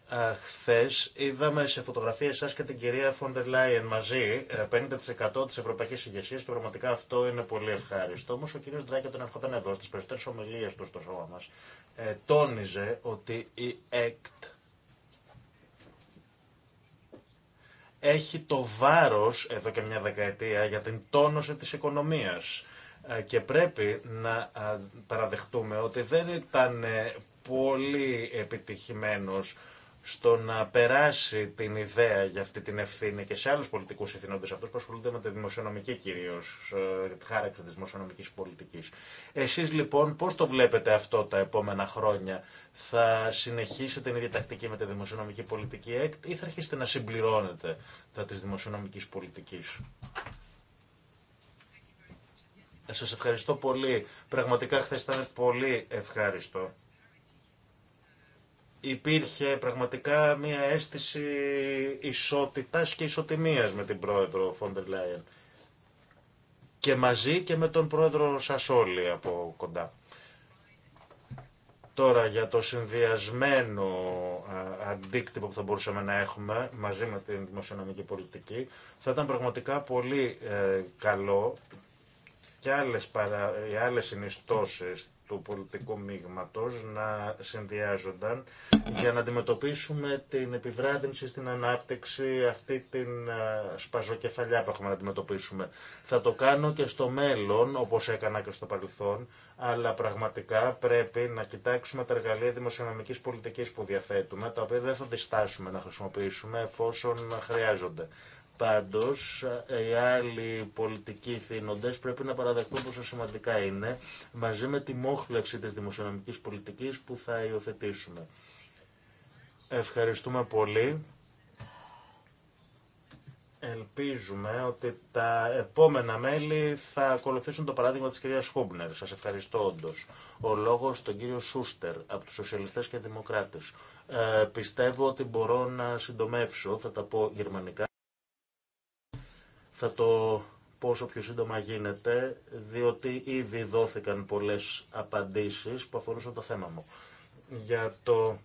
ε, Χθε είδαμε σε φωτογραφίε σα και την κυρία Φόντερ Λάιεν μαζί 50% ε, τη ευρωπαϊκή ηγεσία και πραγματικά αυτό είναι πολύ ευχάριστο. Όμω ο κύριο Ντράκη, όταν έρχονταν εδώ στι περισσότερε ομιλίε του στο σώμα μα, τόνιζε ότι η ΕΚΤ έχει το βάρος εδώ και μια δεκαετία για την τόνωση της οικονομίας. Ε, και πρέπει να παραδεχτούμε ότι δεν ήταν ε, πολύ επιτυχημένος στο να περάσει την ιδέα για αυτή την ευθύνη και σε άλλου πολιτικού ευθυνόντε αυτού που ασχολούνται με τη δημοσιονομική κυρίω, ε, τη χάραξη τη δημοσιονομική πολιτική. Εσεί λοιπόν πώ το βλέπετε αυτό τα επόμενα χρόνια, θα συνεχίσετε την ίδια τακτική με τη δημοσιονομική πολιτική ή θα αρχίσετε να συμπληρώνετε τα τη δημοσιονομική πολιτική. Ε, σας ευχαριστώ πολύ. Πραγματικά χθε ήταν πολύ ευχάριστο υπήρχε πραγματικά μια αίσθηση ισότητας και ισοτιμίας με την πρόεδρο Φόντερ Λάιεν. Και μαζί και με τον πρόεδρο Σασόλη από κοντά. Τώρα για το συνδυασμένο αντίκτυπο που θα μπορούσαμε να έχουμε μαζί με την δημοσιονομική πολιτική θα ήταν πραγματικά πολύ ε, καλό και άλλες, παρα, οι άλλες του πολιτικού μείγματος να συνδυάζονταν για να αντιμετωπίσουμε την επιβράδυνση στην ανάπτυξη, αυτή την σπαζοκεφαλιά που έχουμε να αντιμετωπίσουμε. Θα το κάνω και στο μέλλον, όπως έκανα και στο παρελθόν, αλλά πραγματικά πρέπει να κοιτάξουμε τα εργαλεία δημοσιονομικής πολιτικής που διαθέτουμε, τα οποία δεν θα διστάσουμε να χρησιμοποιήσουμε εφόσον χρειάζονται. Πάντως, ε, οι άλλοι πολιτικοί θύνοντες πρέπει να παραδεχτούν πόσο σημαντικά είναι, μαζί με τη μόχλευση της δημοσιονομικής πολιτικής που θα υιοθετήσουμε. Ευχαριστούμε πολύ. Ελπίζουμε ότι τα επόμενα μέλη θα ακολουθήσουν το παράδειγμα της κυρίας Χούμπνερ. Σας ευχαριστώ όντω. Ο λόγος στον κύριο Σούστερ από τους Σοσιαλιστές και Δημοκράτες. Ε, πιστεύω ότι μπορώ να συντομεύσω, θα τα πω γερμανικά. Θα το πω όσο πιο σύντομα γίνεται, διότι ήδη δόθηκαν πολλές απαντήσεις που αφορούσαν το θέμα μου. Για το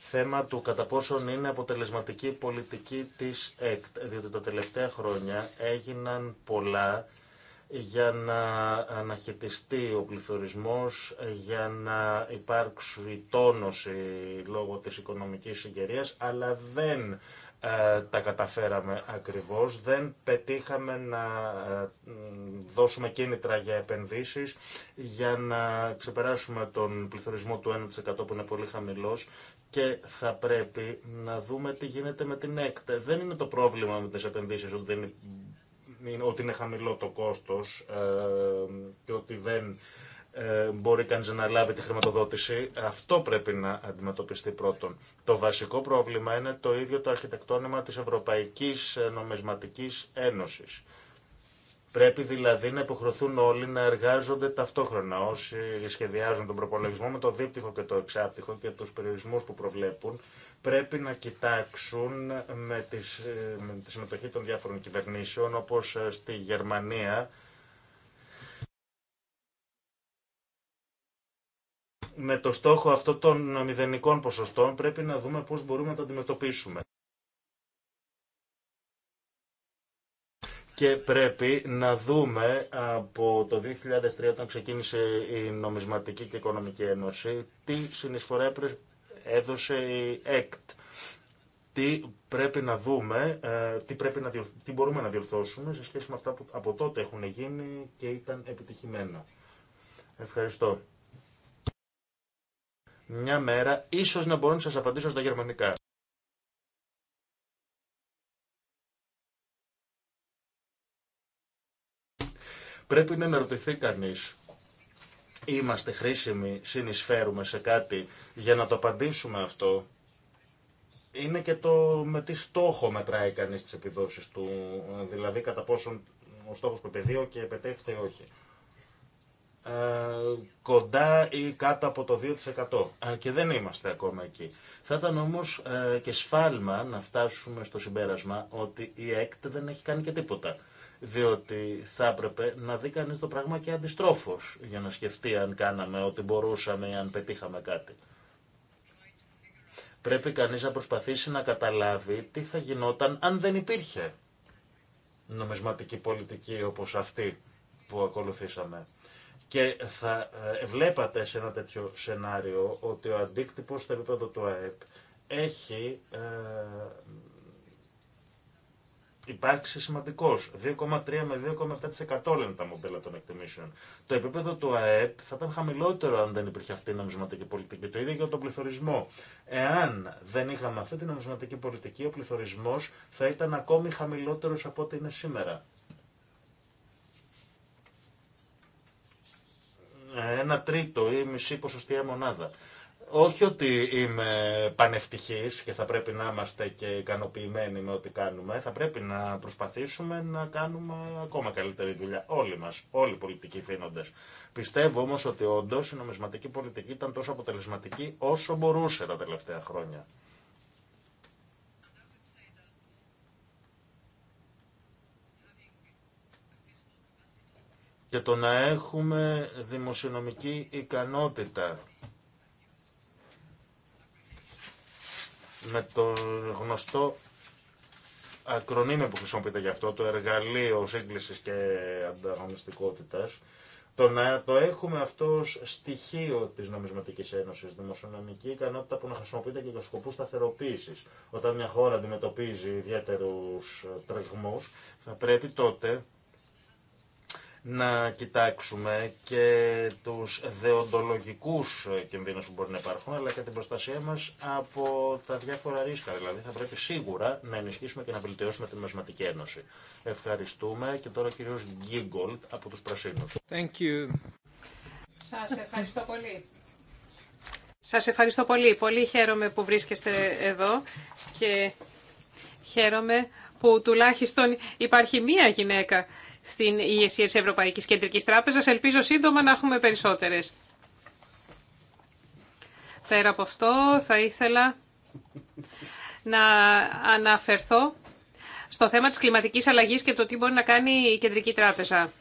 θέμα του κατά πόσον είναι αποτελεσματική πολιτική της ΕΚΤ, διότι τα τελευταία χρόνια έγιναν πολλά για να αναχαιτιστεί ο πληθωρισμός, για να υπάρξει τόνωση λόγω της οικονομικής συγκαιρίας, αλλά δεν ε, τα καταφέραμε ακριβώς. Δεν πετύχαμε να ε, δώσουμε κίνητρα για επενδύσεις, για να ξεπεράσουμε τον πληθωρισμό του 1% που είναι πολύ χαμηλός και θα πρέπει να δούμε τι γίνεται με την έκτα. Δεν είναι το πρόβλημα με τις επενδύσεις ότι, δεν είναι, ότι είναι χαμηλό το κόστος ε, και ότι δεν ε, μπορεί κανείς να λάβει τη χρηματοδότηση. Αυτό πρέπει να αντιμετωπιστεί πρώτον. Το βασικό πρόβλημα είναι το ίδιο το αρχιτεκτόνημα της Ευρωπαϊκής Νομισματικής Ένωσης. Πρέπει δηλαδή να υποχρεωθούν όλοι να εργάζονται ταυτόχρονα. Όσοι σχεδιάζουν τον προπολογισμό με το δίπτυχο και το εξάπτυχο και τους περιορισμούς που προβλέπουν, πρέπει να κοιτάξουν με ε, τη συμμετοχή των διάφορων κυβερνήσεων, όπως ε, στη Γερμανία, με το στόχο αυτό των μηδενικών ποσοστών πρέπει να δούμε πώς μπορούμε να τα αντιμετωπίσουμε. Και πρέπει να δούμε από το 2003 όταν ξεκίνησε η Νομισματική και Οικονομική Ένωση τι συνεισφορά έδωσε η ΕΚΤ. Τι πρέπει να δούμε, ε, τι, πρέπει να τι μπορούμε να διορθώσουμε σε σχέση με αυτά που από τότε έχουν γίνει και ήταν επιτυχημένα. Ευχαριστώ. Μια μέρα ίσως να μπορώ να σας απαντήσω στα γερμανικά. Πρέπει να αναρωτηθεί κανείς είμαστε χρήσιμοι, συνεισφέρουμε σε κάτι για να το απαντήσουμε αυτό. Είναι και το με τι στόχο μετράει κανείς τις επιδόσεις του, δηλαδή κατά πόσον ο στόχος του και επετέχεται ή όχι. Ε, κοντά ή κάτω από το 2% ε, και δεν είμαστε ακόμα εκεί. Θα ήταν όμως ε, και σφάλμα να φτάσουμε στο συμπέρασμα ότι η ΕΚΤ δεν έχει κάνει και τίποτα διότι θα έπρεπε να δει κανείς το πράγμα και αντιστρόφως για να σκεφτεί αν κάναμε ότι μπορούσαμε ή αν πετύχαμε κάτι. Πρέπει κανείς να προσπαθήσει να καταλάβει τι θα γινόταν αν δεν υπήρχε νομισματική πολιτική όπως αυτή που ακολουθήσαμε. Και θα βλέπατε ε, σε ένα τέτοιο σενάριο ότι ο αντίκτυπος στο επίπεδο του ΑΕΠ έχει ε, υπάρξει σημαντικός. 2,3 με 2,7% λένε τα μοντέλα των εκτιμήσεων. Το επίπεδο του ΑΕΠ θα ήταν χαμηλότερο αν δεν υπήρχε αυτή η νομισματική πολιτική. Το ίδιο για τον πληθωρισμό. Εάν δεν είχαμε αυτή την νομισματική πολιτική, ο πληθωρισμός θα ήταν ακόμη χαμηλότερος από ό,τι είναι σήμερα. ένα τρίτο ή μισή ποσοστία μονάδα. Όχι ότι είμαι πανευτυχής και θα πρέπει να είμαστε και ικανοποιημένοι με ό,τι κάνουμε. Θα πρέπει να προσπαθήσουμε να κάνουμε ακόμα καλύτερη δουλειά. Όλοι μας, όλοι οι πολιτικοί θύνοντες. Πιστεύω όμως ότι όντως η νομισματική πολιτική ήταν τόσο αποτελεσματική όσο μπορούσε τα τελευταία χρόνια. και το να έχουμε δημοσιονομική ικανότητα με το γνωστό ακρονίμιο που χρησιμοποιείται γι' αυτό, το εργαλείο σύγκλησης και ανταγωνιστικότητας, το να το έχουμε αυτό ως στοιχείο τη Νομισματική Ένωση, δημοσιονομική ικανότητα που να χρησιμοποιείται και για σκοπού σταθεροποίηση. Όταν μια χώρα αντιμετωπίζει ιδιαίτερου τρεγμού, θα πρέπει τότε να κοιτάξουμε και τους δεοντολογικούς κινδύνους που μπορεί να υπάρχουν, αλλά και την προστασία μας από τα διάφορα ρίσκα. Δηλαδή θα πρέπει σίγουρα να ενισχύσουμε και να βελτιώσουμε την Μεσματική Ένωση. Ευχαριστούμε και τώρα κυρίως Γκίγκολτ από τους Πρασίνους. Thank you. Σας ευχαριστώ πολύ. Σας ευχαριστώ πολύ. Πολύ χαίρομαι που βρίσκεστε εδώ και χαίρομαι που τουλάχιστον υπάρχει μία γυναίκα στην ηγεσία της Ευρωπαϊκής Κεντρικής Τράπεζας. Ελπίζω σύντομα να έχουμε περισσότερες. Πέρα από αυτό θα ήθελα να αναφερθώ στο θέμα της κλιματικής αλλαγής και το τι μπορεί να κάνει η Κεντρική Τράπεζα.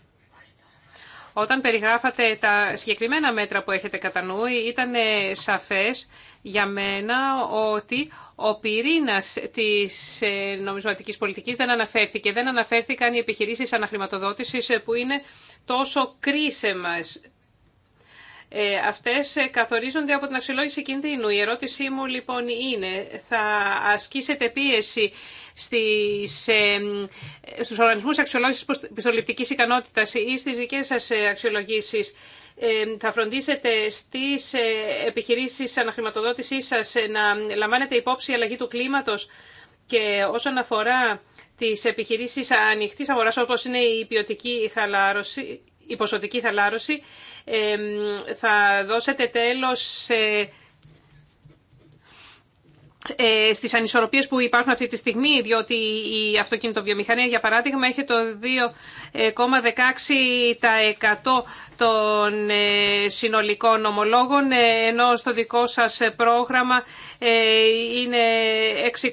Όταν περιγράφατε τα συγκεκριμένα μέτρα που έχετε κατά νου, ήταν σαφές για μένα ότι ο πυρήνας της ε, νομισματικής πολιτικής δεν αναφέρθηκε. Δεν αναφέρθηκαν οι επιχειρήσεις αναχρηματοδότησης που είναι τόσο κρίσιμες. Ε, αυτές καθορίζονται από την αξιολόγηση κινδύνου. Η ερώτησή μου λοιπόν είναι, θα ασκήσετε πίεση στις, στους οργανισμούς αξιολόγησης ικανότητα ικανότητας ή στις δικές σας ε, αξιολογήσεις θα φροντίσετε στις ε, επιχειρήσεις αναχρηματοδότησής σας ε, να λαμβάνετε υπόψη η αλλαγή του κλίματος και όσον αφορά τις επιχειρήσεις ανοιχτής αγοράς όπως είναι η ποιοτική χαλάρωση, η ποσοτική χαλάρωση θα δώσετε τέλος σε ε, στις ανισορροπίες που υπάρχουν αυτή τη στιγμή, διότι η αυτοκινητοβιομηχανία, για παράδειγμα, έχει το 2,16% των ε, συνολικών ομολόγων, ε, ενώ στο δικό σας πρόγραμμα είναι 6,84%.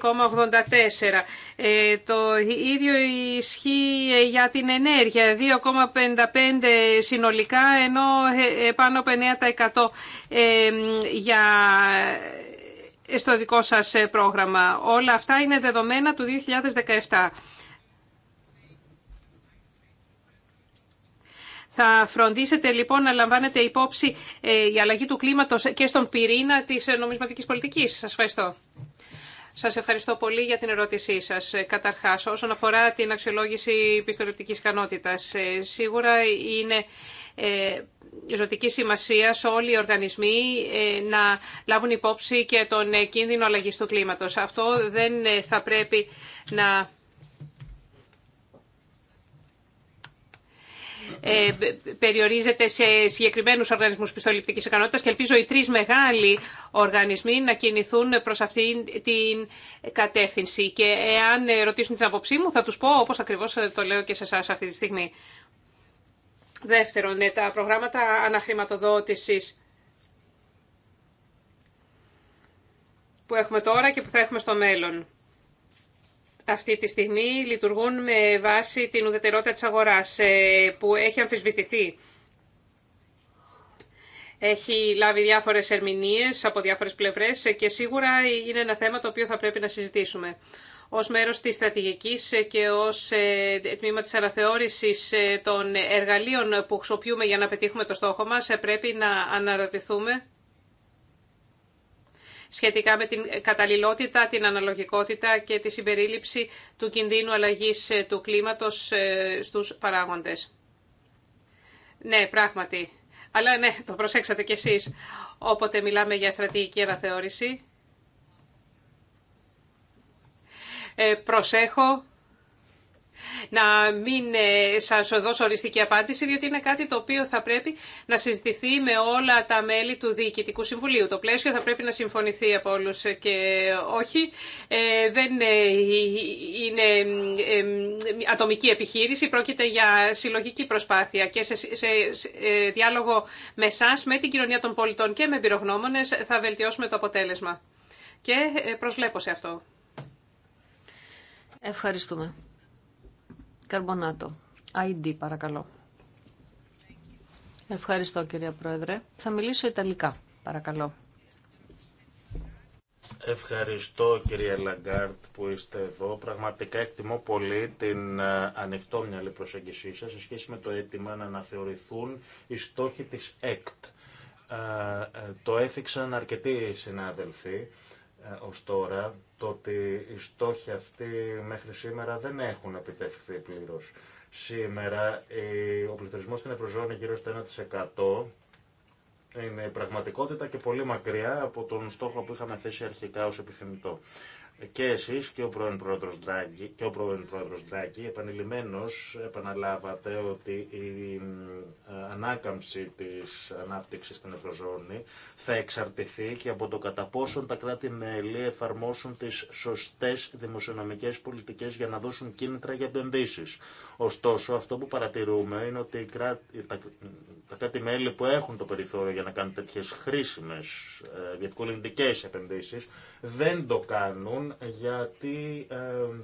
Το ίδιο ισχύει για την ενέργεια, 2,55% συνολικά, ενώ πάνω από 9% για στο δικό σας ε, πρόγραμμα. Όλα αυτά είναι δεδομένα του 2017. Θα φροντίσετε λοιπόν να λαμβάνετε υπόψη ε, η αλλαγή του κλίματος και στον πυρήνα της ε, νομισματικής πολιτικής. Σας ευχαριστώ. Σας ευχαριστώ πολύ για την ερώτησή σας. Καταρχάς, όσον αφορά την αξιολόγηση πιστοληπτικής ικανότητας, σίγουρα είναι ε, ζωτική σημασία όλοι οι οργανισμοί ε, να λάβουν υπόψη και τον ε, κίνδυνο αλλαγή του κλίματος. Αυτό δεν θα πρέπει να περιορίζεται σε συγκεκριμένους οργανισμούς πιστοληπτικής ικανότητας και ελπίζω οι τρεις μεγάλοι οργανισμοί να κινηθούν προς αυτήν την κατεύθυνση. Και εάν ρωτήσουν την απόψή μου θα τους πω όπως ακριβώς το λέω και σε εσά αυτή τη στιγμή. Δεύτερον, ε, τα προγράμματα αναχρηματοδότησης που έχουμε τώρα και που θα έχουμε στο μέλλον. Αυτή τη στιγμή λειτουργούν με βάση την ουδετερότητα της αγοράς ε, που έχει αμφισβητηθεί. Έχει λάβει διάφορες ερμηνείες από διάφορες πλευρές ε, και σίγουρα είναι ένα θέμα το οποίο θα πρέπει να συζητήσουμε ως μέρος της στρατηγικής και ως ε, τμήμα της αναθεώρησης ε, των εργαλείων που χρησιμοποιούμε για να πετύχουμε το στόχο μας, ε, πρέπει να αναρωτηθούμε σχετικά με την καταλληλότητα, την αναλογικότητα και τη συμπερίληψη του κινδύνου αλλαγής του κλίματος στους παράγοντες. Ναι, πράγματι. Αλλά ναι, το προσέξατε κι εσείς. Όποτε μιλάμε για στρατηγική αναθεώρηση, Ε, προσέχω να μην ε, σας δώσω οριστική απάντηση, διότι είναι κάτι το οποίο θα πρέπει να συζητηθεί με όλα τα μέλη του Διοικητικού Συμβουλίου. Το πλαίσιο θα πρέπει να συμφωνηθεί από όλους και όχι. Ε, δεν είναι ατομική επιχείρηση, πρόκειται για συλλογική προσπάθεια και σε, διάλογο με εσά, με την κοινωνία των πολιτών και με εμπειρογνώμονες θα βελτιώσουμε το αποτέλεσμα. Και προσβλέπω σε αυτό. Ευχαριστούμε. Καρμπονάτο. ID παρακαλώ. Ευχαριστώ κυρία Πρόεδρε. Θα μιλήσω Ιταλικά παρακαλώ. Ευχαριστώ κυρία Λαγκάρτ που είστε εδώ. Πραγματικά εκτιμώ πολύ την ε, ανοιχτόμυαλη προσέγγισή σας σε σχέση με το αίτημα να αναθεωρηθούν οι στόχοι της ΕΚΤ. Ε, ε, το έθιξαν αρκετοί συνάδελφοι ως τώρα το ότι οι στόχοι αυτοί μέχρι σήμερα δεν έχουν επιτευχθεί πλήρω. Σήμερα ο πληθυσμό στην Ευρωζώνη γύρω στο 1% είναι πραγματικότητα και πολύ μακριά από τον στόχο που είχαμε θέσει αρχικά ως επιθυμητό και εσεί και ο πρώην πρόεδρο Ντράγκη, και ο πρώην Ντράγκη επανειλημμένως επαναλάβατε ότι η ε, ανάκαμψη τη ανάπτυξη στην Ευρωζώνη θα εξαρτηθεί και από το κατά πόσον τα κράτη-μέλη εφαρμόσουν τι σωστέ δημοσιονομικέ πολιτικέ για να δώσουν κίνητρα για επενδύσει. Ωστόσο, αυτό που παρατηρούμε είναι ότι τα κράτη-μέλη που έχουν το περιθώριο για να κάνουν τέτοιες χρήσιμε διευκολυντικέ επενδύσει δεν το κάνουν γιατί ε,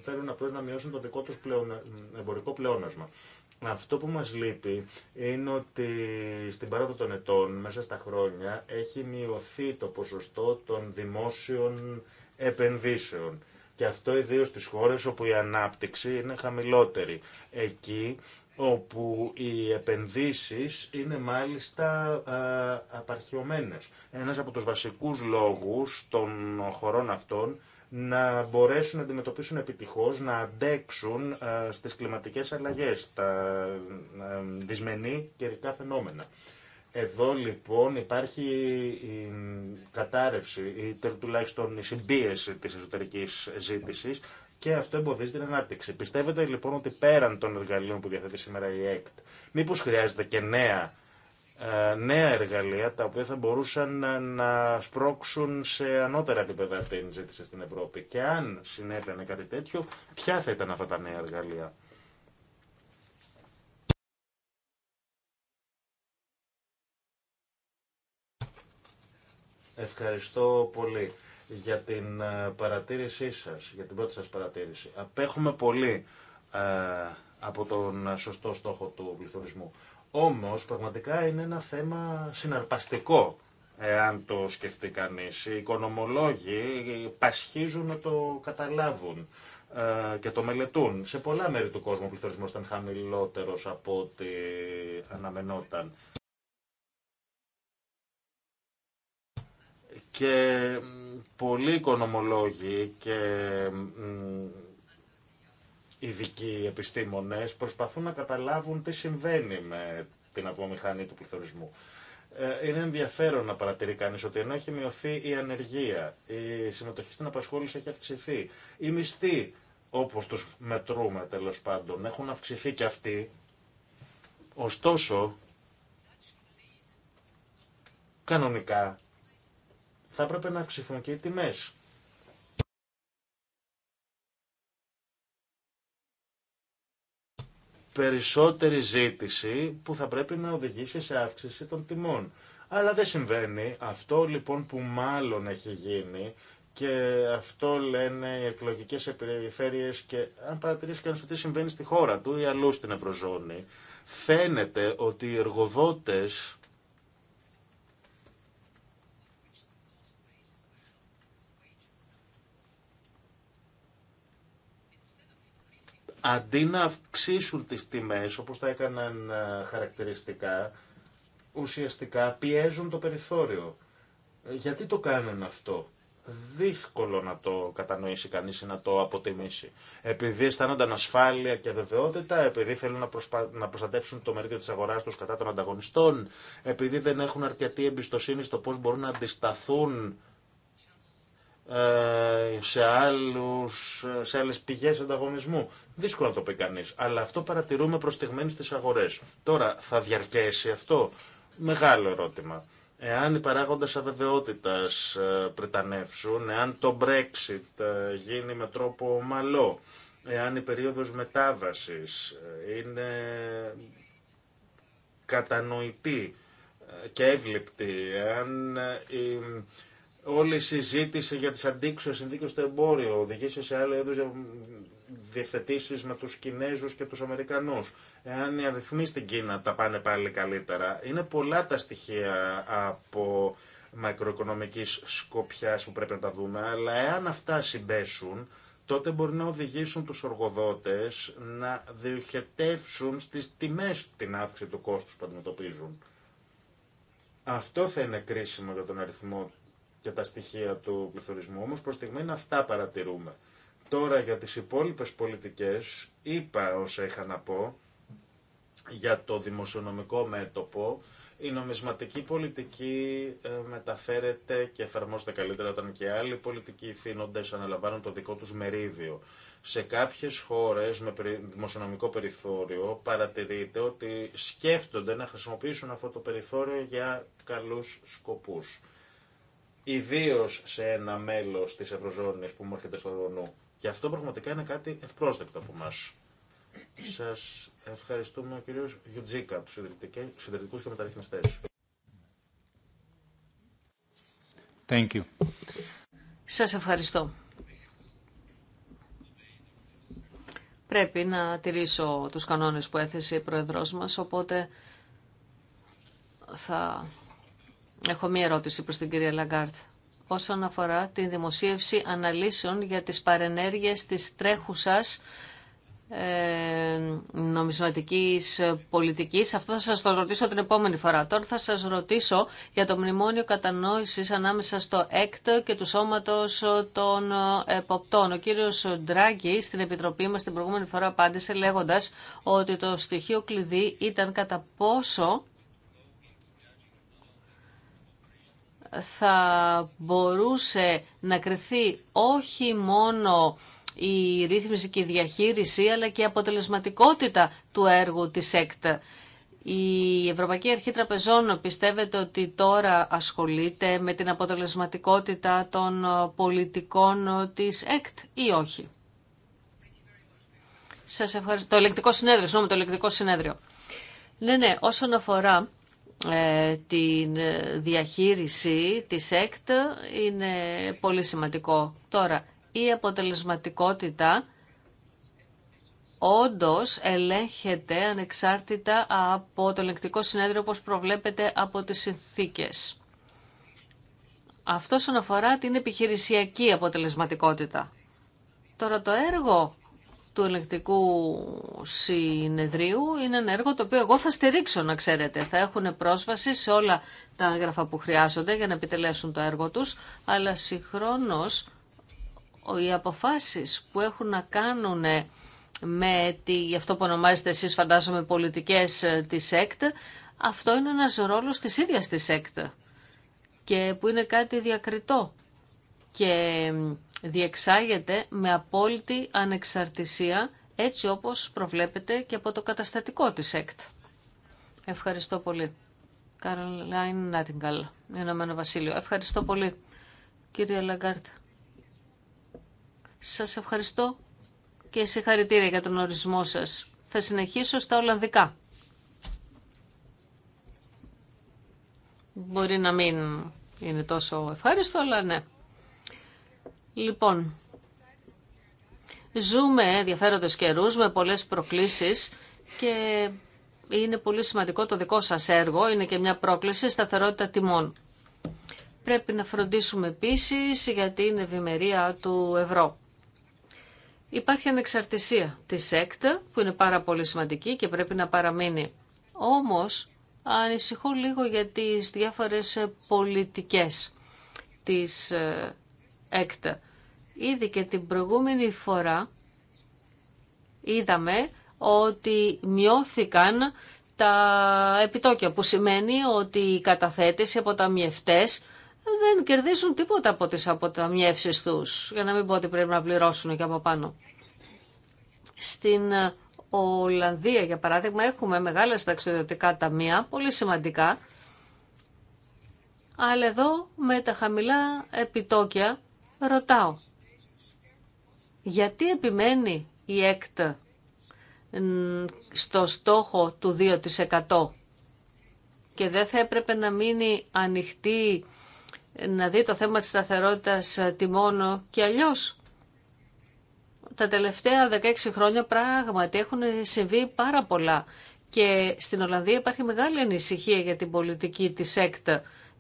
θέλουν απλώ να μειώσουν το δικό του εμπορικό πλεόνασμα. Αυτό που μας λείπει είναι ότι στην παράδο των ετών, μέσα στα χρόνια, έχει μειωθεί το ποσοστό των δημόσιων επενδύσεων. Και αυτό ιδίω στις χώρες όπου η ανάπτυξη είναι χαμηλότερη. Εκεί όπου οι επενδύσεις είναι μάλιστα ε, απαρχιωμένες. Ένας από τους βασικούς λόγους των χωρών αυτών να μπορέσουν να αντιμετωπίσουν επιτυχώς, να αντέξουν ε, στις κλιματικές αλλαγές, τα ε, δυσμενή καιρικά φαινόμενα. Εδώ λοιπόν υπάρχει η κατάρρευση, ή τουλάχιστον η συμπίεση της εσωτερικής ζήτησης και αυτό εμποδίζει την ανάπτυξη. Πιστεύετε λοιπόν ότι πέραν των εργαλείων που διαθέτει σήμερα η ΕΚΤ, μήπως χρειάζεται και νέα ε, νέα εργαλεία τα οποία θα μπορούσαν να σπρώξουν σε ανώτερα επίπεδα την ζήτηση στην Ευρώπη. Και αν συνέβαινε κάτι τέτοιο, ποια θα ήταν αυτά τα νέα εργαλεία. Ευχαριστώ πολύ για την ε, παρατήρησή σας, για την πρώτη σας παρατήρηση. Απέχουμε πολύ ε, από τον σωστό στόχο του πληθωρισμού. Όμως πραγματικά είναι ένα θέμα συναρπαστικό εάν το σκεφτεί κανείς. Οι οικονομολόγοι πασχίζουν να το καταλάβουν ε, και το μελετούν. Σε πολλά μέρη του κόσμου ο πληθωρισμός ήταν χαμηλότερος από ό,τι αναμενόταν. Και πολλοί οικονομολόγοι και ειδικοί επιστήμονες προσπαθούν να καταλάβουν τι συμβαίνει με την απομηχανή του πληθωρισμού. Ε, είναι ενδιαφέρον να παρατηρεί κανεί ότι ενώ έχει μειωθεί η ανεργία, η συμμετοχή στην απασχόληση έχει αυξηθεί, οι μισθοί όπως τους μετρούμε τέλο πάντων έχουν αυξηθεί και αυτοί, ωστόσο κανονικά θα έπρεπε να αυξηθούν και οι τιμές. περισσότερη ζήτηση που θα πρέπει να οδηγήσει σε αύξηση των τιμών. Αλλά δεν συμβαίνει. Αυτό λοιπόν που μάλλον έχει γίνει και αυτό λένε οι εκλογικές επιφέρειες και αν παρατηρήσει κανείς ότι συμβαίνει στη χώρα του ή αλλού στην Ευρωζώνη, φαίνεται ότι οι εργοδότες αντί να αυξήσουν τις τιμές όπως τα έκαναν ε, χαρακτηριστικά, ουσιαστικά πιέζουν το περιθώριο. Ε, γιατί το κάνουν αυτό. Δύσκολο να το κατανοήσει κανείς ή να το αποτιμήσει. Επειδή αισθάνονταν ασφάλεια και βεβαιότητα, επειδή θέλουν να, να προστατεύσουν το μερίδιο της αγοράς τους κατά των ανταγωνιστών, επειδή δεν έχουν αρκετή εμπιστοσύνη στο πώς μπορούν να αντισταθούν ε, σε, άλλους, σε άλλες πηγές ανταγωνισμού. Δύσκολο να το πει κανεί. Αλλά αυτό παρατηρούμε προς στι στις αγορές. Τώρα θα διαρκέσει αυτό. Μεγάλο ερώτημα. Εάν οι παράγοντες αβεβαιότητας ε, πρετανεύσουν, εάν το Brexit ε, γίνει με τρόπο ομαλό, εάν η περίοδος μετάβασης είναι κατανοητή και εύληπτη, εάν η όλη η συζήτηση για τις αντίξωες συνθήκες στο εμπόριο οδηγήσει σε άλλο είδους διευθετήσεις με τους Κινέζους και τους Αμερικανούς. Εάν οι αριθμοί στην Κίνα τα πάνε πάλι καλύτερα. Είναι πολλά τα στοιχεία από μακροοικονομικής σκοπιάς που πρέπει να τα δούμε, αλλά εάν αυτά συμπέσουν, τότε μπορεί να οδηγήσουν τους οργοδότες να διοχετεύσουν στις τιμές την αύξηση του κόστους που αντιμετωπίζουν. Αυτό θα είναι κρίσιμο για τον αριθμό και τα στοιχεία του πληθωρισμού, όμως προς στιγμή αυτά παρατηρούμε. Τώρα για τις υπόλοιπες πολιτικές είπα όσα είχα να πω για το δημοσιονομικό μέτωπο. Η νομισματική πολιτική ε, μεταφέρεται και εφαρμόζεται καλύτερα όταν και άλλοι πολιτικοί φύνοντες αναλαμβάνουν το δικό τους μερίδιο. Σε κάποιες χώρες με δημοσιονομικό περιθώριο παρατηρείται ότι σκέφτονται να χρησιμοποιήσουν αυτό το περιθώριο για καλούς σκοπούς ιδίω σε ένα μέλο τη Ευρωζώνη που μου έρχεται στο νου. Και αυτό πραγματικά είναι κάτι ευπρόσδεκτο από εμά. Σα ευχαριστούμε ο κύριο Γιουτζίκα, του συντηρητικού και μεταρρυθμιστέ. Σας ευχαριστώ. Πρέπει να τηρήσω τους κανόνες που έθεσε η Πρόεδρός μας, οπότε θα Έχω μία ερώτηση προς την κυρία Λαγκάρτ. Όσον αφορά τη δημοσίευση αναλύσεων για τις παρενέργειες της τρέχουσας ε, νομισματικής πολιτικής. Αυτό θα σας το ρωτήσω την επόμενη φορά. Τώρα θα σας ρωτήσω για το μνημόνιο κατανόησης ανάμεσα στο ΕΚΤ και του σώματος των εποπτών. Ο κύριος Ντράγκη στην Επιτροπή μας την προηγούμενη φορά απάντησε λέγοντας ότι το στοιχείο κλειδί ήταν κατά πόσο θα μπορούσε να κρυθεί όχι μόνο η ρύθμιση και η διαχείριση, αλλά και η αποτελεσματικότητα του έργου της ΕΚΤ. Η Ευρωπαϊκή Αρχή Τραπεζών πιστεύετε ότι τώρα ασχολείται με την αποτελεσματικότητα των πολιτικών της ΕΚΤ ή όχι. Σας ευχαριστώ. Το ελεκτικό συνέδριο, συγγνώμη, το ελεκτικό συνέδριο. Ναι, ναι, όσον αφορά ε, την ε, διαχείριση της ΕΚΤ είναι πολύ σημαντικό. Τώρα, η αποτελεσματικότητα όντως ελέγχεται ανεξάρτητα από το ελεγκτικό συνέδριο όπως προβλέπεται από τις συνθήκες. Αυτό όσον αφορά την επιχειρησιακή αποτελεσματικότητα. Τώρα το έργο του Ελεκτικού συνεδρίου είναι ένα έργο το οποίο εγώ θα στηρίξω να ξέρετε. Θα έχουν πρόσβαση σε όλα τα έγγραφα που χρειάζονται για να επιτελέσουν το έργο τους, αλλά συγχρόνως οι αποφάσεις που έχουν να κάνουν με τη, αυτό που ονομάζετε εσείς φαντάζομαι πολιτικές ε, της ΕΚΤ, αυτό είναι ένας ρόλος της ίδιας της ΕΚΤ και που είναι κάτι διακριτό και διεξάγεται με απόλυτη ανεξαρτησία έτσι όπως προβλέπεται και από το καταστατικό της ΕΚΤ. Ευχαριστώ πολύ. Καρολάιν Νάτιγκαλ, Ηνωμένο Βασίλειο. Ευχαριστώ πολύ, κύριε Λαγκάρτ. Σας ευχαριστώ και συγχαρητήρια για τον ορισμό σας. Θα συνεχίσω στα Ολλανδικά. Μπορεί να μην είναι τόσο ευχάριστο, αλλά ναι. Λοιπόν, ζούμε ενδιαφέροντες καιρούς με πολλές προκλήσεις και είναι πολύ σημαντικό το δικό σας έργο, είναι και μια πρόκληση σταθερότητα τιμών. Πρέπει να φροντίσουμε επίσης για την ευημερία του ευρώ. Υπάρχει ανεξαρτησία της ΕΚΤ που είναι πάρα πολύ σημαντική και πρέπει να παραμείνει. Όμως ανησυχώ λίγο για τις διάφορες πολιτικές της ε, ΕΚΤ. Ήδη και την προηγούμενη φορά είδαμε ότι μειώθηκαν τα επιτόκια, που σημαίνει ότι οι καταθέτες, οι αποταμιευτές δεν κερδίζουν τίποτα από τις αποταμιεύσεις τους, για να μην πω ότι πρέπει να πληρώσουν και από πάνω. Στην Ολλανδία, για παράδειγμα, έχουμε μεγάλα ταξιδιωτικά ταμεία, πολύ σημαντικά, αλλά εδώ με τα χαμηλά επιτόκια ρωτάω γιατί επιμένει η ΕΚΤ στο στόχο του 2% και δεν θα έπρεπε να μείνει ανοιχτή να δει το θέμα της σταθερότητας μόνο και αλλιώς. Τα τελευταία 16 χρόνια πράγματι έχουν συμβεί πάρα πολλά και στην Ολλανδία υπάρχει μεγάλη ανησυχία για την πολιτική της ΕΚΤ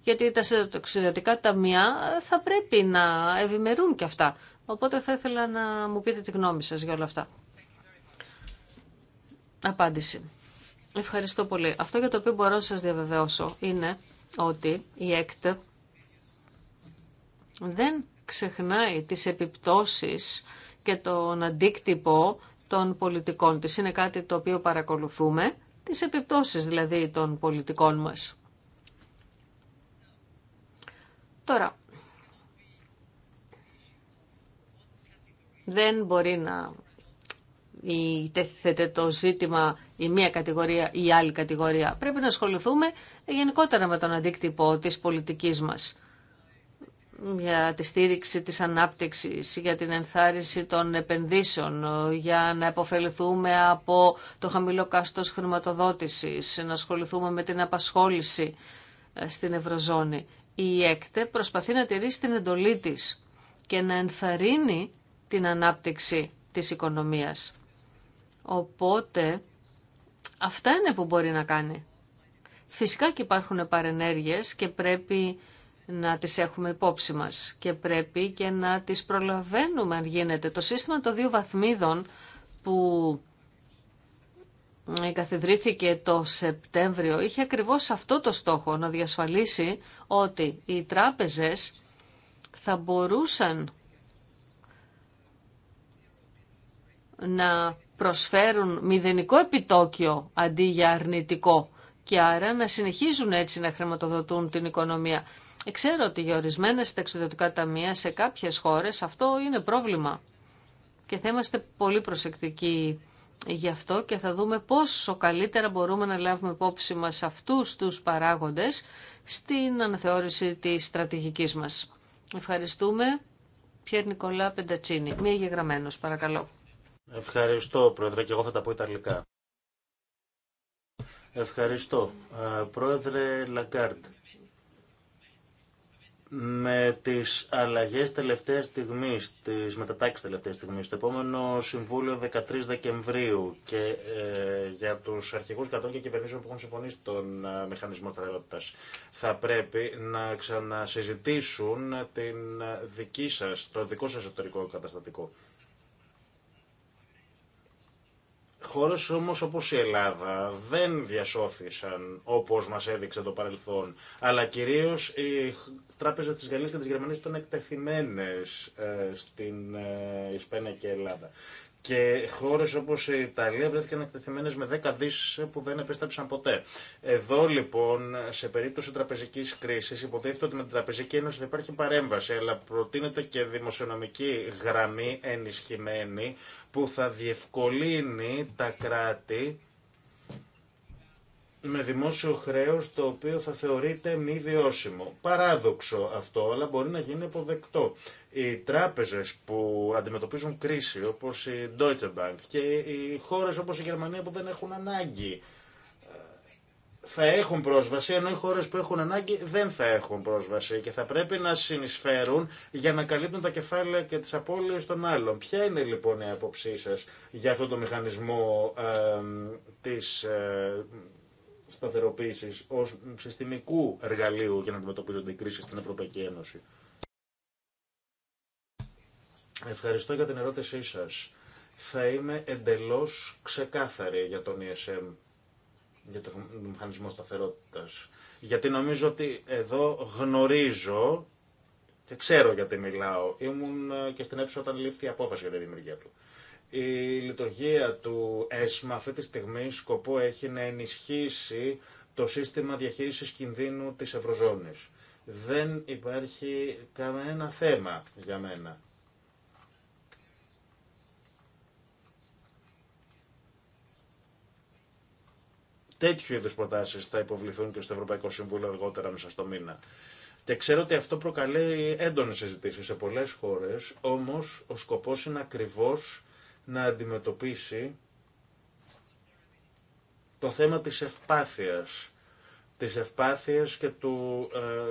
γιατί τα συνταξιδοτικά ταμεία θα πρέπει να ευημερούν και αυτά. Οπότε θα ήθελα να μου πείτε τη γνώμη σας για όλα αυτά. Απάντηση. Ευχαριστώ πολύ. Αυτό για το οποίο μπορώ να σας διαβεβαιώσω είναι ότι η ΕΚΤ δεν ξεχνάει τις επιπτώσεις και τον αντίκτυπο των πολιτικών της. Είναι κάτι το οποίο παρακολουθούμε, τις επιπτώσεις δηλαδή των πολιτικών μας. Τώρα, Δεν μπορεί να τέθεται το ζήτημα η μία κατηγορία ή η άλλη κατηγορία. Πρέπει να ασχοληθούμε γενικότερα με τον αντίκτυπο της πολιτικής μας για τη στήριξη της ανάπτυξης, για την ενθάρρυνση των επενδύσεων, για να επωφεληθούμε από το χαμηλό κάστος χρηματοδότησης, να ασχοληθούμε με την απασχόληση ε, στην Ευρωζώνη. Η ΕΚΤΕ προσπαθεί να τηρήσει την εντολή της και να ενθαρρύνει την ανάπτυξη της οικονομίας. Οπότε αυτά είναι που μπορεί να κάνει. Φυσικά και υπάρχουν παρενέργειες και πρέπει να τις έχουμε υπόψη μας και πρέπει και να τις προλαβαίνουμε αν γίνεται. Το σύστημα των δύο βαθμίδων που καθιδρύθηκε το Σεπτέμβριο είχε ακριβώς αυτό το στόχο να διασφαλίσει ότι οι τράπεζες θα μπορούσαν να προσφέρουν μηδενικό επιτόκιο αντί για αρνητικό και άρα να συνεχίζουν έτσι να χρηματοδοτούν την οικονομία. Ε, ξέρω ότι για ορισμένα ταξιδιωτικά ταμεία σε κάποιες χώρες αυτό είναι πρόβλημα και θα είμαστε πολύ προσεκτικοί γι' αυτό και θα δούμε πόσο καλύτερα μπορούμε να λάβουμε υπόψη μας αυτούς τους παράγοντες στην αναθεώρηση της στρατηγικής μας. Ευχαριστούμε. Πιέρ Νικολά Πεντατσίνη, μία γεγραμμένος παρακαλώ. Ευχαριστώ, Πρόεδρε, και εγώ θα τα πω Ιταλικά. Ευχαριστώ. Ε, Πρόεδρε Λαγκάρντ. με τις αλλαγές τελευταίας στιγμής, τις μετατάξεις τελευταίας στιγμής, το επόμενο Συμβούλιο 13 Δεκεμβρίου και ε, για τους αρχηγούς κατών και κυβερνήσεων που έχουν συμφωνήσει τον ε, μηχανισμό σταθερότητας, θα πρέπει να ξανασυζητήσουν την ε, δική σας, το δικό σας εσωτερικό καταστατικό. Χώρε όμως όπως η Ελλάδα δεν διασώθησαν όπως μας έδειξε το παρελθόν, αλλά κυρίως η Τράπεζα της Γαλλία και τη Γερμανίας ήταν εκτεθειμένες ε, στην ε, Ισπανία και Ελλάδα. Και χώρε όπω η Ιταλία βρέθηκαν εκτεθειμένε με 10 δι που δεν επέστρεψαν ποτέ. Εδώ λοιπόν, σε περίπτωση τραπεζική κρίση, υποτίθεται ότι με την Τραπεζική Ένωση δεν υπάρχει παρέμβαση, αλλά προτείνεται και δημοσιονομική γραμμή ενισχυμένη που θα διευκολύνει τα κράτη με δημόσιο χρέος το οποίο θα θεωρείται μη βιώσιμο. Παράδοξο αυτό, αλλά μπορεί να γίνει αποδεκτό. Οι τράπεζες που αντιμετωπίζουν κρίση όπως η Deutsche Bank και οι χώρες όπως η Γερμανία που δεν έχουν ανάγκη ε, θα έχουν πρόσβαση, ενώ οι χώρες που έχουν ανάγκη δεν θα έχουν πρόσβαση και θα πρέπει να συνεισφέρουν για να καλύπτουν τα κεφάλαια και τις απώλειες των άλλων. Ποια είναι λοιπόν η άποψή σα για αυτό το μηχανισμό ε, τη ε, σταθεροποίηση ω συστημικού εργαλείου για να αντιμετωπίζονται οι κρίσεις στην Ευρωπαϊκή Ένωση. Ευχαριστώ για την ερώτησή σας. Θα είμαι εντελώς ξεκάθαρη για τον ESM, για το μηχανισμό σταθερότητας. Γιατί νομίζω ότι εδώ γνωρίζω και ξέρω γιατί μιλάω. Ήμουν ε, και στην αίθουσα όταν λήφθη η απόφαση για τη δημιουργία του. Η λειτουργία του ΕΣΜΑ αυτή τη στιγμή σκοπό έχει να ενισχύσει το σύστημα διαχείρισης κινδύνου της Ευρωζώνης. Δεν υπάρχει κανένα θέμα για μένα Τέτοιου είδου προτάσει θα υποβληθούν και στο Ευρωπαϊκό Συμβούλιο αργότερα μέσα στο μήνα. Και ξέρω ότι αυτό προκαλεί έντονε συζητήσει σε πολλέ χώρε, όμω ο σκοπό είναι ακριβώ να αντιμετωπίσει το θέμα της ευπάθειας της ευπάθειας και του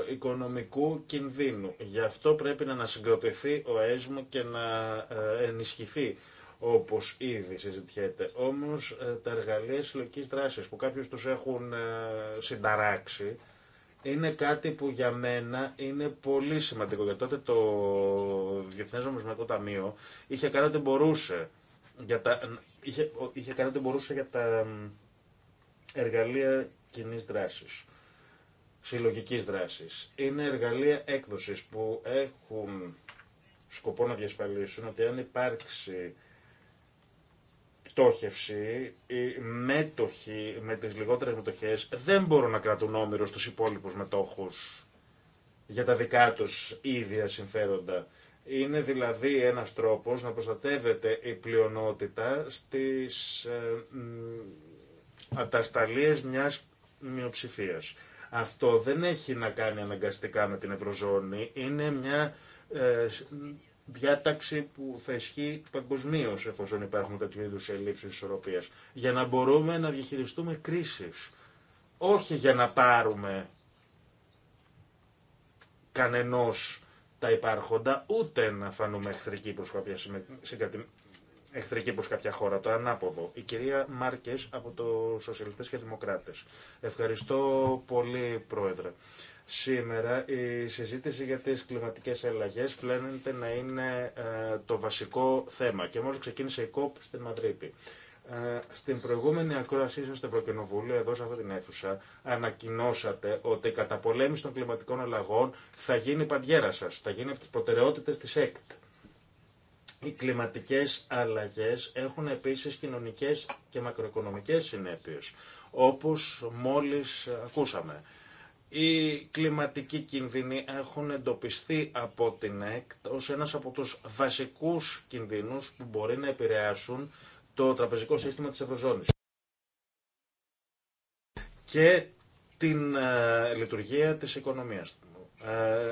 ε, οικονομικού κινδύνου. Γι' αυτό πρέπει να ανασυγκροτηθεί ο ΕΣΜ και να ε, ενισχυθεί όπως ήδη συζητιέται. Όμως ε, τα εργαλεία συλλογική δράση που κάποιους τους έχουν ε, συνταράξει, είναι κάτι που για μένα είναι πολύ σημαντικό. Γιατί τότε το Διεθνές Νομισματικό Ταμείο είχε κάνει ό,τι μπορούσε για τα, είχε, είχε κάνει μπορούσε για τα εργαλεία κοινή δράσης, συλλογική δράσης. Είναι εργαλεία έκδοση που έχουν σκοπό να διασφαλίσουν ότι αν υπάρξει στόχευση, οι μέτοχοι με τις λιγότερες μετοχές δεν μπορούν να κρατούν όμοιρο στους υπόλοιπους μετόχους για τα δικά τους ίδια συμφέροντα. Είναι δηλαδή ένας τρόπος να προστατεύεται η πλειονότητα στις ε, ατασταλίες μιας μειοψηφίας. Αυτό δεν έχει να κάνει αναγκαστικά με την Ευρωζώνη, είναι μια ε, διάταξη που θα ισχύει παγκοσμίω εφόσον υπάρχουν τέτοιου είδου ελλείψει ισορροπία. Για να μπορούμε να διαχειριστούμε κρίσει. Όχι για να πάρουμε κανενό τα υπάρχοντα, ούτε να φανούμε εχθρικοί προ κάποια, εχθρική προς κάποια χώρα, το ανάποδο. Η κυρία Μάρκες από το Σοσιαλιστές και Δημοκράτες. Ευχαριστώ πολύ, Πρόεδρε. Σήμερα η συζήτηση για τις κλιματικές αλλαγές φλένεται να είναι ε, το βασικό θέμα και μόλις ξεκίνησε η COP στην Μαδρίτη. Ε, στην προηγούμενη ακρόασή σας στο Ευρωκοινοβούλιο, εδώ σε αυτή την αίθουσα, ανακοινώσατε ότι η καταπολέμηση των κλιματικών αλλαγών θα γίνει παντιέρα σας, θα γίνει από τις προτεραιότητες της ΕΚΤ. Οι κλιματικές αλλαγές έχουν επίσης κοινωνικές και μακροοικονομικές συνέπειες, όπως μόλις ε, ακούσαμε. Οι κλιματικοί κινδύνοι έχουν εντοπιστεί από την ΕΚΤ ως ένας από τους βασικούς κινδύνους που μπορεί να επηρεάσουν το τραπεζικό σύστημα της Ευρωζώνης και την ε, λειτουργία της οικονομίας του. Ε,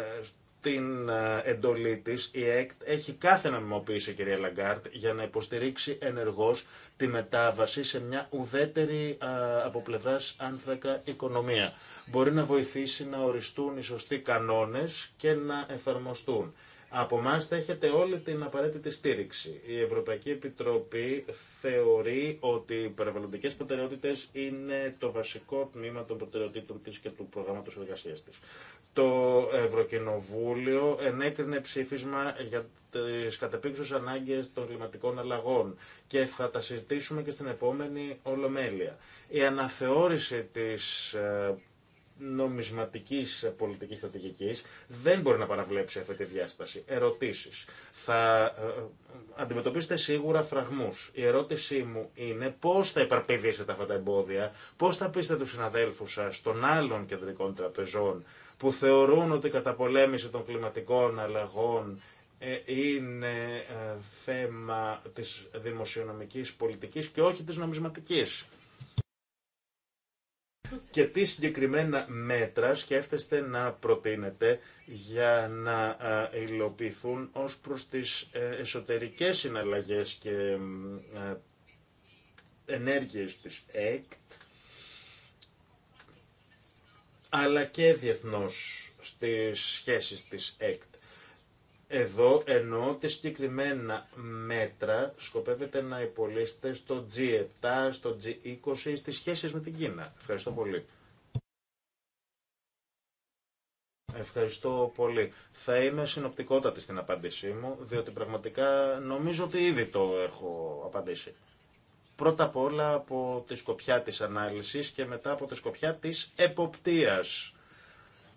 την ε, εντολή τη, η ΕΚΤ έχει κάθε νομιμοποιήσει, κυρία Λαγκάρτ, για να υποστηρίξει ενεργώ τη μετάβαση σε μια ουδέτερη ε, από πλευρά άνθρακα οικονομία. Μπορεί να βοηθήσει να οριστούν οι σωστοί κανόνε και να εφαρμοστούν. Από εμά θα έχετε όλη την απαραίτητη στήριξη. Η Ευρωπαϊκή Επιτροπή θεωρεί ότι οι περιβαλλοντικέ προτεραιότητε είναι το βασικό τμήμα των προτεραιοτήτων τη και του προγράμματο εργασία τη. Το Ευρωκοινοβούλιο ενέκρινε ψήφισμα για τι κατεπίξουσε ανάγκε των κλιματικών αλλαγών και θα τα συζητήσουμε και στην επόμενη Ολομέλεια. Η αναθεώρηση της ε, Νομισματική πολιτικής στρατηγικής δεν μπορεί να παραβλέψει αυτή τη διάσταση. Ερωτήσεις. Θα ε, ε, αντιμετωπίσετε σίγουρα φραγμού. Η ερώτησή μου είναι πώς θα υπαρπηδήσετε αυτά τα εμπόδια, πώς θα πείστε του συναδέλφου σας των άλλων κεντρικών τραπεζών που θεωρούν ότι η καταπολέμηση των κλιματικών αλλαγών ε, είναι θέμα της δημοσιονομικής πολιτικής και όχι της νομισματικής. Και τι συγκεκριμένα μέτρα σκέφτεστε να προτείνετε για να υλοποιηθούν ως προς τις ε, εσωτερικές συναλλαγές και ενέργειες της ΕΚΤ, αλλά και διεθνώς στις σχέσεις της ΕΚΤ. Εδώ εννοώ ότι συγκεκριμένα μέτρα σκοπεύετε να υπολείστε στο G7, στο G20, στις σχέσεις με την Κίνα. Ευχαριστώ πολύ. Ευχαριστώ πολύ. Θα είμαι συνοπτικότατη στην απάντησή μου, διότι πραγματικά νομίζω ότι ήδη το έχω απαντήσει. Πρώτα απ' όλα από τη σκοπιά της ανάλυσης και μετά από τη σκοπιά της εποπτείας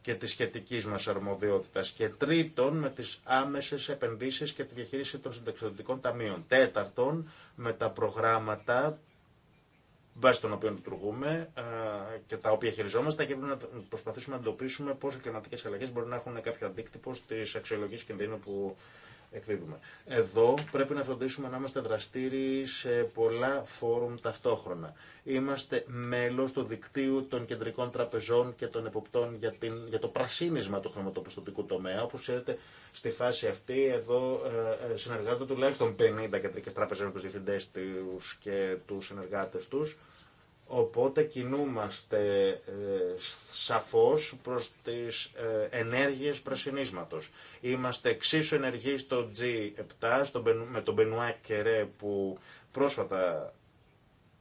και τη σχετική μα αρμοδιότητα. Και τρίτον, με τι άμεσε επενδύσει και τη διαχείριση των συνταξιδοτικών ταμείων. Τέταρτον, με τα προγράμματα βάσει των οποίων λειτουργούμε ε, και τα οποία χειριζόμαστε και πρέπει να προσπαθήσουμε να εντοπίσουμε πόσο κλιματικέ αλλαγέ μπορεί να έχουν κάποιο αντίκτυπο στι αξιολογήσει κινδύνου που εκδίδουμε. Εδώ πρέπει να φροντίσουμε να είμαστε δραστήριοι σε πολλά φόρουμ ταυτόχρονα. Είμαστε μέλο του δικτύου των κεντρικών τραπεζών και των εποπτών για, την, για το πρασίνισμα του χρηματοπιστωτικού τομέα. Όπως ξέρετε, στη φάση αυτή εδώ ε, ε συνεργάζονται τουλάχιστον 50 κεντρικέ τραπεζέ με του διευθυντέ του και τους συνεργάτες τους Οπότε κινούμαστε ε, σαφώς προς τις ε, ενέργειες πρασινίσματος. Είμαστε εξίσου ενεργοί στο G7 με τον Μπενουά Κερέ που πρόσφατα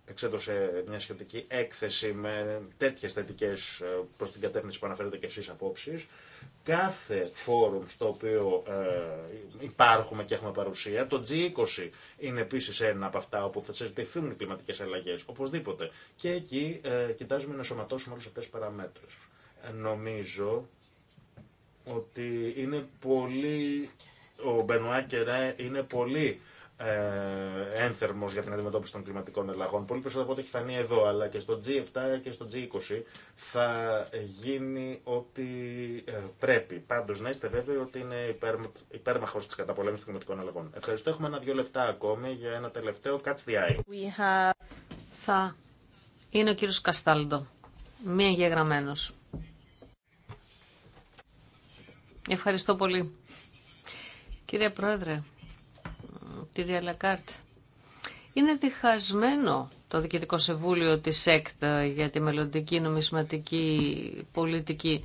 εξέδωσε μια σχετική έκθεση με τέτοιες θετικές ε, προς την κατεύθυνση που αναφέρετε και εσείς απόψεις. Κάθε φόρουμ στο οποίο ε, υπάρχουμε και έχουμε παρουσία, το G20 είναι επίσης ένα από αυτά όπου θα συζητηθούν οι κλιματικές αλλαγές, οπωσδήποτε. Και εκεί ε, κοιτάζουμε να σωματώσουμε όλες αυτές τις παραμέτρους. νομίζω ότι είναι πολύ... Ο Μπενουά είναι πολύ ε, ένθερμος για την αντιμετώπιση των κλιματικών ελλαγών. Πολύ περισσότερο από ό,τι έχει φανεί εδώ, αλλά και στο G7 και στο G20 θα γίνει ό,τι ε, πρέπει. πάντω να είστε βέβαιοι ότι είναι υπέρ, υπέρμαχος της καταπολέμησης των κλιματικών ελλαγών. Ευχαριστώ. Έχουμε ένα-δύο λεπτά ακόμη για ένα τελευταίο Catch the Eye. Have... Θα είναι ο κύριο Καστάλντο, μη Ευχαριστώ πολύ. Κύριε Πρόεδρε, τη Λακάρτ. Είναι διχασμένο το Διοικητικό Συμβούλιο της ΕΚΤΑ για τη μελλοντική νομισματική πολιτική.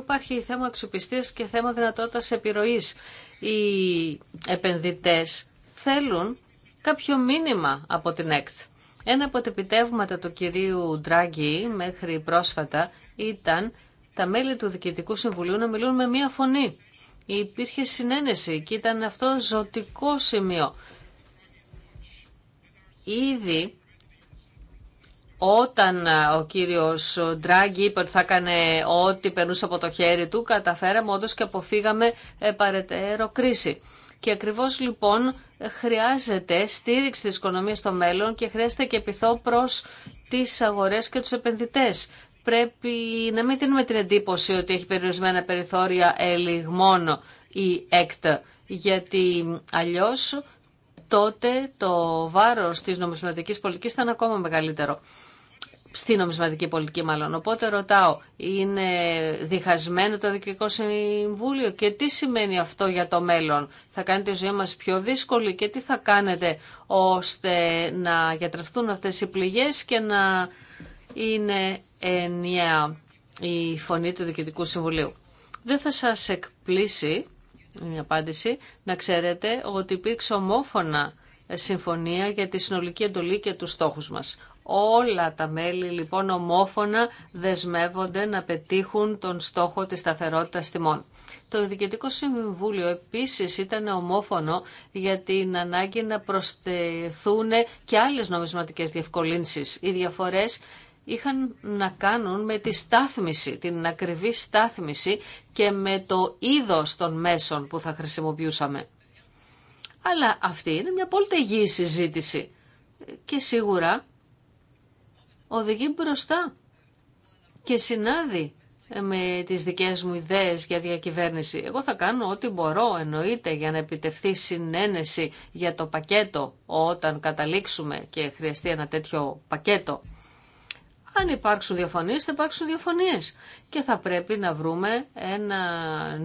Υπάρχει θέμα αξιοπιστίας και θέμα δυνατότητας επιρροής. Οι επενδυτές θέλουν κάποιο μήνυμα από την ΕΚΤ. Ένα από τα επιτεύγματα του κυρίου Ντράγκη μέχρι πρόσφατα ήταν τα μέλη του Διοικητικού Συμβουλίου να μιλούν με μία φωνή υπήρχε συνένεση και ήταν αυτό ζωτικό σημείο. Ήδη όταν ο κύριος Ντράγκη είπε ότι θα έκανε ό,τι περνούσε από το χέρι του, καταφέραμε όντως και αποφύγαμε ε, παρετέρω κρίση. Και ακριβώς λοιπόν χρειάζεται στήριξη της οικονομίας στο μέλλον και χρειάζεται και πειθό προς τις αγορές και τους επενδυτές πρέπει να μην δίνουμε την εντύπωση ότι έχει περιορισμένα περιθώρια ελιγμών η ΕΚΤ, γιατί αλλιώς τότε το βάρος της νομισματικής πολιτικής θα είναι ακόμα μεγαλύτερο. Στη νομισματική πολιτική μάλλον. Οπότε ρωτάω, είναι διχασμένο το Δικαιωτικό Συμβούλιο και τι σημαίνει αυτό για το μέλλον. Θα κάνετε τη ζωή μας πιο δύσκολη και τι θα κάνετε ώστε να γιατρευτούν αυτές οι πληγές και να είναι ενιαία η φωνή του Διοικητικού Συμβουλίου. Δεν θα σας εκπλήσει η απάντηση να ξέρετε ότι υπήρξε ομόφωνα συμφωνία για τη συνολική εντολή και τους στόχους μας. Όλα τα μέλη λοιπόν ομόφωνα δεσμεύονται να πετύχουν τον στόχο της σταθερότητας τιμών. Το Διοικητικό Συμβούλιο επίσης ήταν ομόφωνο για την ανάγκη να προσθεθούν και άλλες νομισματικές διευκολύνσεις. Οι διαφορές είχαν να κάνουν με τη στάθμιση, την ακριβή στάθμιση και με το είδος των μέσων που θα χρησιμοποιούσαμε. Αλλά αυτή είναι μια πολύ τεγή συζήτηση και σίγουρα οδηγεί μπροστά και συνάδει με τις δικές μου ιδέες για διακυβέρνηση. Εγώ θα κάνω ό,τι μπορώ εννοείται για να επιτευχθεί συνένεση για το πακέτο όταν καταλήξουμε και χρειαστεί ένα τέτοιο πακέτο. Αν υπάρξουν διαφωνίες, θα υπάρξουν διαφωνίες. Και θα πρέπει να βρούμε ένα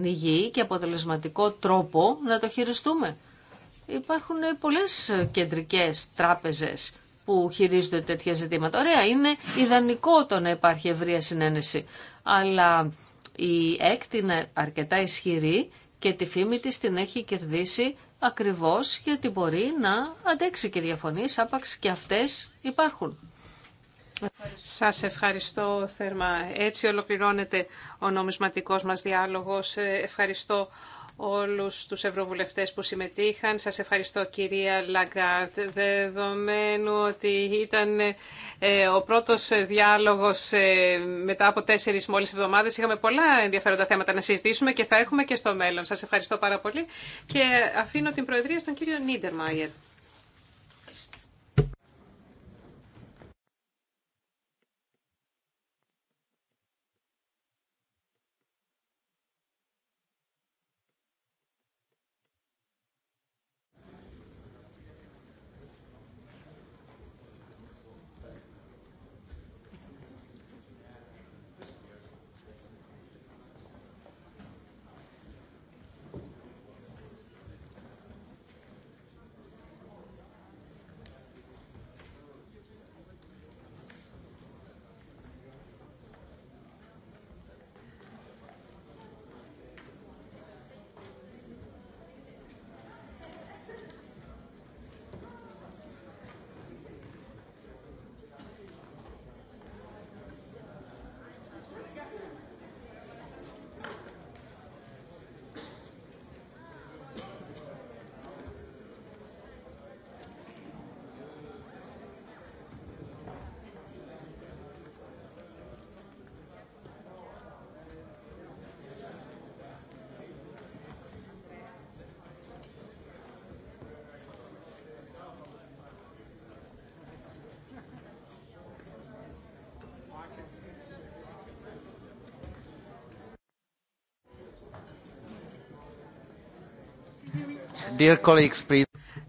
υγιή και αποτελεσματικό τρόπο να το χειριστούμε. Υπάρχουν πολλές κεντρικές τράπεζες που χειρίζονται τέτοια ζητήματα. Ωραία, είναι ιδανικό το να υπάρχει ευρεία συνένεση. Αλλά η έκτη είναι αρκετά ισχυρή και τη φήμη της την έχει κερδίσει ακριβώς γιατί μπορεί να αντέξει και διαφωνίες άπαξ και αυτές υπάρχουν. Σας ευχαριστώ θερμά. Έτσι ολοκληρώνεται ο νομισματικός μας διάλογος. Ε, ευχαριστώ όλους τους ευρωβουλευτές που συμμετείχαν. Σας ευχαριστώ κυρία Λαγκάρτ. Δεδομένου ότι ήταν ε, ο πρώτος διάλογος ε, μετά από τέσσερις μόλις εβδομάδες, είχαμε πολλά ενδιαφέροντα θέματα να συζητήσουμε και θα έχουμε και στο μέλλον. Σας ευχαριστώ πάρα πολύ και αφήνω την Προεδρία στον κύριο Νίτερμαγερ.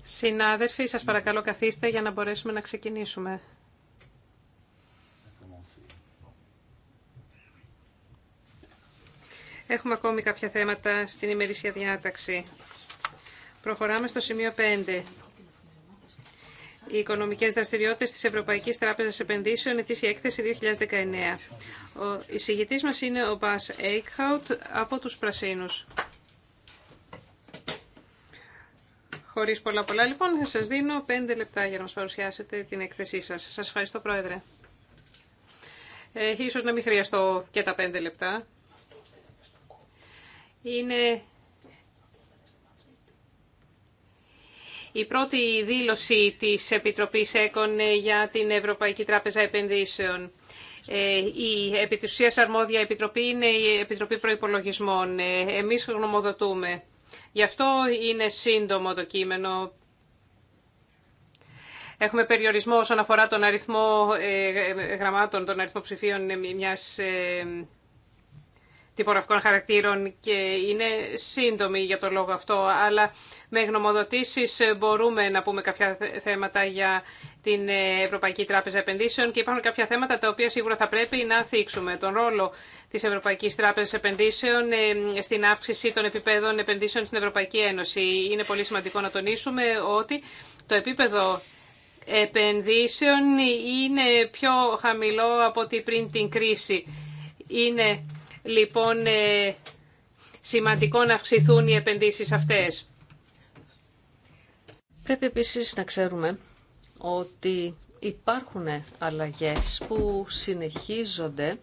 Συνάδελφοι, σας παρακαλώ καθίστε για να μπορέσουμε να ξεκινήσουμε. Έχουμε ακόμη κάποια θέματα στην ημερήσια διάταξη. Προχωράμε στο σημείο 5. Οι οικονομικές δραστηριότητες της Ευρωπαϊκής Τράπεζας Επενδύσεων, η έκθεση 2019. Ο εισηγητής μας είναι ο Μπάς Έικχαουτ από τους Πρασίνους. Χωρίς πολλά πολλά, λοιπόν, θα σας δίνω πέντε λεπτά για να μας παρουσιάσετε την έκθεσή σας. Σας ευχαριστώ, Πρόεδρε. Ε, ίσως να μην χρειαστώ και τα πέντε λεπτά. Είναι η πρώτη δήλωση της Επιτροπής ΕΚΟΝ για την Ευρωπαϊκή Τράπεζα Επενδύσεων. Ε, η επί της αρμόδια επιτροπή είναι η Επιτροπή Προϋπολογισμών. Ε, εμείς γνωμοδοτούμε. Γι' αυτό είναι σύντομο το κείμενο. Έχουμε περιορισμό όσον αφορά τον αριθμό ε, γραμμάτων, τον αριθμό ψηφίων μιας ε, τυπογραφικών χαρακτήρων και είναι σύντομη για το λόγο αυτό, αλλά με γνωμοδοτήσεις μπορούμε να πούμε κάποια θέματα για την Ευρωπαϊκή Τράπεζα Επενδύσεων και υπάρχουν κάποια θέματα τα οποία σίγουρα θα πρέπει να θίξουμε. Τον ρόλο της Ευρωπαϊκής Τράπεζας Επενδύσεων ε, στην αύξηση των επιπέδων επενδύσεων στην Ευρωπαϊκή Ένωση. Είναι πολύ σημαντικό να τονίσουμε ότι το επίπεδο επενδύσεων είναι πιο χαμηλό από ό,τι πριν την κρίση λοιπόν ε, σημαντικό να αυξηθούν οι επενδύσεις αυτές. Πρέπει επίσης να ξέρουμε ότι υπάρχουν αλλαγές που συνεχίζονται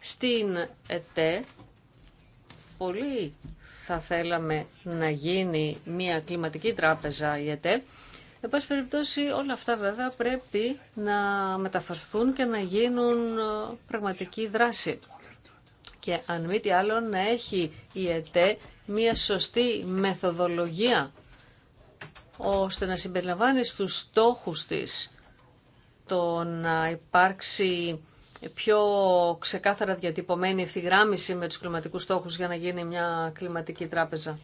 στην ΕΤΕ. Πολύ θα θέλαμε να γίνει μια κλιματική τράπεζα η ΕΤΕ. Εν πάση περιπτώσει όλα αυτά βέβαια πρέπει να μεταφερθούν και να γίνουν ε, πραγματική δράση και αν μη τι άλλο να έχει η ΕΤΕ μια σωστή μεθοδολογία ώστε να συμπεριλαμβάνει στους στόχους της το να υπάρξει πιο ξεκάθαρα διατυπωμένη ευθυγράμμιση με τους κλιματικούς στόχους για να γίνει μια κλιματική τράπεζα.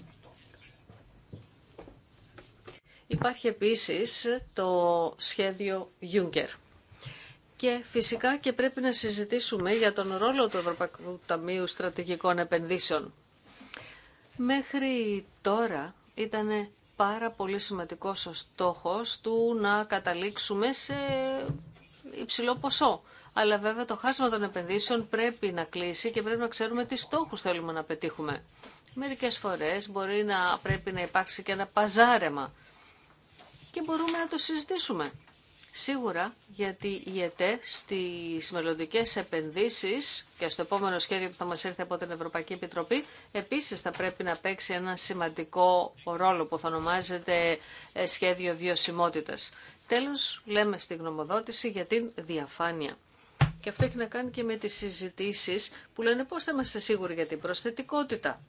Υπάρχει επίσης το σχέδιο Juncker. Και φυσικά και πρέπει να συζητήσουμε για τον ρόλο του Ευρωπαϊκού Ταμείου Στρατηγικών Επενδύσεων. Μέχρι τώρα ήταν πάρα πολύ σημαντικός ο στόχος του να καταλήξουμε σε υψηλό ποσό. Αλλά βέβαια το χάσμα των επενδύσεων πρέπει να κλείσει και πρέπει να ξέρουμε τι στόχους θέλουμε να πετύχουμε. Μερικές φορές μπορεί να πρέπει να υπάρξει και ένα παζάρεμα και μπορούμε να το συζητήσουμε. Σίγουρα γιατί η ΕΤΕ στις μελλοντικέ επενδύσεις και στο επόμενο σχέδιο που θα μας έρθει από την Ευρωπαϊκή Επιτροπή επίσης θα πρέπει να παίξει ένα σημαντικό ρόλο που θα ονομάζεται ε, σχέδιο βιωσιμότητας. Τέλος, λέμε στη γνωμοδότηση για την διαφάνεια. Και αυτό έχει να κάνει και με τις συζητήσεις που λένε πώς θα είμαστε σίγουροι για την προσθετικότητα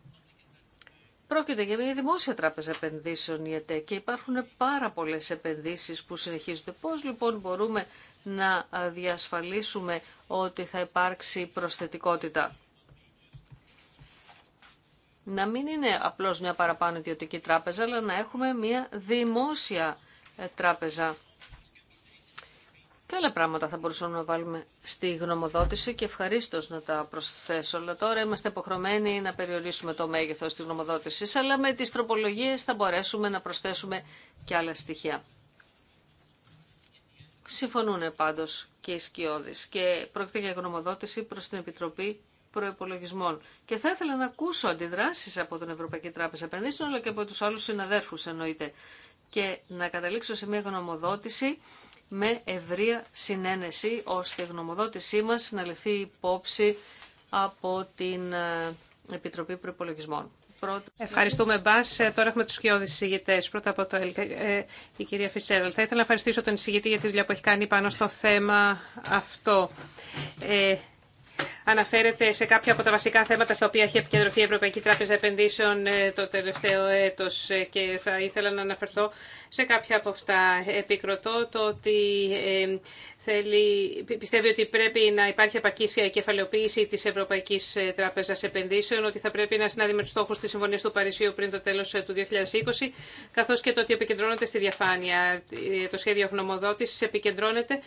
Πρόκειται για μια δημόσια τράπεζα επενδύσεων η ΕΤΕ και υπάρχουν πάρα πολλέ επενδύσεις που συνεχίζονται. Πώς λοιπόν μπορούμε να διασφαλίσουμε ότι θα υπάρξει προσθετικότητα. Να μην είναι απλώς μια παραπάνω ιδιωτική τράπεζα, αλλά να έχουμε μια δημόσια τράπεζα και άλλα πράγματα θα μπορούσαμε να βάλουμε στη γνωμοδότηση και ευχαρίστω να τα προσθέσω. Αλλά τώρα είμαστε υποχρεωμένοι να περιορίσουμε το μέγεθο τη γνωμοδότηση. Αλλά με τι τροπολογίε θα μπορέσουμε να προσθέσουμε και άλλα στοιχεία. Συμφωνούν πάντω και οι σκιώδει και πρόκειται για γνωμοδότηση προ την Επιτροπή Προπολογισμών. Και θα ήθελα να ακούσω αντιδράσει από την Ευρωπαϊκή Τράπεζα Επενδύσεων αλλά και από του άλλου συναδέρφου εννοείται. Και να καταλήξω σε μια γνωμοδότηση με ευρεία συνένεση, ώστε η γνωμοδότησή μας να ληφθεί υπόψη από την ε, Επιτροπή Προπολογισμών. Ευχαριστούμε, Μπά. Ε, τώρα έχουμε του σκιώδει εισηγητέ. Πρώτα από το ΕΛΚΑ, ε, η κυρία Φιτσέρελ. Θα ήθελα να ευχαριστήσω τον εισηγητή για τη δουλειά που έχει κάνει πάνω στο θέμα αυτό. Ε, αναφέρεται σε κάποια από τα βασικά θέματα στα οποία έχει επικεντρωθεί η Ευρωπαϊκή Τράπεζα Επενδύσεων ε, το τελευταίο έτος ε, και θα ήθελα να αναφερθώ σε κάποια από αυτά. Επικροτώ το ότι ε, θέλει, πιστεύει ότι πρέπει να υπάρχει επαρκή κεφαλαιοποίηση τη Ευρωπαϊκή Τράπεζα Επενδύσεων, ότι θα πρέπει να συνάδει με του στόχου τη Συμφωνία του Παρισίου πριν το τέλο του 2020, καθώ και το ότι επικεντρώνεται στη διαφάνεια. Το σχέδιο γνωμοδότηση επικεντρώνεται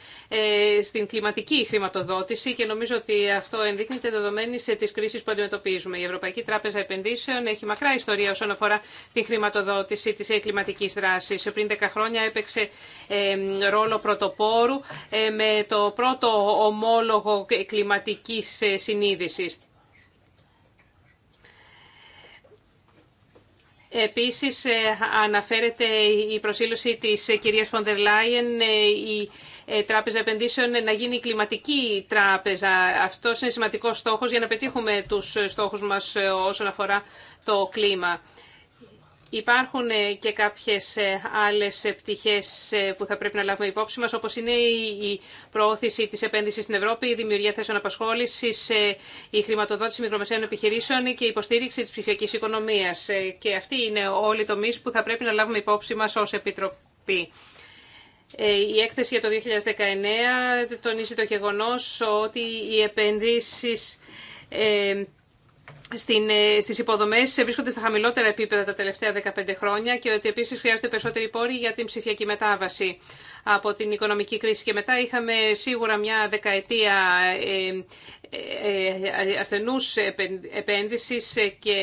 στην κλιματική χρηματοδότηση και νομίζω ότι αυτό ενδείκνυται δεδομένη τις κρίσεις που αντιμετωπίζουμε. Η Ευρωπαϊκή Τράπεζα Επενδύσεων έχει μακρά ιστορία όσον αφορά τη χρηματοδότηση τη κλιματική δράση. Πριν 10 χρόνια έπαιξε ρόλο πρωτοπόρου ε, με το πρώτο ομόλογο κλιματική ε, συνείδηση. Επίσης ε, αναφέρεται η προσήλωση της κυρίας Φοντερ Λάιεν, η ε, τράπεζα Επενδύσεων ε, να γίνει κλιματική τράπεζα. Αυτό είναι σημαντικό στόχο για να πετύχουμε τους ε, στόχους μας όσον αφορά το κλίμα. Υπάρχουν και κάποιες άλλες πτυχές που θα πρέπει να λάβουμε υπόψη μας, όπως είναι η προώθηση της επένδυσης στην Ευρώπη, η δημιουργία θέσεων απασχόλησης, η χρηματοδότηση μικρομεσαίων επιχειρήσεων και η υποστήριξη της ψηφιακής οικονομίας. Και αυτοί είναι όλοι οι τομείς που θα πρέπει να λάβουμε υπόψη μας ως Επιτροπή. Ε, η έκθεση για το 2019 τονίζει το γεγονός ότι οι επενδύσεις ε, στην, ε, στις υποδομές βρίσκονται στα χαμηλότερα επίπεδα τα τελευταία 15 χρόνια και ότι επίσης χρειάζονται περισσότεροι πόροι για την ψηφιακή μετάβαση. Από την οικονομική κρίση και μετά είχαμε σίγουρα μια δεκαετία ασθενούς επένδυσης και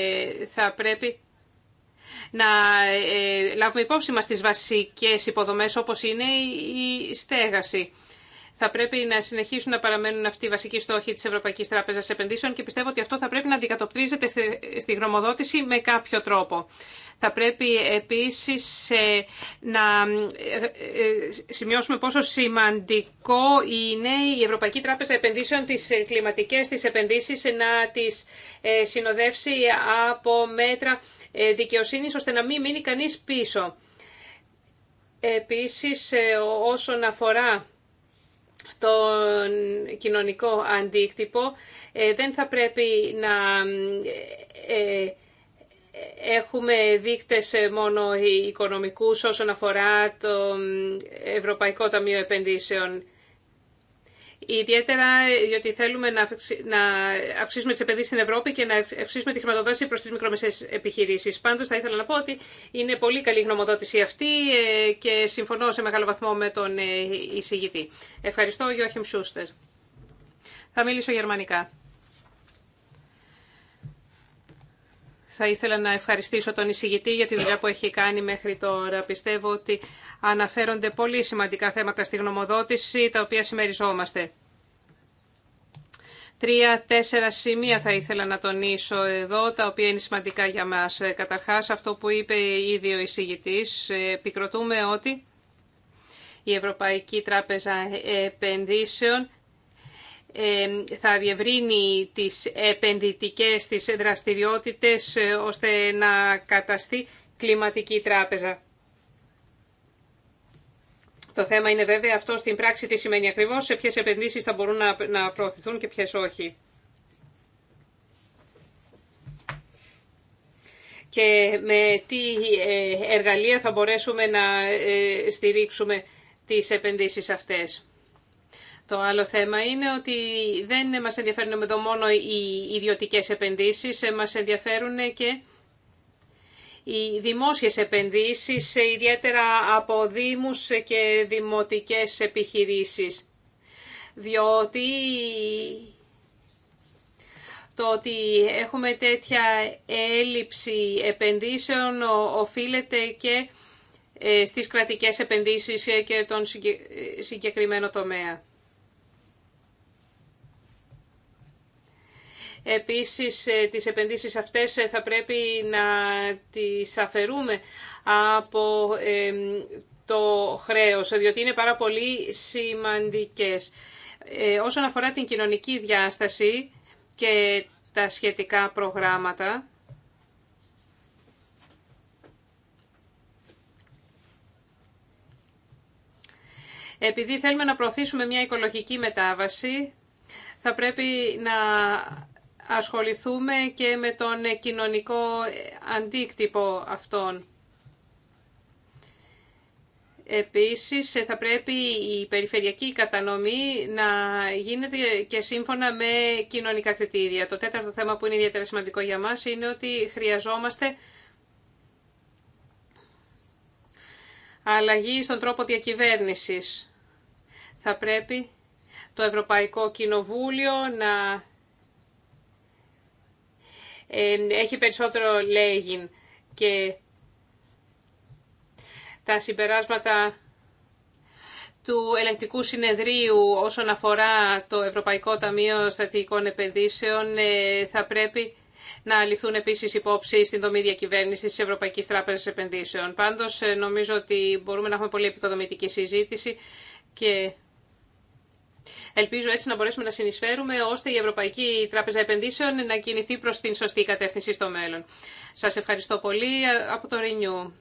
θα πρέπει να ε, ε, λάβουμε υπόψη μας τις βασικές υποδομές όπως είναι η στέγαση θα πρέπει να συνεχίσουν να παραμένουν αυτοί οι βασικοί στόχοι τη Ευρωπαϊκή Τράπεζα Επενδύσεων και πιστεύω ότι αυτό θα πρέπει να αντικατοπτρίζεται στη γνωμοδότηση με κάποιο τρόπο. Θα πρέπει επίση ε, να ε, ε, σημειώσουμε πόσο σημαντικό είναι η Ευρωπαϊκή Τράπεζα Επενδύσεων τι κλιματικέ τη επενδύσει να τι συνοδεύσει από μέτρα δικαιοσύνη ώστε να μην μείνει κανεί πίσω. Επίσης, όσον αφορά τον κοινωνικό αντίκτυπο. Ε, δεν θα πρέπει να ε, ε, έχουμε δείκτες μόνο οικονομικούς όσον αφορά το Ευρωπαϊκό Ταμείο Επενδύσεων. Ιδιαίτερα διότι θέλουμε να αυξήσουμε τι επενδύσει στην Ευρώπη και να αυξήσουμε τη χρηματοδότηση προς τις μικρομεσαίες επιχειρήσεις. Πάντως θα ήθελα να πω ότι είναι πολύ καλή γνωμοδότηση αυτή ε, και συμφωνώ σε μεγάλο βαθμό με τον ε, εισηγητή. Ευχαριστώ, Γιώχημ Σούστερ. Θα μιλήσω γερμανικά. Θα ήθελα να ευχαριστήσω τον εισηγητή για τη δουλειά που έχει κάνει μέχρι τώρα. Πιστεύω ότι αναφέρονται πολύ σημαντικά θέματα στη γνωμοδότηση, τα οποία συμμεριζόμαστε. Τρία-τέσσερα σημεία θα ήθελα να τονίσω εδώ, τα οποία είναι σημαντικά για μας. Ε, καταρχάς, αυτό που είπε ήδη ο εισηγητής, ε, επικροτούμε ότι η Ευρωπαϊκή Τράπεζα Επενδύσεων θα διευρύνει τις επενδυτικές της δραστηριότητες ε, ώστε να καταστεί κλιματική τράπεζα. Το θέμα είναι βέβαια αυτό στην πράξη τι σημαίνει ακριβώς, σε ποιες επενδύσεις θα μπορούν να προωθηθούν και ποιες όχι. Και με τι ε, εργαλεία θα μπορέσουμε να ε, στηρίξουμε τις επενδύσεις αυτές. Το άλλο θέμα είναι ότι δεν μας ενδιαφέρουν εδώ μόνο οι ιδιωτικές επενδύσεις, μας ενδιαφέρουν και οι δημόσιες επενδύσεις, ιδιαίτερα από δήμους και δημοτικές επιχειρήσεις. Διότι το ότι έχουμε τέτοια έλλειψη επενδύσεων οφείλεται και ε, στις κρατικές επενδύσεις και τον συγκεκριμένο τομέα. Επίσης, ε, τις επενδύσεις αυτές ε, θα πρέπει να τις αφαιρούμε από το χρέος, διότι είναι πάρα πολύ σημαντικές. Ε, όσον αφορά την κοινωνική διάσταση και τα σχετικά προγράμματα, επειδή θέλουμε να προωθήσουμε μια οικολογική μετάβαση, θα πρέπει να ασχοληθούμε και με τον κοινωνικό αντίκτυπο αυτών. Επίσης, θα πρέπει η περιφερειακή κατανομή να γίνεται και σύμφωνα με κοινωνικά κριτήρια. Το τέταρτο θέμα που είναι ιδιαίτερα σημαντικό για μας είναι ότι χρειαζόμαστε αλλαγή στον τρόπο διακυβέρνησης. Θα πρέπει το Ευρωπαϊκό Κοινοβούλιο να έχει περισσότερο λέγιν και τα συμπεράσματα του ελεγκτικού συνεδρίου όσον αφορά το Ευρωπαϊκό Ταμείο Στατικών Επενδύσεων ε, θα πρέπει να ληφθούν επίση υπόψη στην δομή διακυβέρνηση τη Ευρωπαϊκή Τράπεζα Επενδύσεων. Πάντω, ε, νομίζω ότι μπορούμε να έχουμε πολύ επικοδομητική συζήτηση και Ελπίζω έτσι να μπορέσουμε να συνεισφέρουμε ώστε η Ευρωπαϊκή Τράπεζα Επενδύσεων να κινηθεί προς την σωστή κατεύθυνση στο μέλλον. Σας ευχαριστώ πολύ ε, από το ΡΙΝΙΟΥ.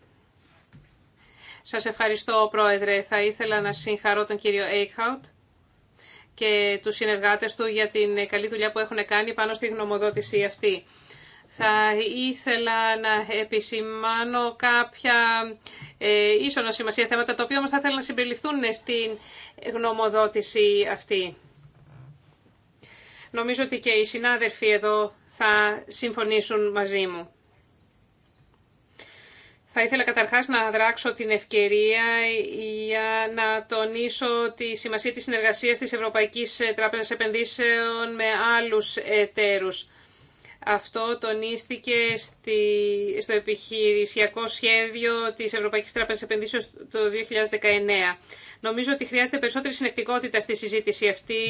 Σας ευχαριστώ, Πρόεδρε. Θα ήθελα να συγχαρώ τον κύριο Έικχαουτ και τους συνεργάτες του για την καλή δουλειά που έχουν κάνει πάνω στη γνωμοδότηση αυτή. Θα ήθελα να επισημάνω κάποια ε, σημασία θέματα, τα οποία όμως θα ήθελα να συμπεριληφθούν στην γνωμοδότηση αυτή. Νομίζω ότι και οι συνάδελφοι εδώ θα συμφωνήσουν μαζί μου. Θα ήθελα καταρχάς να δράξω την ευκαιρία για να τονίσω τη σημασία της συνεργασίας της Ευρωπαϊκής Τράπεζας Επενδύσεων με άλλους εταίρους. Αυτό τονίστηκε στο επιχειρησιακό σχέδιο της Ευρωπαϊκής Τράπεζας Επενδύσεως το 2019. Νομίζω ότι χρειάζεται περισσότερη συνεκτικότητα στη συζήτηση αυτή,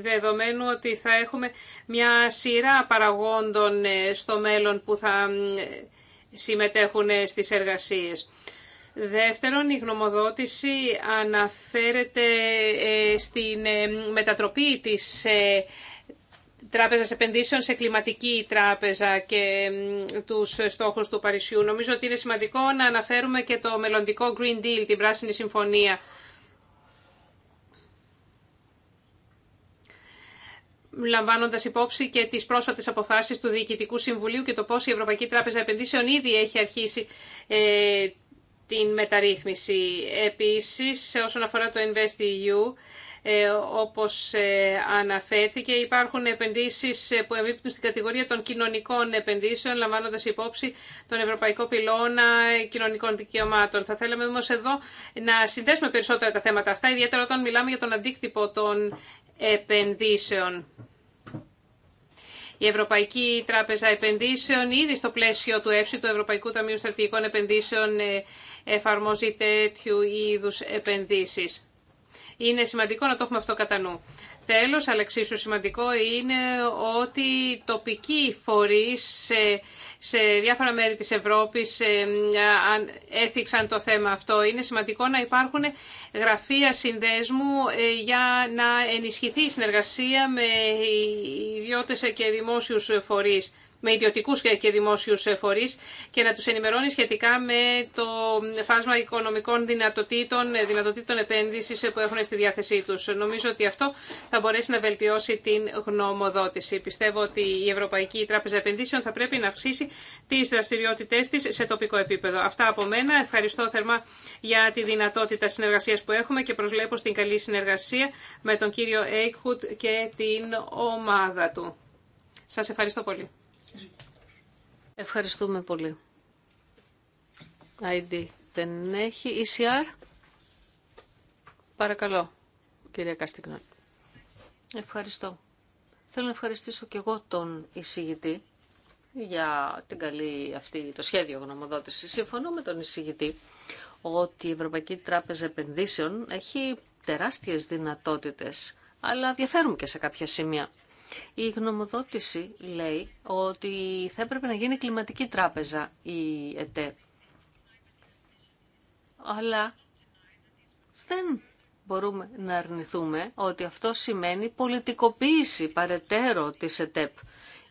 δεδομένου ότι θα έχουμε μια σειρά παραγόντων ε, στο μέλλον που θα συμμετέχουν ε, στις εργασίες. Δεύτερον, η γνωμοδότηση αναφέρεται ε, στην μετατροπή της Τράπεζα Επενδύσεων σε Κλιματική Τράπεζα και τους στόχους του Παρισιού. Νομίζω ότι είναι σημαντικό να αναφέρουμε και το μελλοντικό Green Deal, την Πράσινη Συμφωνία. λαμβάνοντας υπόψη και τις πρόσφατες αποφάσεις του Διοικητικού Συμβουλίου και το πώς η Ευρωπαϊκή Τράπεζα Επενδύσεων ήδη έχει αρχίσει ε, την μεταρρύθμιση. Επίσης, όσον αφορά το InvestEU, ε, όπως ε, αναφέρθηκε. Υπάρχουν επενδύσεις ε, που εμπίπτουν στην κατηγορία των κοινωνικών επενδύσεων, λαμβάνοντας υπόψη τον Ευρωπαϊκό Πυλώνα Κοινωνικών Δικαιωμάτων. Θα θέλαμε όμως εδώ να συνδέσουμε περισσότερα τα θέματα αυτά, ιδιαίτερα όταν μιλάμε για τον αντίκτυπο των επενδύσεων. Η Ευρωπαϊκή Τράπεζα Επενδύσεων ήδη στο πλαίσιο του ΕΦΣΥ, του Ευρωπαϊκού Ταμείου Στρατηγικών Επενδύσεων, εφαρμόζει τέτοιου είδους επενδύσεις. Είναι σημαντικό να το έχουμε αυτό κατά νου. Τέλος, αλλά εξίσου σημαντικό είναι ότι τοπικοί φορείς σε, διάφορα μέρη της Ευρώπης ε, έθιξαν το θέμα αυτό. Είναι σημαντικό να υπάρχουν γραφεία συνδέσμου ε, για να ενισχυθεί η συνεργασία με ιδιώτες και δημόσιους φορείς με ιδιωτικούς και δημόσιους φορείς και να τους ενημερώνει σχετικά με το φάσμα οικονομικών δυνατοτήτων, δυνατοτήτων επένδυσης που έχουν στη διάθεσή τους. Νομίζω ότι αυτό θα μπορέσει να βελτιώσει την γνωμοδότηση. Πιστεύω ότι η Ευρωπαϊκή Τράπεζα Επενδύσεων θα πρέπει να αυξήσει τις δραστηριότητές της σε τοπικό επίπεδο. Αυτά από μένα. Ευχαριστώ θερμά για τη δυνατότητα συνεργασίας που έχουμε και προσβλέπω στην καλή συνεργασία με τον κύριο Έικχουτ και την ομάδα του. Σας ευχαριστώ πολύ. Ευχαριστούμε πολύ. ID δεν έχει. ECR. Παρακαλώ, κυρία Καστικνόν. Ευχαριστώ. Θέλω να ευχαριστήσω και εγώ τον εισηγητή για την καλή αυτή, το σχέδιο γνωμοδότηση. Συμφωνώ με τον εισηγητή ότι η Ευρωπαϊκή Τράπεζα Επενδύσεων έχει τεράστιες δυνατότητες, αλλά διαφέρουμε και σε κάποια σημεία. Η γνωμοδότηση λέει ότι θα έπρεπε να γίνει κλιματική τράπεζα η ΕΤΕ. Αλλά δεν μπορούμε να αρνηθούμε ότι αυτό σημαίνει πολιτικοποίηση παρετέρω της ΕΤΕΠ.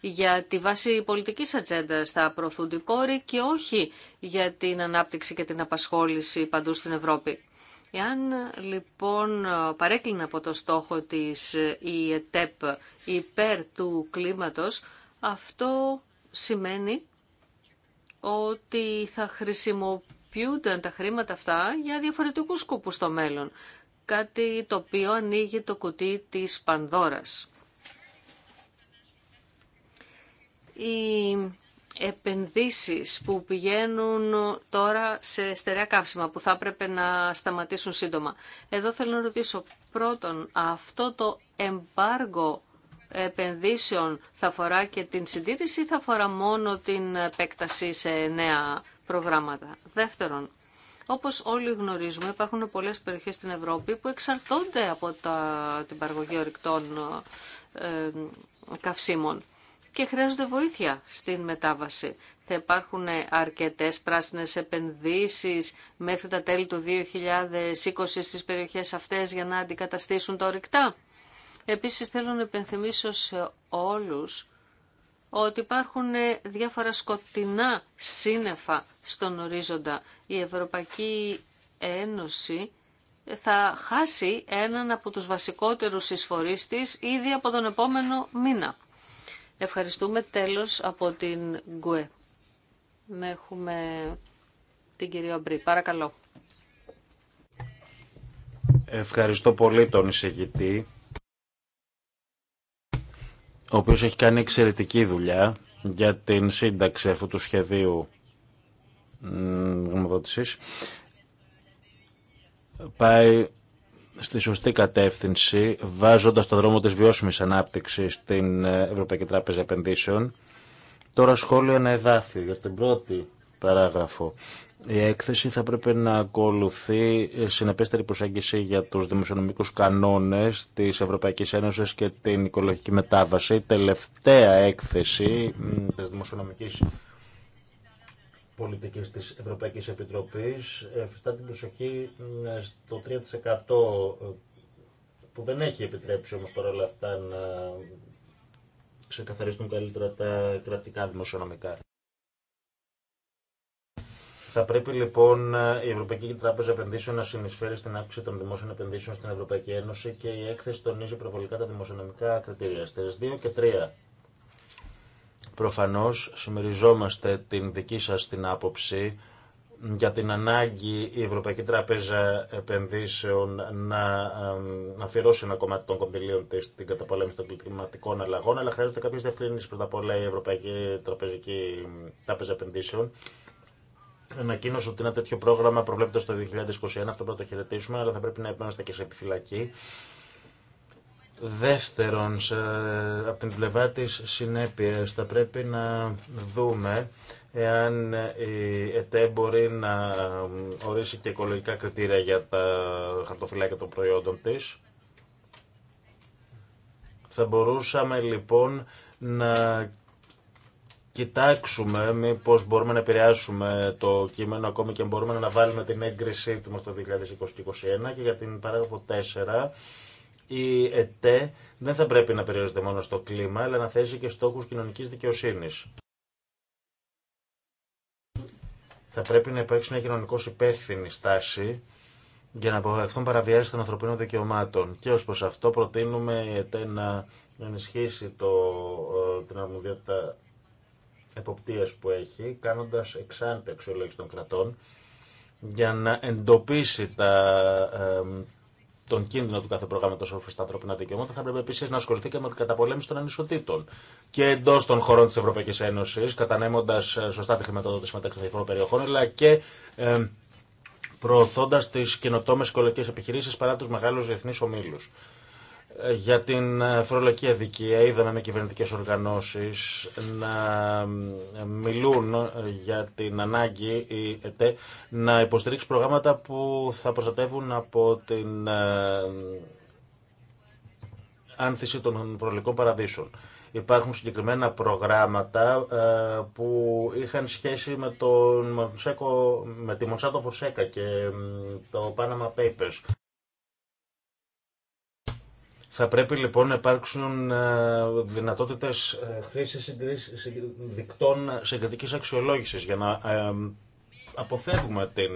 Για τη βάση πολιτικής ατζέντα θα προωθούνται οι πόροι και όχι για την ανάπτυξη και την απασχόληση παντού στην Ευρώπη. Εάν λοιπόν παρέκλεινα από το στόχο της η ΕΤΕΠ υπέρ του κλίματος, αυτό σημαίνει ότι θα χρησιμοποιούνται τα χρήματα αυτά για διαφορετικούς σκοπούς στο μέλλον. Κάτι το οποίο ανοίγει το κουτί της Πανδώρας. Η επενδύσεις που πηγαίνουν τώρα σε στερεά καύσιμα που θα έπρεπε να σταματήσουν σύντομα. Εδώ θέλω να ρωτήσω πρώτον, αυτό το εμπάργο επενδύσεων θα αφορά και την συντήρηση ή θα αφορά μόνο την επέκταση σε νέα προγράμματα. Δεύτερον, όπως όλοι γνωρίζουμε υπάρχουν πολλές περιοχές στην Ευρώπη που εξαρτώνται από την παραγωγή ορυκτών ε, καυσίμων και χρειάζονται βοήθεια στην μετάβαση. Θα υπάρχουν αρκετές πράσινες επενδύσεις μέχρι τα τέλη του 2020 στις περιοχές αυτές για να αντικαταστήσουν τα ορυκτά. Επίσης θέλω να επενθυμίσω σε όλους ότι υπάρχουν διάφορα σκοτεινά σύννεφα στον ορίζοντα. Η Ευρωπαϊκή Ένωση θα χάσει έναν από τους βασικότερους εισφορείς της ήδη από τον επόμενο μήνα. Ευχαριστούμε τέλος από την ΓΚΟΕ. Έχουμε την κυρία Μπρή. Παρακαλώ. Ευχαριστώ πολύ τον εισηγητή, ο οποίος έχει κάνει εξαιρετική δουλειά για την σύνταξη αυτού του σχεδίου γνωμοδότησης. Πάει στη σωστή κατεύθυνση, βάζοντα το δρόμο της βιώσιμης ανάπτυξης στην ε, Ευρωπαϊκή Τράπεζα Επενδύσεων. Τώρα σχόλιο ένα εδάφιο για την πρώτη παράγραφο. Η έκθεση θα πρέπει να ακολουθεί ε, συνεπέστερη προσέγγιση για τους δημοσιονομικούς κανόνες της Ευρωπαϊκής Ένωσης και την οικολογική μετάβαση. Η τελευταία έκθεση της δημοσιονομικής πολιτικής της Ευρωπαϊκής Επιτροπής εφιστά την προσοχή ε, στο 3% ε, που δεν έχει επιτρέψει όμως παρόλα αυτά να ξεκαθαριστούν καλύτερα τα κρατικά δημοσιονομικά. Θα πρέπει λοιπόν ε, η Ευρωπαϊκή Τράπεζα Επενδύσεων να συνεισφέρει στην αύξηση των δημόσιων επενδύσεων στην Ευρωπαϊκή Ένωση και η έκθεση τονίζει προβολικά τα δημοσιονομικά κριτήρια. Στι 2 και 3 Προφανώς συμμεριζόμαστε την δική σας την άποψη για την ανάγκη η Ευρωπαϊκή Τράπεζα Επενδύσεων να αφιερώσει ένα κομμάτι των κονδυλίων τη στην καταπολέμηση των κλιματικών αλλαγών, αλλά χρειάζονται κάποιε διευκρινήσει. Πρώτα απ' όλα η Ευρωπαϊκή Τραπεζική Τράπεζα Επενδύσεων ανακοίνωσε ότι ένα τέτοιο πρόγραμμα προβλέπεται στο 2021. Αυτό πρέπει να το χαιρετήσουμε, αλλά θα πρέπει να είμαστε και σε επιφυλακή Δεύτερον, σε, από την πλευρά της συνέπειας θα πρέπει να δούμε εάν η ΕΤΕ μπορεί να ορίσει και οικολογικά κριτήρια για τα χαρτοφυλάκια των προϊόντων της. Θα μπορούσαμε λοιπόν να κοιτάξουμε μήπως μπορούμε να επηρεάσουμε το κείμενο ακόμη και μπορούμε να βάλουμε την έγκρισή του μας το 2021 και για την παράγραφο 4 η ΕΤΕ δεν θα πρέπει να περιορίζεται μόνο στο κλίμα, αλλά να θέσει και στόχου κοινωνική δικαιοσύνη. Θα πρέπει να υπάρξει μια κοινωνικώ υπεύθυνη στάση για να απογορευτούν παραβιάσει των ανθρωπίνων δικαιωμάτων. Και ω προ αυτό, προτείνουμε η ΕΤΕ να ενισχύσει το, ε, την αρμοδιότητα εποπτείας που έχει, κάνοντας εξάντια αξιολόγηση των κρατών για να εντοπίσει τα ε, τον κίνδυνο του κάθε προγράμματο όρφου στα ανθρώπινα δικαιώματα, θα πρέπει επίση να ασχοληθεί και με την καταπολέμηση των ανισοτήτων. Και εντό των χωρών τη Ευρωπαϊκή Ένωση, κατανέμοντα ε, σωστά τη χρηματοδότηση μεταξύ των διαφορών περιοχών, αλλά και ε, προωθώντα τι καινοτόμε οικολογικέ επιχειρήσει παρά του μεγάλου διεθνεί ομίλου. Ε, για την ε, φορολογική αδικία είδαμε με κυβερνητικές οργανώσεις να ε, μιλούν για την ανάγκη η να υποστηρίξει προγράμματα που θα προστατεύουν από την άνθηση των φορολογικών παραδείσων. Υπάρχουν συγκεκριμένα προγράμματα που είχαν σχέση με, τον, με τη Μονσάτο Φορσέκα και το Panama Papers. Θα πρέπει λοιπόν να υπάρξουν ε, δυνατότητες ε, χρήσης δικτών συγκριτική αξιολόγηση για να ε, αποφεύγουμε την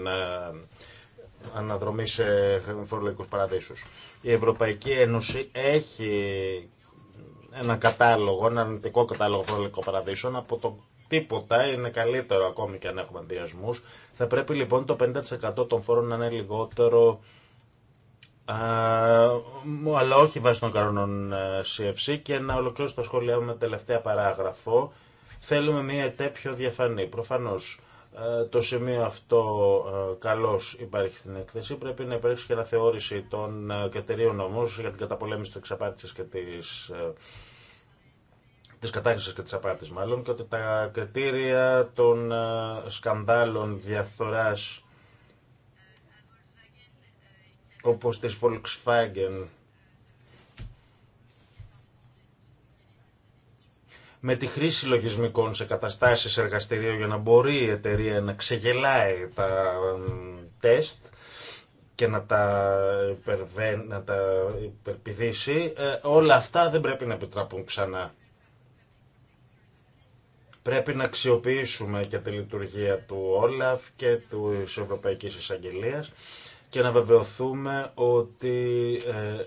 αναδρομή σε φορολογικού παραδείσους. Η Ευρωπαϊκή Ένωση έχει ένα κατάλογο, ένα αρνητικό κατάλογο φορολογικών παραδείσων από το τίποτα είναι καλύτερο ακόμη και αν έχουμε διασμούς. Θα πρέπει λοιπόν το 50% των φόρων να είναι λιγότερο αλλά όχι βάσει των κανόνων CFC ε, και να ολοκληρώσω το σχόλιο με τελευταία παράγραφο. Θέλουμε μια ΕΤΕ πιο διαφανή. Προφανώς ε, το σημείο αυτό ε, καλώς υπάρχει στην έκθεση. Πρέπει να υπάρξει και αναθεώρηση των κατερίων όμως για την καταπολέμηση της εξαπάτηση και της τη κατάχρηση και τη απάτη, μάλλον, και ότι τα κριτήρια των σκανδάλων διαφθοράς όπως της Volkswagen. Με τη χρήση λογισμικών σε καταστάσεις εργαστηρίου για να μπορεί η εταιρεία να ξεγελάει τα τεστ και να τα, υπερβέ, να τα υπερπηδήσει, ε, όλα αυτά δεν πρέπει να επιτραπούν ξανά. Πρέπει να αξιοποιήσουμε και τη λειτουργία του Όλαφ και του Ευρωπαϊκής Εισαγγελίας και να βεβαιωθούμε ότι ε,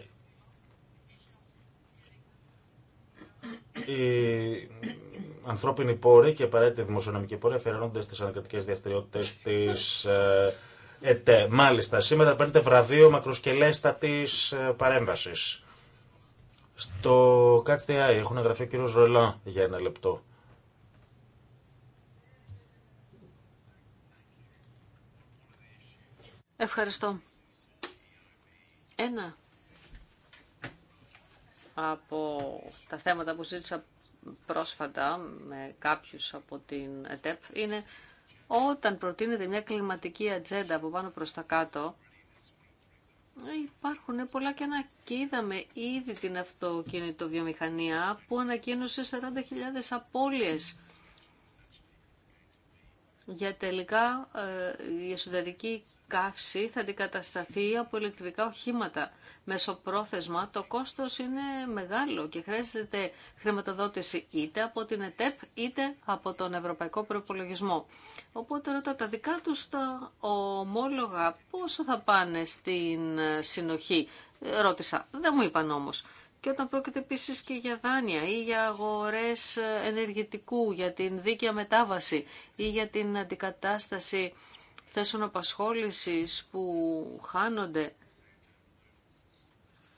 οι ανθρώπινοι πόροι και απαραίτητοι δημοσιονομική πόροι αφιερώνονται στις ανακριτικές διαστηριότητες της ε, ΕΤΕ. Μάλιστα, σήμερα παίρνετε βραβείο μακροσκελέστατης ε, παρέμβασης. Στο Catch the Eye έχουν γραφεί ο κύριος Ρολά για ένα λεπτό. Ευχαριστώ. Ένα από τα θέματα που ζήτησα πρόσφατα με κάποιους από την ΕΤΕΠ είναι όταν προτείνεται μια κλιματική ατζέντα από πάνω προς τα κάτω υπάρχουν πολλά και να και είδαμε ήδη την αυτοκινητοβιομηχανία που ανακοίνωσε 40.000 απώλειες για τελικά ε, η εσωτερική καύση θα αντικατασταθεί από ηλεκτρικά οχήματα. πρόθεσμα το κόστος είναι μεγάλο και χρειάζεται χρηματοδότηση είτε από την ΕΤΕΠ είτε από τον Ευρωπαϊκό Προπολογισμό. Οπότε ρωτάω τα δικά τους τα ομόλογα πόσο θα πάνε στην συνοχή. Ε, ρώτησα, δεν μου είπαν όμως και όταν πρόκειται επίσης και για δάνεια ή για αγορές ενεργητικού, για την δίκαια μετάβαση ή για την αντικατάσταση θέσεων απασχόλησης που χάνονται.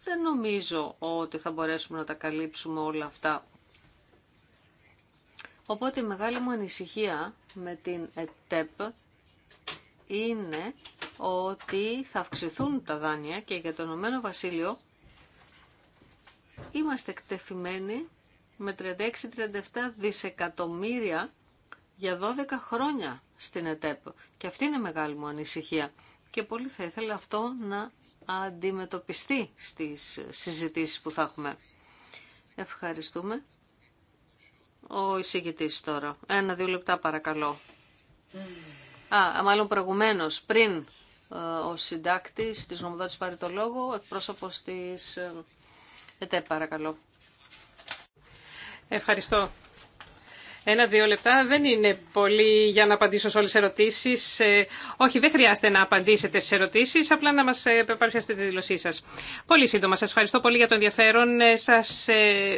Δεν νομίζω ότι θα μπορέσουμε να τα καλύψουμε όλα αυτά. Οπότε η μεγάλη μου ανησυχία με την ΕΤΕΠ είναι ότι θα αυξηθούν τα δάνεια και για το Ηνωμένο Βασίλειο είμαστε εκτεθειμένοι με 36-37 δισεκατομμύρια για 12 χρόνια στην ΕΤΕΠ. Και αυτή είναι μεγάλη μου ανησυχία. Και πολύ θα ήθελα αυτό να αντιμετωπιστεί στις συζητήσεις που θα έχουμε. Ευχαριστούμε. Ο εισηγητής τώρα. Ένα-δύο λεπτά παρακαλώ. Α, μάλλον προηγουμένως, πριν ε, ο συντάκτης της νομοδότης πάρει το λόγο, εκπρόσωπος της ε, Ετέ, παρακαλώ. Ευχαριστώ. Ένα-δύο λεπτά δεν είναι πολύ για να απαντήσω σε όλες τις ερωτήσεις. Ε, όχι, δεν χρειάζεται να απαντήσετε στις ερωτήσεις, απλά να μας ε, παρουσιάσετε τη δήλωσή σας. Πολύ σύντομα, σας ευχαριστώ πολύ για το ενδιαφέρον ε, σας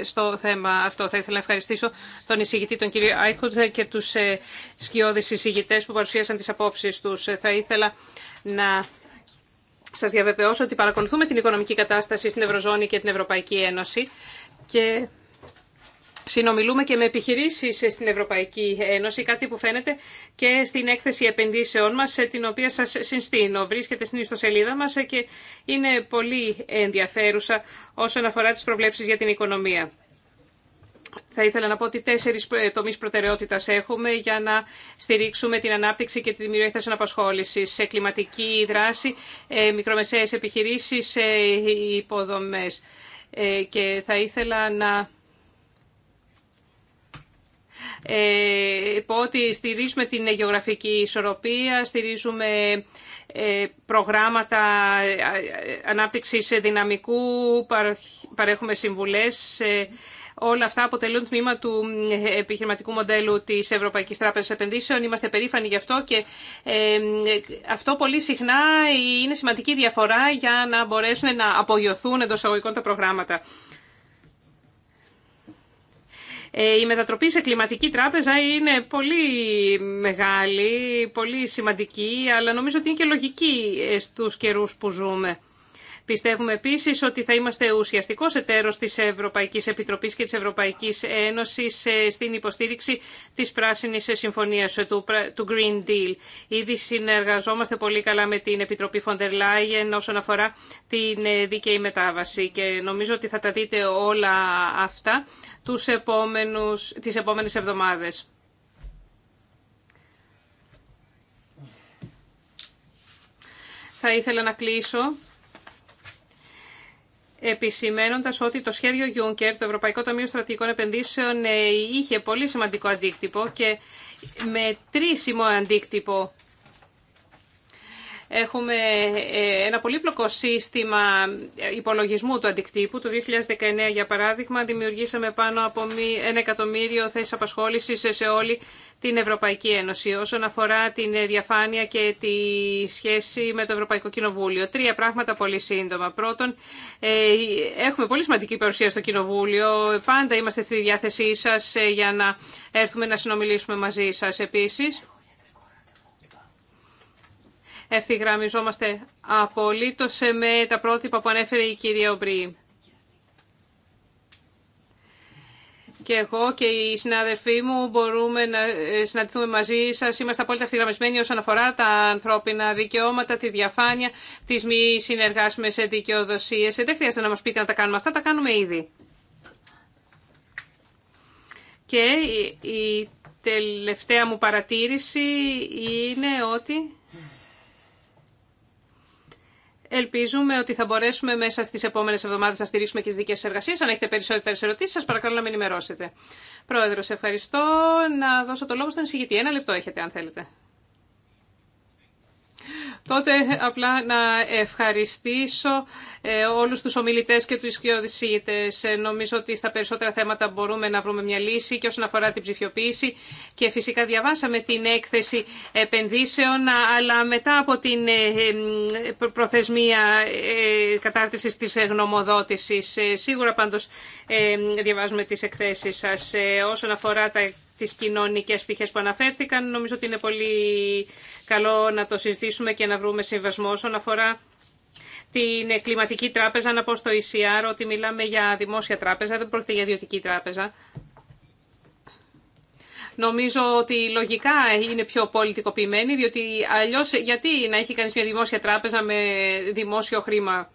στο θέμα αυτό. Θα ήθελα να ευχαριστήσω τον εισηγητή, τον κύριο Άικουτ και τους ε, σκιώδεις που παρουσίασαν τις απόψεις τους. θα ήθελα να σας διαβεβαιώσω ότι παρακολουθούμε την οικονομική κατάσταση στην Ευρωζώνη και την Ευρωπαϊκή Ένωση και συνομιλούμε και με επιχειρήσεις στην Ευρωπαϊκή Ένωση, κάτι που φαίνεται και στην έκθεση επενδύσεών μας, την οποία σας συστήνω. Βρίσκεται στην ιστοσελίδα μας και είναι πολύ ενδιαφέρουσα όσον αφορά τις προβλέψεις για την οικονομία. Θα ήθελα να πω ότι τέσσερι ε, τομεί προτεραιότητα έχουμε για να στηρίξουμε την ανάπτυξη και τη δημιουργία θέσεων απασχόληση σε κλιματική δράση, ε, μικρομεσαίες επιχειρήσει, σε υποδομέ. Ε, και θα ήθελα να πω ότι στηρίζουμε την γεωγραφική ισορροπία, στηρίζουμε προγράμματα ανάπτυξης δυναμικού, παρέχουμε συμβουλές Όλα αυτά αποτελούν τμήμα του ε, επιχειρηματικού μοντέλου της Ευρωπαϊκής Τράπεζας Επενδύσεων. Είμαστε περήφανοι γι' αυτό και ε, αυτό πολύ συχνά είναι σημαντική διαφορά για να μπορέσουν να απογειωθούν εντό εισαγωγικών τα προγράμματα. Ε, η μετατροπή σε κλιματική τράπεζα είναι πολύ μεγάλη, πολύ σημαντική, αλλά νομίζω ότι είναι και λογική στους καιρούς που ζούμε. Πιστεύουμε επίσης ότι θα είμαστε ουσιαστικό εταίρο τη Ευρωπαϊκή Επιτροπής και της Ευρωπαϊκής Ένωσης ε, στην υποστήριξη της Πράσινης συμφωνία του Green Deal. Ήδη συνεργαζόμαστε πολύ καλά με την Επιτροπή Φοντερ Λάιεν όσον αφορά την ε, δίκαιη μετάβαση και νομίζω ότι θα τα δείτε όλα αυτά τους επόμενους, τις επόμενες εβδομάδες. Θα ήθελα να κλείσω επισημένοντας ότι το σχέδιο Juncker, το Ευρωπαϊκό Ταμείο Στρατηγικών Επενδύσεων, ε, είχε πολύ σημαντικό αντίκτυπο και με τρίσιμο αντίκτυπο Έχουμε ε, ένα πολύπλοκο σύστημα υπολογισμού του αντικτύπου. Το 2019, για παράδειγμα, δημιουργήσαμε πάνω από ένα εκατομμύριο θέσει απασχόληση σε όλη την Ευρωπαϊκή Ένωση. Όσον αφορά την διαφάνεια και τη σχέση με το Ευρωπαϊκό Κοινοβούλιο. Τρία πράγματα πολύ σύντομα. Πρώτον, ε, έχουμε πολύ σημαντική παρουσία στο Κοινοβούλιο. Πάντα είμαστε στη διάθεσή σας ε, για να έρθουμε να συνομιλήσουμε μαζί σας επίσης ευθυγραμμιζόμαστε απολύτως με τα πρότυπα που ανέφερε η κυρία Ομπρή. Και εγώ και οι συναδελφοί μου μπορούμε να ε, συναντηθούμε μαζί σα Είμαστε απόλυτα ευθυγραμμισμένοι όσον αφορά τα ανθρώπινα δικαιώματα, τη διαφάνεια, τις μη συνεργάσιμε δικαιοδοσίε. Ε, δεν χρειάζεται να μας πείτε να τα κάνουμε αυτά, τα κάνουμε ήδη. Και η τελευταία μου παρατήρηση είναι ότι Ελπίζουμε ότι θα μπορέσουμε μέσα στις επόμενες εβδομάδες να στηρίξουμε και τις δικές εργασίες. Αν έχετε περισσότερε ερωτήσεις, σας παρακαλώ να με ενημερώσετε. Πρόεδρος, ευχαριστώ. Να δώσω το λόγο στον εισηγητή. Ένα λεπτό έχετε, αν θέλετε τότε απλά να ευχαριστήσω ε, όλους τους ομιλητές και τους Ε, Νομίζω ότι στα περισσότερα θέματα μπορούμε να βρούμε μια λύση και όσον αφορά την ψηφιοποίηση και φυσικά διαβάσαμε την έκθεση επενδύσεων αλλά μετά από την ε, ε, προθεσμία κατάρτισης της γνωμοδότησης. Σίγουρα πάντως διαβάζουμε τις εκθέσεις σας όσον αφορά τα τις κοινωνικές πτυχές που αναφέρθηκαν. Νομίζω ότι είναι πολύ καλό να το συζητήσουμε και να βρούμε συμβασμό όσον αφορά την κλιματική τράπεζα. Να πω στο ECR ότι μιλάμε για δημόσια τράπεζα, δεν πρόκειται για ιδιωτική τράπεζα. Νομίζω ότι λογικά είναι πιο πολιτικοποιημένη, διότι αλλιώς γιατί να έχει κανείς μια δημόσια τράπεζα με δημόσιο χρήμα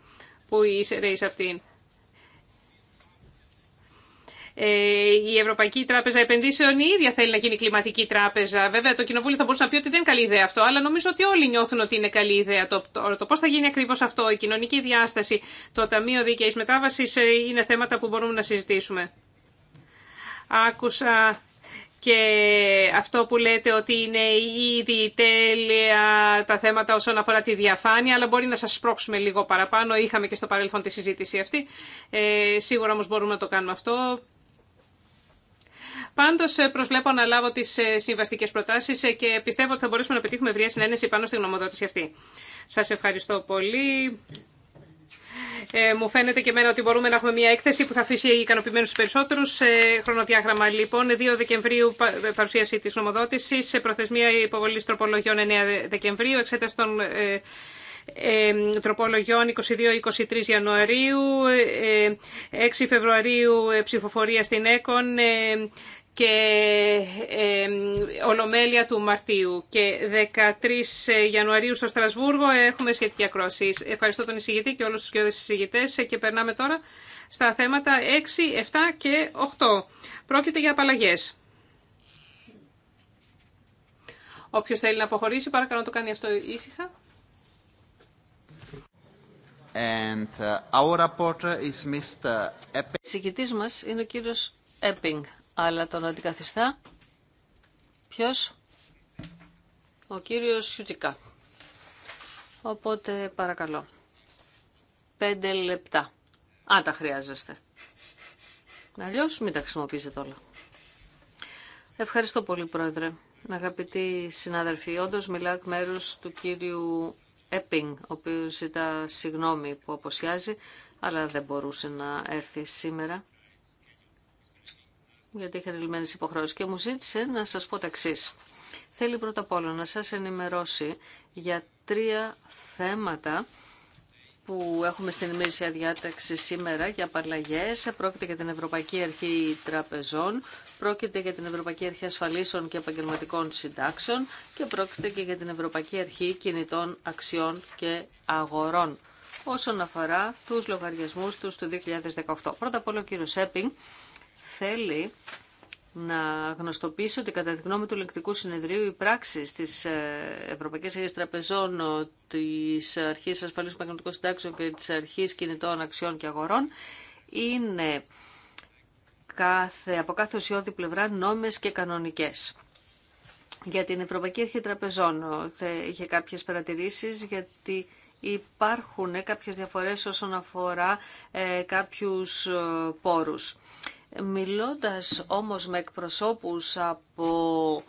που είσαι σε αυτήν. Ε, η Ευρωπαϊκή Τράπεζα Επενδύσεων η ίδια θέλει να γίνει κλιματική τράπεζα. Βέβαια, το Κοινοβούλιο θα μπορούσε να πει ότι δεν είναι καλή ιδέα αυτό, αλλά νομίζω ότι όλοι νιώθουν ότι είναι καλή ιδέα. Το, το, το πώ θα γίνει ακριβώ αυτό, η κοινωνική διάσταση, το Ταμείο Δίκαιη Μετάβαση ε, είναι θέματα που μπορούμε να συζητήσουμε. Άκουσα και αυτό που λέτε ότι είναι ήδη τέλεια τα θέματα όσον αφορά τη διαφάνεια, αλλά μπορεί να σας σπρώξουμε λίγο παραπάνω. Είχαμε και στο παρελθόν τη συζήτηση αυτή. Ε, σίγουρα όμως μπορούμε να το κάνουμε αυτό. Πάντω ε, προσβλέπω να λάβω τι ε, συμβαστικέ προτάσει ε, και πιστεύω ότι θα μπορέσουμε να πετύχουμε ευρεία συνένεση πάνω στη γνωμοδότηση αυτή. Σα ευχαριστώ πολύ. Ε, μου φαίνεται και μένα ότι μπορούμε να έχουμε μια έκθεση που θα αφήσει ικανοποιημένου του περισσότερου. χρονοδιάγραμμα λοιπόν. 2 Δεκεμβρίου παρουσίαση τη νομοδότηση. Σε προθεσμία υποβολή τροπολογιών 9 Δεκεμβρίου. Εξέταση των ε, τροπολογιών 22-23 Ιανουαρίου. 6 Φεβρουαρίου ψηφοφορία στην ΕΚΟΝ και ε, Ολομέλεια του Μαρτίου. Και 13 ε, Ιανουαρίου στο Στρασβούργο έχουμε σχετική ακρόαση. Ευχαριστώ τον εισηγητή και όλους τους κοιόδες εισηγητές ε, και περνάμε τώρα στα θέματα 6, 7 και 8. Πρόκειται για απαλλαγέ. Όποιος θέλει να αποχωρήσει, παρακαλώ να το κάνει αυτό ήσυχα. Ο uh, our μας είναι ο κύριος Epping αλλά τον αντικαθιστά ποιος ο κύριος Σιουτζικά οπότε παρακαλώ πέντε λεπτά αν τα χρειάζεστε Αλλιώ μην τα χρησιμοποιήσετε όλα. Ευχαριστώ πολύ, Πρόεδρε. Αγαπητοί συνάδελφοι, όντω μιλάω εκ μέρου του κύριου Έπινγκ, ο οποίο ζητά συγγνώμη που αποσιάζει, αλλά δεν μπορούσε να έρθει σήμερα γιατί είχε ανελημμένε υποχρεώσει και μου ζήτησε να σα πω τα εξή. Θέλει πρώτα απ' όλα να σα ενημερώσει για τρία θέματα που έχουμε στην ημερήσια διάταξη σήμερα για απαλλαγέ. Πρόκειται για την Ευρωπαϊκή Αρχή Τραπεζών, πρόκειται για την Ευρωπαϊκή Αρχή Ασφαλίσεων και Επαγγελματικών Συντάξεων και πρόκειται και για την Ευρωπαϊκή Αρχή Κινητών Αξιών και Αγορών όσον αφορά τους λογαριασμούς του 2018. Πρώτα απ' όλο ο κύριος Σέπινγκ θέλει να γνωστοποιήσει ότι κατά τη γνώμη του Λεκτικού Συνεδρίου οι πράξει τη ε, Ευρωπαϊκή Αρχή Τραπεζών, τη Αρχή Ασφαλή Παγκοσμίου Συντάξεων και τη Αρχή Κινητών Αξιών και Αγορών είναι κάθε, από κάθε ουσιώδη πλευρά νόμες και κανονικές. Για την Ευρωπαϊκή Αρχή Τραπεζών είχε κάποιε παρατηρήσει γιατί υπάρχουν κάποιες διαφορές όσον αφορά ε, κάποιους ε, πόρους. Μιλώντας όμως με εκπροσώπους από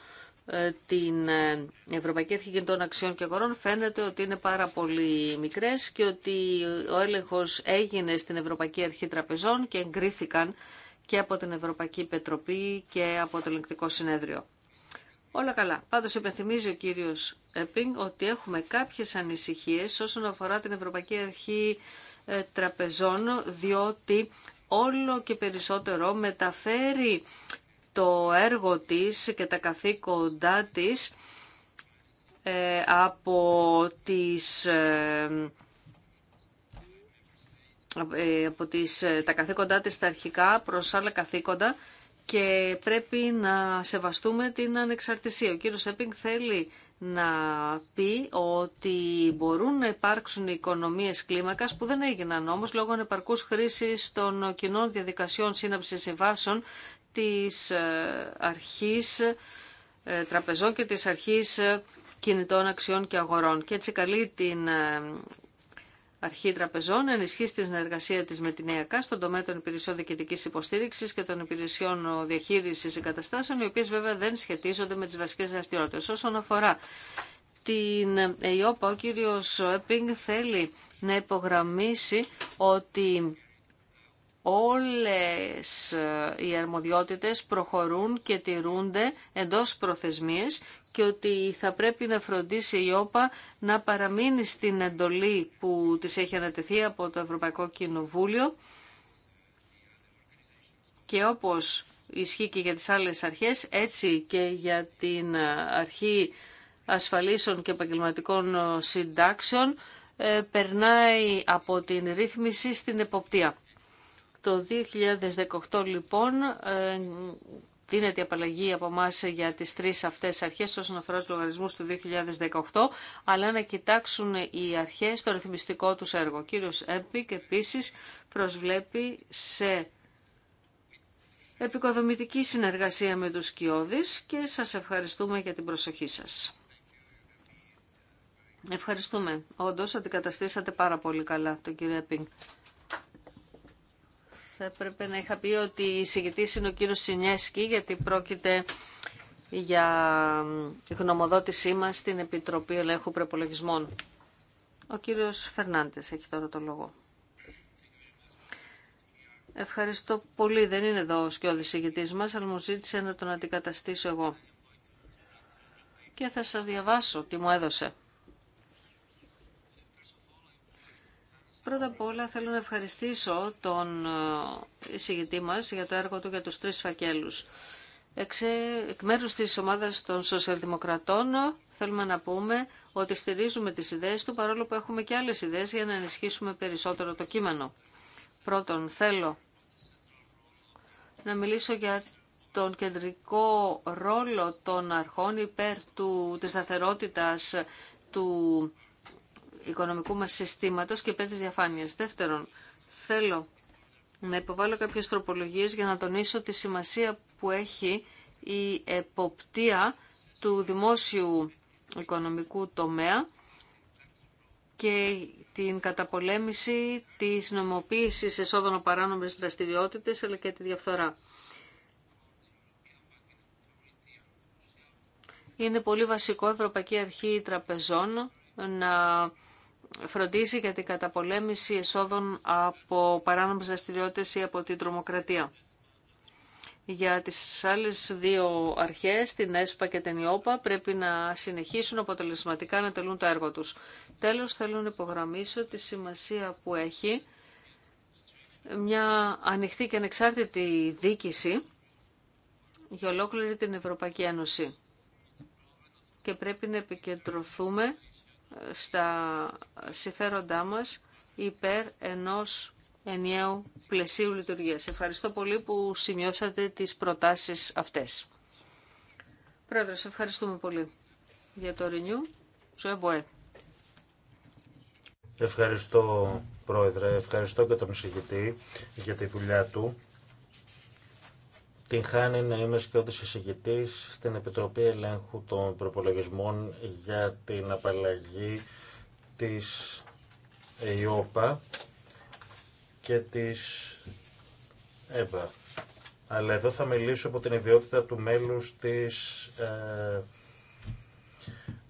ε, την ε, Ευρωπαϊκή Αρχή των Αξιών και Αγορών φαίνεται ότι είναι πάρα πολύ μικρές και ότι ο έλεγχος έγινε στην Ευρωπαϊκή Αρχή Τραπεζών και εγκρίθηκαν και από την Ευρωπαϊκή Πετροπή και από το Ελεγκτικό Συνέδριο. Όλα καλά. Πάντως υπενθυμίζει ο κύριος Επίνγκ ότι έχουμε κάποιες ανησυχίες όσον αφορά την Ευρωπαϊκή Αρχή ε, Τραπεζών διότι όλο και περισσότερο μεταφέρει το έργο της και τα καθήκοντά της ε, από τις ε, ε, από τις, τα καθήκοντά της τα αρχικά προς άλλα καθήκοντα και πρέπει να σεβαστούμε την ανεξαρτησία. Ο κύριος Έπινγκ θέλει να πει ότι μπορούν να υπάρξουν οικονομίες κλίμακας που δεν έγιναν όμως λόγω ανεπαρκούς χρήσης των κοινών διαδικασιών σύναψης συμβάσεων της ε, αρχής ε, τραπεζών και της αρχής ε, κινητών αξιών και αγορών. Και έτσι καλεί την Αρχή Τραπεζών ενισχύσει την συνεργασία τη με την ΕΑΚΑ στον τομέα των υπηρεσιών διοικητική υποστήριξη και των υπηρεσιών διαχείριση εγκαταστάσεων, οι οποίε βέβαια δεν σχετίζονται με τι βασικέ δραστηριότητε. Όσον αφορά την ΕΙΟΠΑ, ο κύριο Επίνγκ θέλει να υπογραμμίσει ότι όλες οι αρμοδιότητες προχωρούν και τηρούνται εντός προθεσμίες και ότι θα πρέπει να φροντίσει η ΟΠΑ να παραμείνει στην εντολή που της έχει ανατεθεί από το Ευρωπαϊκό Κοινοβούλιο και όπως ισχύει και για τις άλλες αρχές, έτσι και για την αρχή ασφαλίσεων και επαγγελματικών συντάξεων, ε, περνάει από την ρύθμιση στην εποπτεία. Το 2018 λοιπόν ε, είναι η απαλλαγή από εμά για τις τρεις αυτές αρχές όσον αφορά του λογαριασμού του 2018, αλλά να κοιτάξουν οι αρχές το ρυθμιστικό του έργο. Ο κύριο Έμπικ επίσης προσβλέπει σε επικοδομητική συνεργασία με τους Κιώδης και σας ευχαριστούμε για την προσοχή σας. Ευχαριστούμε. Όντως αντικαταστήσατε πάρα πολύ καλά τον κύριο Έπινγκ θα έπρεπε να είχα πει ότι η συγκητή είναι ο κύριος Σινιέσκη γιατί πρόκειται για γνωμοδότησή μας στην Επιτροπή Ελέγχου Προπολογισμών. Ο κύριος Φερνάντες έχει τώρα το λόγο. Ευχαριστώ πολύ. Δεν είναι εδώ ο σκιώδης συγκητής μας, αλλά μου ζήτησε να τον αντικαταστήσω εγώ. Και θα σας διαβάσω τι μου έδωσε. Πρώτα απ' όλα θέλω να ευχαριστήσω τον ε, εισηγητή μας για το έργο του για τους τρεις φακέλους. Εξε, εκ μέρους της ομάδας των σοσιαλδημοκρατών θέλουμε να πούμε ότι στηρίζουμε τις ιδέες του παρόλο που έχουμε και άλλες ιδέες για να ενισχύσουμε περισσότερο το κείμενο. Πρώτον, θέλω να μιλήσω για τον κεντρικό ρόλο των αρχών υπέρ του, της σταθερότητας του οικονομικού μας συστήματος και πέντε διαφάνειες. Δεύτερον, θέλω να υποβάλω κάποιες τροπολογίες για να τονίσω τη σημασία που έχει η εποπτεία του δημόσιου οικονομικού τομέα και την καταπολέμηση της νομοποίησης εσόδων παράνομες δραστηριότητες αλλά και τη διαφθορά. Είναι πολύ βασικό η Ευρωπαϊκή Αρχή Τραπεζών να φροντίζει για την καταπολέμηση εσόδων από παράνομες δραστηριότητε ή από την τρομοκρατία. Για τις άλλες δύο αρχές, την ΕΣΠΑ και την ΙΟΠΑ, πρέπει να συνεχίσουν αποτελεσματικά να τελούν το έργο τους. Τέλος, θέλω να υπογραμμίσω τη σημασία που έχει μια ανοιχτή και ανεξάρτητη δίκηση για ολόκληρη την Ευρωπαϊκή Ένωση. Και πρέπει να επικεντρωθούμε στα συμφέροντά μας υπέρ ενός ενιαίου πλαισίου λειτουργίας. Ευχαριστώ πολύ που σημειώσατε τις προτάσεις αυτές. Πρόεδρε, ευχαριστούμε πολύ για το Renew. Ζωέμποε. Ευχαριστώ, Πρόεδρε. Ευχαριστώ και τον εισηγητή για τη δουλειά του την χάνει να είμαι σκιώδης εισηγητής στην Επιτροπή Ελέγχου των Προπολογισμών για την απαλλαγή της ΕΙΟΠΑ και της ΕΒΑ. Αλλά εδώ θα μιλήσω από την ιδιότητα του μέλους της ε,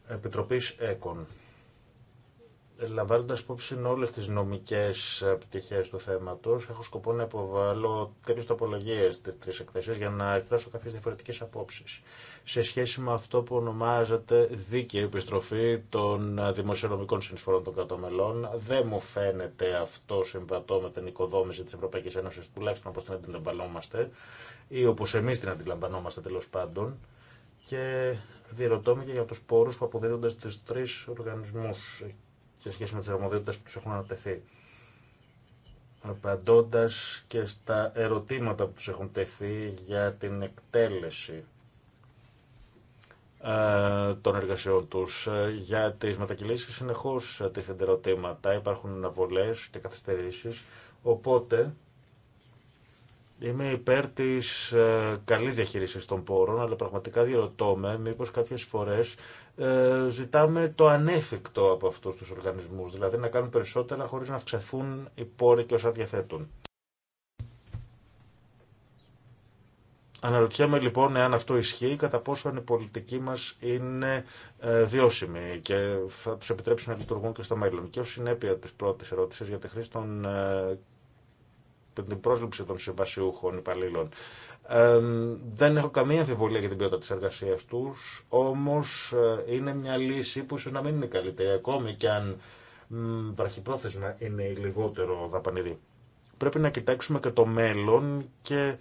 Επιτροπής ΕΚΟΝ λαμβάνοντα υπόψη όλε τι νομικέ ε, πτυχέ του θέματο έχω σκοπό να υποβάλω τρει τοπολογίε στι τρει εκθέσει για να εκφράσω κάποιε διαφορετικέ απόψει. Σε σχέση με αυτό που ονομάζεται δίκαιη επιστροφή των ε, δημοσιονομικών συνεισφορών των κρατομελών, δεν μου φαίνεται αυτό συμβατό με την οικοδόμηση τη Ευρωπαϊκή Ένωση, τουλάχιστον όπω την αντιλαμβανόμαστε, ή όπω εμεί την αντιλαμβανόμαστε τέλο πάντων, και διερωτώ και για του πόρου που αποδίδονται στου τρει οργανισμού σε σχέση με τι αρμοδιότητες που τους έχουν ανατεθεί. Απαντώντα και στα ερωτήματα που τους έχουν τεθεί για την εκτέλεση ε, των εργασιών τους. Ε, για τις μετακυλήσεις συνεχώς ε, τίθενται ερωτήματα, υπάρχουν αναβολές και καθυστερήσει, οπότε Είμαι υπέρ τη ε, καλή διαχείριση των πόρων, αλλά πραγματικά διαρωτώ με μήπω κάποιε φορέ ε, ζητάμε το ανέφικτο από αυτού του οργανισμού. Δηλαδή να κάνουν περισσότερα χωρί να αυξηθούν οι πόροι και όσα διαθέτουν. Αναρωτιέμαι λοιπόν εάν αυτό ισχύει, κατά πόσο η πολιτική μα είναι ε, βιώσιμη και θα του επιτρέψει να λειτουργούν και στο μέλλον. Και ω συνέπεια τη πρώτη ερώτηση για τη χρήση των ε, την πρόσληψη των συμβασιούχων υπαλλήλων. Ε, δεν έχω καμία αμφιβολία για την ποιότητα τη εργασία του, όμω ε, είναι μια λύση που ίσω να μην είναι καλύτερη, ακόμη και αν ε, βραχυπρόθεσμα είναι η λιγότερο δαπανηρή. Πρέπει να κοιτάξουμε και το μέλλον και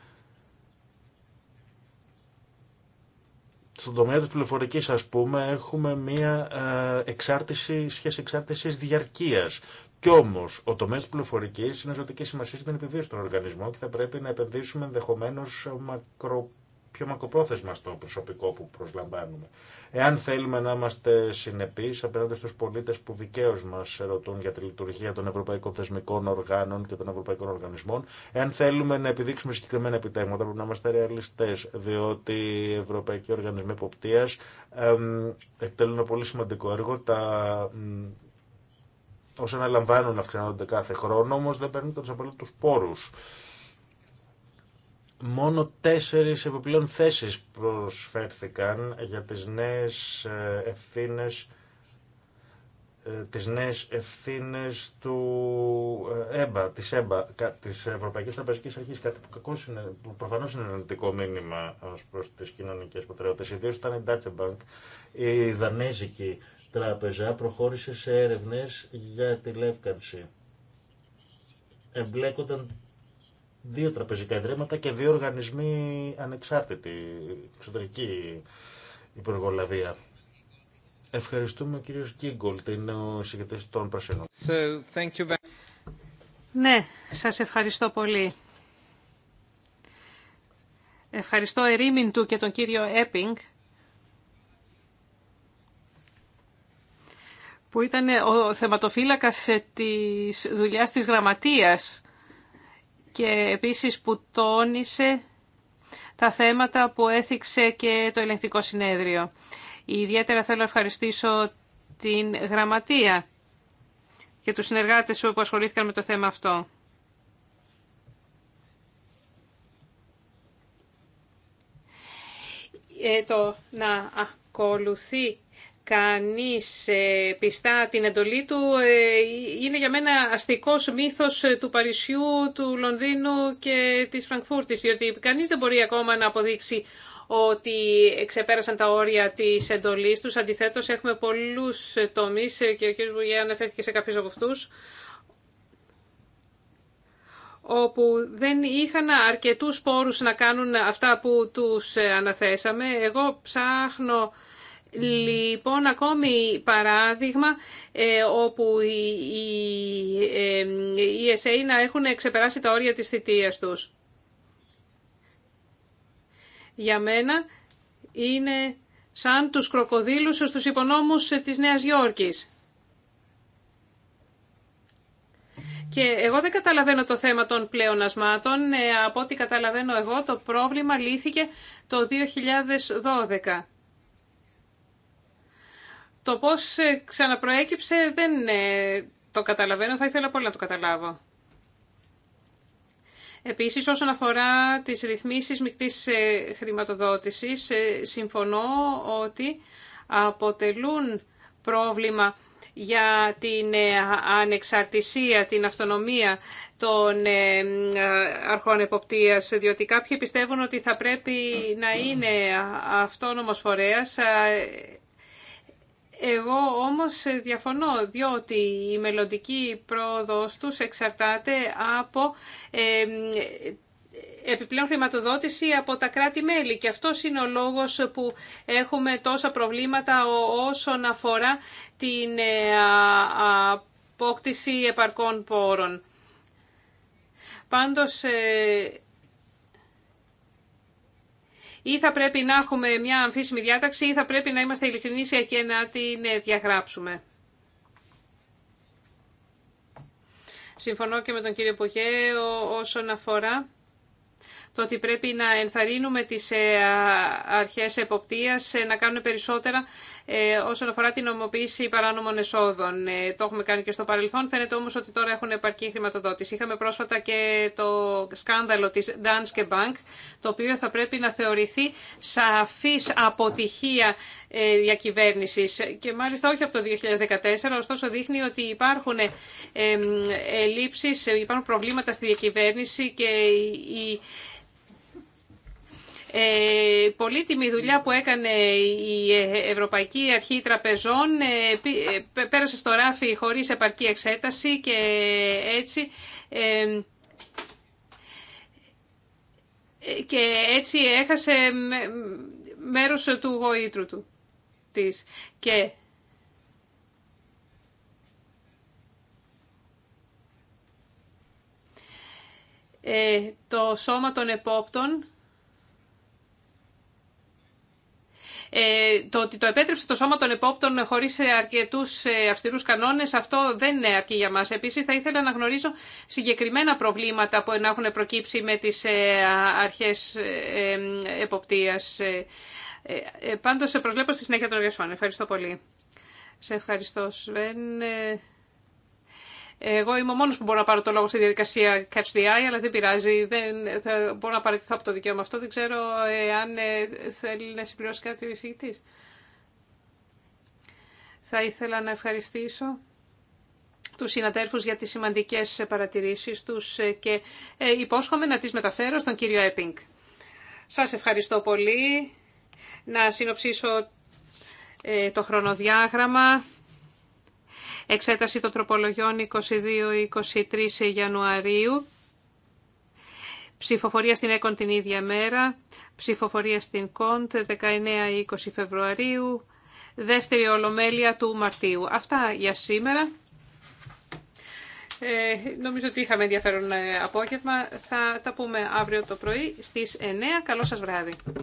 στον τομέα της πληροφορικής ας πούμε έχουμε μία ε, εξάρτηση, σχέση εξάρτησης διαρκείας κι όμω, ο τομέα τη πληροφορική είναι ζωτική σημασία την επιβίωση των οργανισμών και θα πρέπει να επενδύσουμε ενδεχομένω μακρο... πιο μακροπρόθεσμα στο προσωπικό που προσλαμβάνουμε. Εάν θέλουμε να είμαστε συνεπεί απέναντι στου πολίτε που δικαίω μα ερωτούν για τη λειτουργία των ευρωπαϊκών θεσμικών οργάνων και των ευρωπαϊκών οργανισμών, εάν θέλουμε να επιδείξουμε συγκεκριμένα επιτέγματα, πρέπει να είμαστε ρεαλιστέ, διότι οι ευρωπαϊκοί οργανισμοί εποπτεία εκτελούν ένα πολύ σημαντικό έργο. Τα όσο αναλαμβάνουν αυξανόνται κάθε χρόνο, όμω δεν παίρνουν και του πόρους. πόρου. Μόνο τέσσερις επιπλέον θέσεις προσφέρθηκαν για τις νέες ε, ευθύνες ε, τις νέες ευθύνες του ε, ΕΜΠΑ, της ΕΜΠΑ, της Ευρωπαϊκής Τραπεζικής Αρχής, κάτι που, κακώς είναι, που προφανώς είναι μήνυμα ως προς τις κοινωνικές προτεραιότητες, ιδίως ήταν η Deutsche Bank, η Δανέζικη τράπεζα προχώρησε σε έρευνες για τη λεύκανση. Εμπλέκονταν δύο τραπεζικά εντρέματα και δύο οργανισμοί ανεξάρτητοι, εξωτερική υπεργολαβία. Ευχαριστούμε ο κύριος Γκίγκολτ, την ο συγκεκριτής των Πρασίνων. So, thank you Ναι, σας ευχαριστώ πολύ. Ευχαριστώ ερήμην του και τον κύριο Έπινγκ που ήταν ο θεματοφύλακας ε, της δουλειάς της γραμματείας και επίσης που τόνισε τα θέματα που έθιξε και το ελεγκτικό συνέδριο. Ιδιαίτερα θέλω να ευχαριστήσω την γραμματεία και τους συνεργάτες που ασχολήθηκαν με το θέμα αυτό. Ε, να ακολουθεί κανείς ε, πιστά την εντολή του ε, είναι για μένα αστικός μύθος ε, του Παρισιού, του Λονδίνου και της Φραγκφούρτης, διότι κανείς δεν μπορεί ακόμα να αποδείξει ότι ξεπέρασαν τα όρια της εντολής τους. Αντιθέτως, έχουμε πολλούς τομείς και ο κ. Μπουγιά αναφέρθηκε σε κάποιους από αυτούς, όπου δεν είχαν αρκετούς πόρους να κάνουν αυτά που τους αναθέσαμε. Εγώ ψάχνω Λοιπόν, ακόμη παράδειγμα ε, όπου οι ESA ε, να έχουν ξεπεράσει τα όρια της θητείας τους. Για μένα είναι σαν τους κροκοδίλους στους υπονόμους της Νέας Υόρκης. Και εγώ δεν καταλαβαίνω το θέμα των πλεονασμάτων. Ε, από ό,τι καταλαβαίνω εγώ, το πρόβλημα λύθηκε το 2012. Το πώς ε, ξαναπροέκυψε δεν ε, το καταλαβαίνω, θα ήθελα πολύ να το καταλάβω. Επίσης, όσον αφορά τις ρυθμίσεις μικτής ε, χρηματοδότησης, συμφωνώ ότι αποτελούν πρόβλημα για την ανεξαρτησία, την αυτονομία των αρχών εποπτείας, διότι κάποιοι πιστεύουν ότι θα πρέπει να είναι αυτόνομος φορέας, εγώ όμως διαφωνώ, διότι η μελλοντική πρόοδος τους εξαρτάται από ε, επιπλέον χρηματοδότηση από τα κράτη-μέλη. Και αυτό είναι ο λόγος που έχουμε τόσα προβλήματα όσον αφορά την ε, απόκτηση επαρκών πόρων. Πάντως, ε, ή θα πρέπει να έχουμε μια αμφίσιμη διάταξη ή θα πρέπει να είμαστε ειλικρινείς και να την ε, διαγράψουμε. Συμφωνώ και με τον κύριο Ποχέ όσον αφορά το ότι πρέπει να ενθαρρύνουμε τις ε, αρχές εποπτείας ε, να κάνουν περισσότερα ε, όσον αφορά την νομοποίηση παράνομων εσόδων. Ε, το έχουμε κάνει και στο παρελθόν, φαίνεται όμω ότι τώρα έχουν επαρκή χρηματοδότηση. Είχαμε πρόσφατα και το σκάνδαλο της Danske Bank, το οποίο θα πρέπει να θεωρηθεί σαφής αποτυχία ε, διακυβέρνησης και μάλιστα όχι από το 2014, ωστόσο δείχνει ότι υπάρχουν ελλείψεις, υπάρχουν προβλήματα στη διακυβέρνηση και η ε, πολύτιμη δουλειά που έκανε η Ευρωπαϊκή Αρχή Τραπεζών ε, ε, πέρασε στο ράφι χωρίς επαρκή εξέταση και έτσι και έτσι έχασε μέρος του γοήτρου του της και το σώμα των επόπτων Ε, το ότι το επέτρεψε το σώμα των επόπτων χωρί αρκετού ε, αυστηρούς κανόνες, αυτό δεν είναι αρκεί για μας. Επίσης θα ήθελα να γνωρίζω συγκεκριμένα προβλήματα που έχουν προκύψει με τις ε, αρχές εποπτείας. Πάντως προσβλέπω στη συνέχεια των εργασιών. Ευχαριστώ πολύ. Σε ευχαριστώ Σβέν. Εγώ είμαι ο μόνος που μπορώ να πάρω το λόγο στη διαδικασία Catch the Eye, αλλά δεν πειράζει. Δεν, θα μπορώ να παραιτηθώ από το δικαίωμα αυτό. Δεν ξέρω αν ε, θέλει να συμπληρώσει κάτι ο εισηγητή. Θα ήθελα να ευχαριστήσω τους συναδέλφους για τις σημαντικές παρατηρήσεις τους ε, και ε, υπόσχομαι να τις μεταφέρω στον κύριο Έπινγκ. Σας ευχαριστώ πολύ. Να συνοψίσω το χρονοδιάγραμμα. Εξέταση των τροπολογιών 22-23 Ιανουαρίου. Ψηφοφορία στην ΕΚΟΝ την ίδια μέρα. Ψηφοφορία στην ΚΟΝΤ 19-20 Φεβρουαρίου. Δεύτερη ολομέλεια του Μαρτίου. Αυτά για σήμερα. Ε, νομίζω ότι είχαμε ενδιαφέρον ε, απόγευμα. Θα τα πούμε αύριο το πρωί στις 9. Καλό σας βράδυ.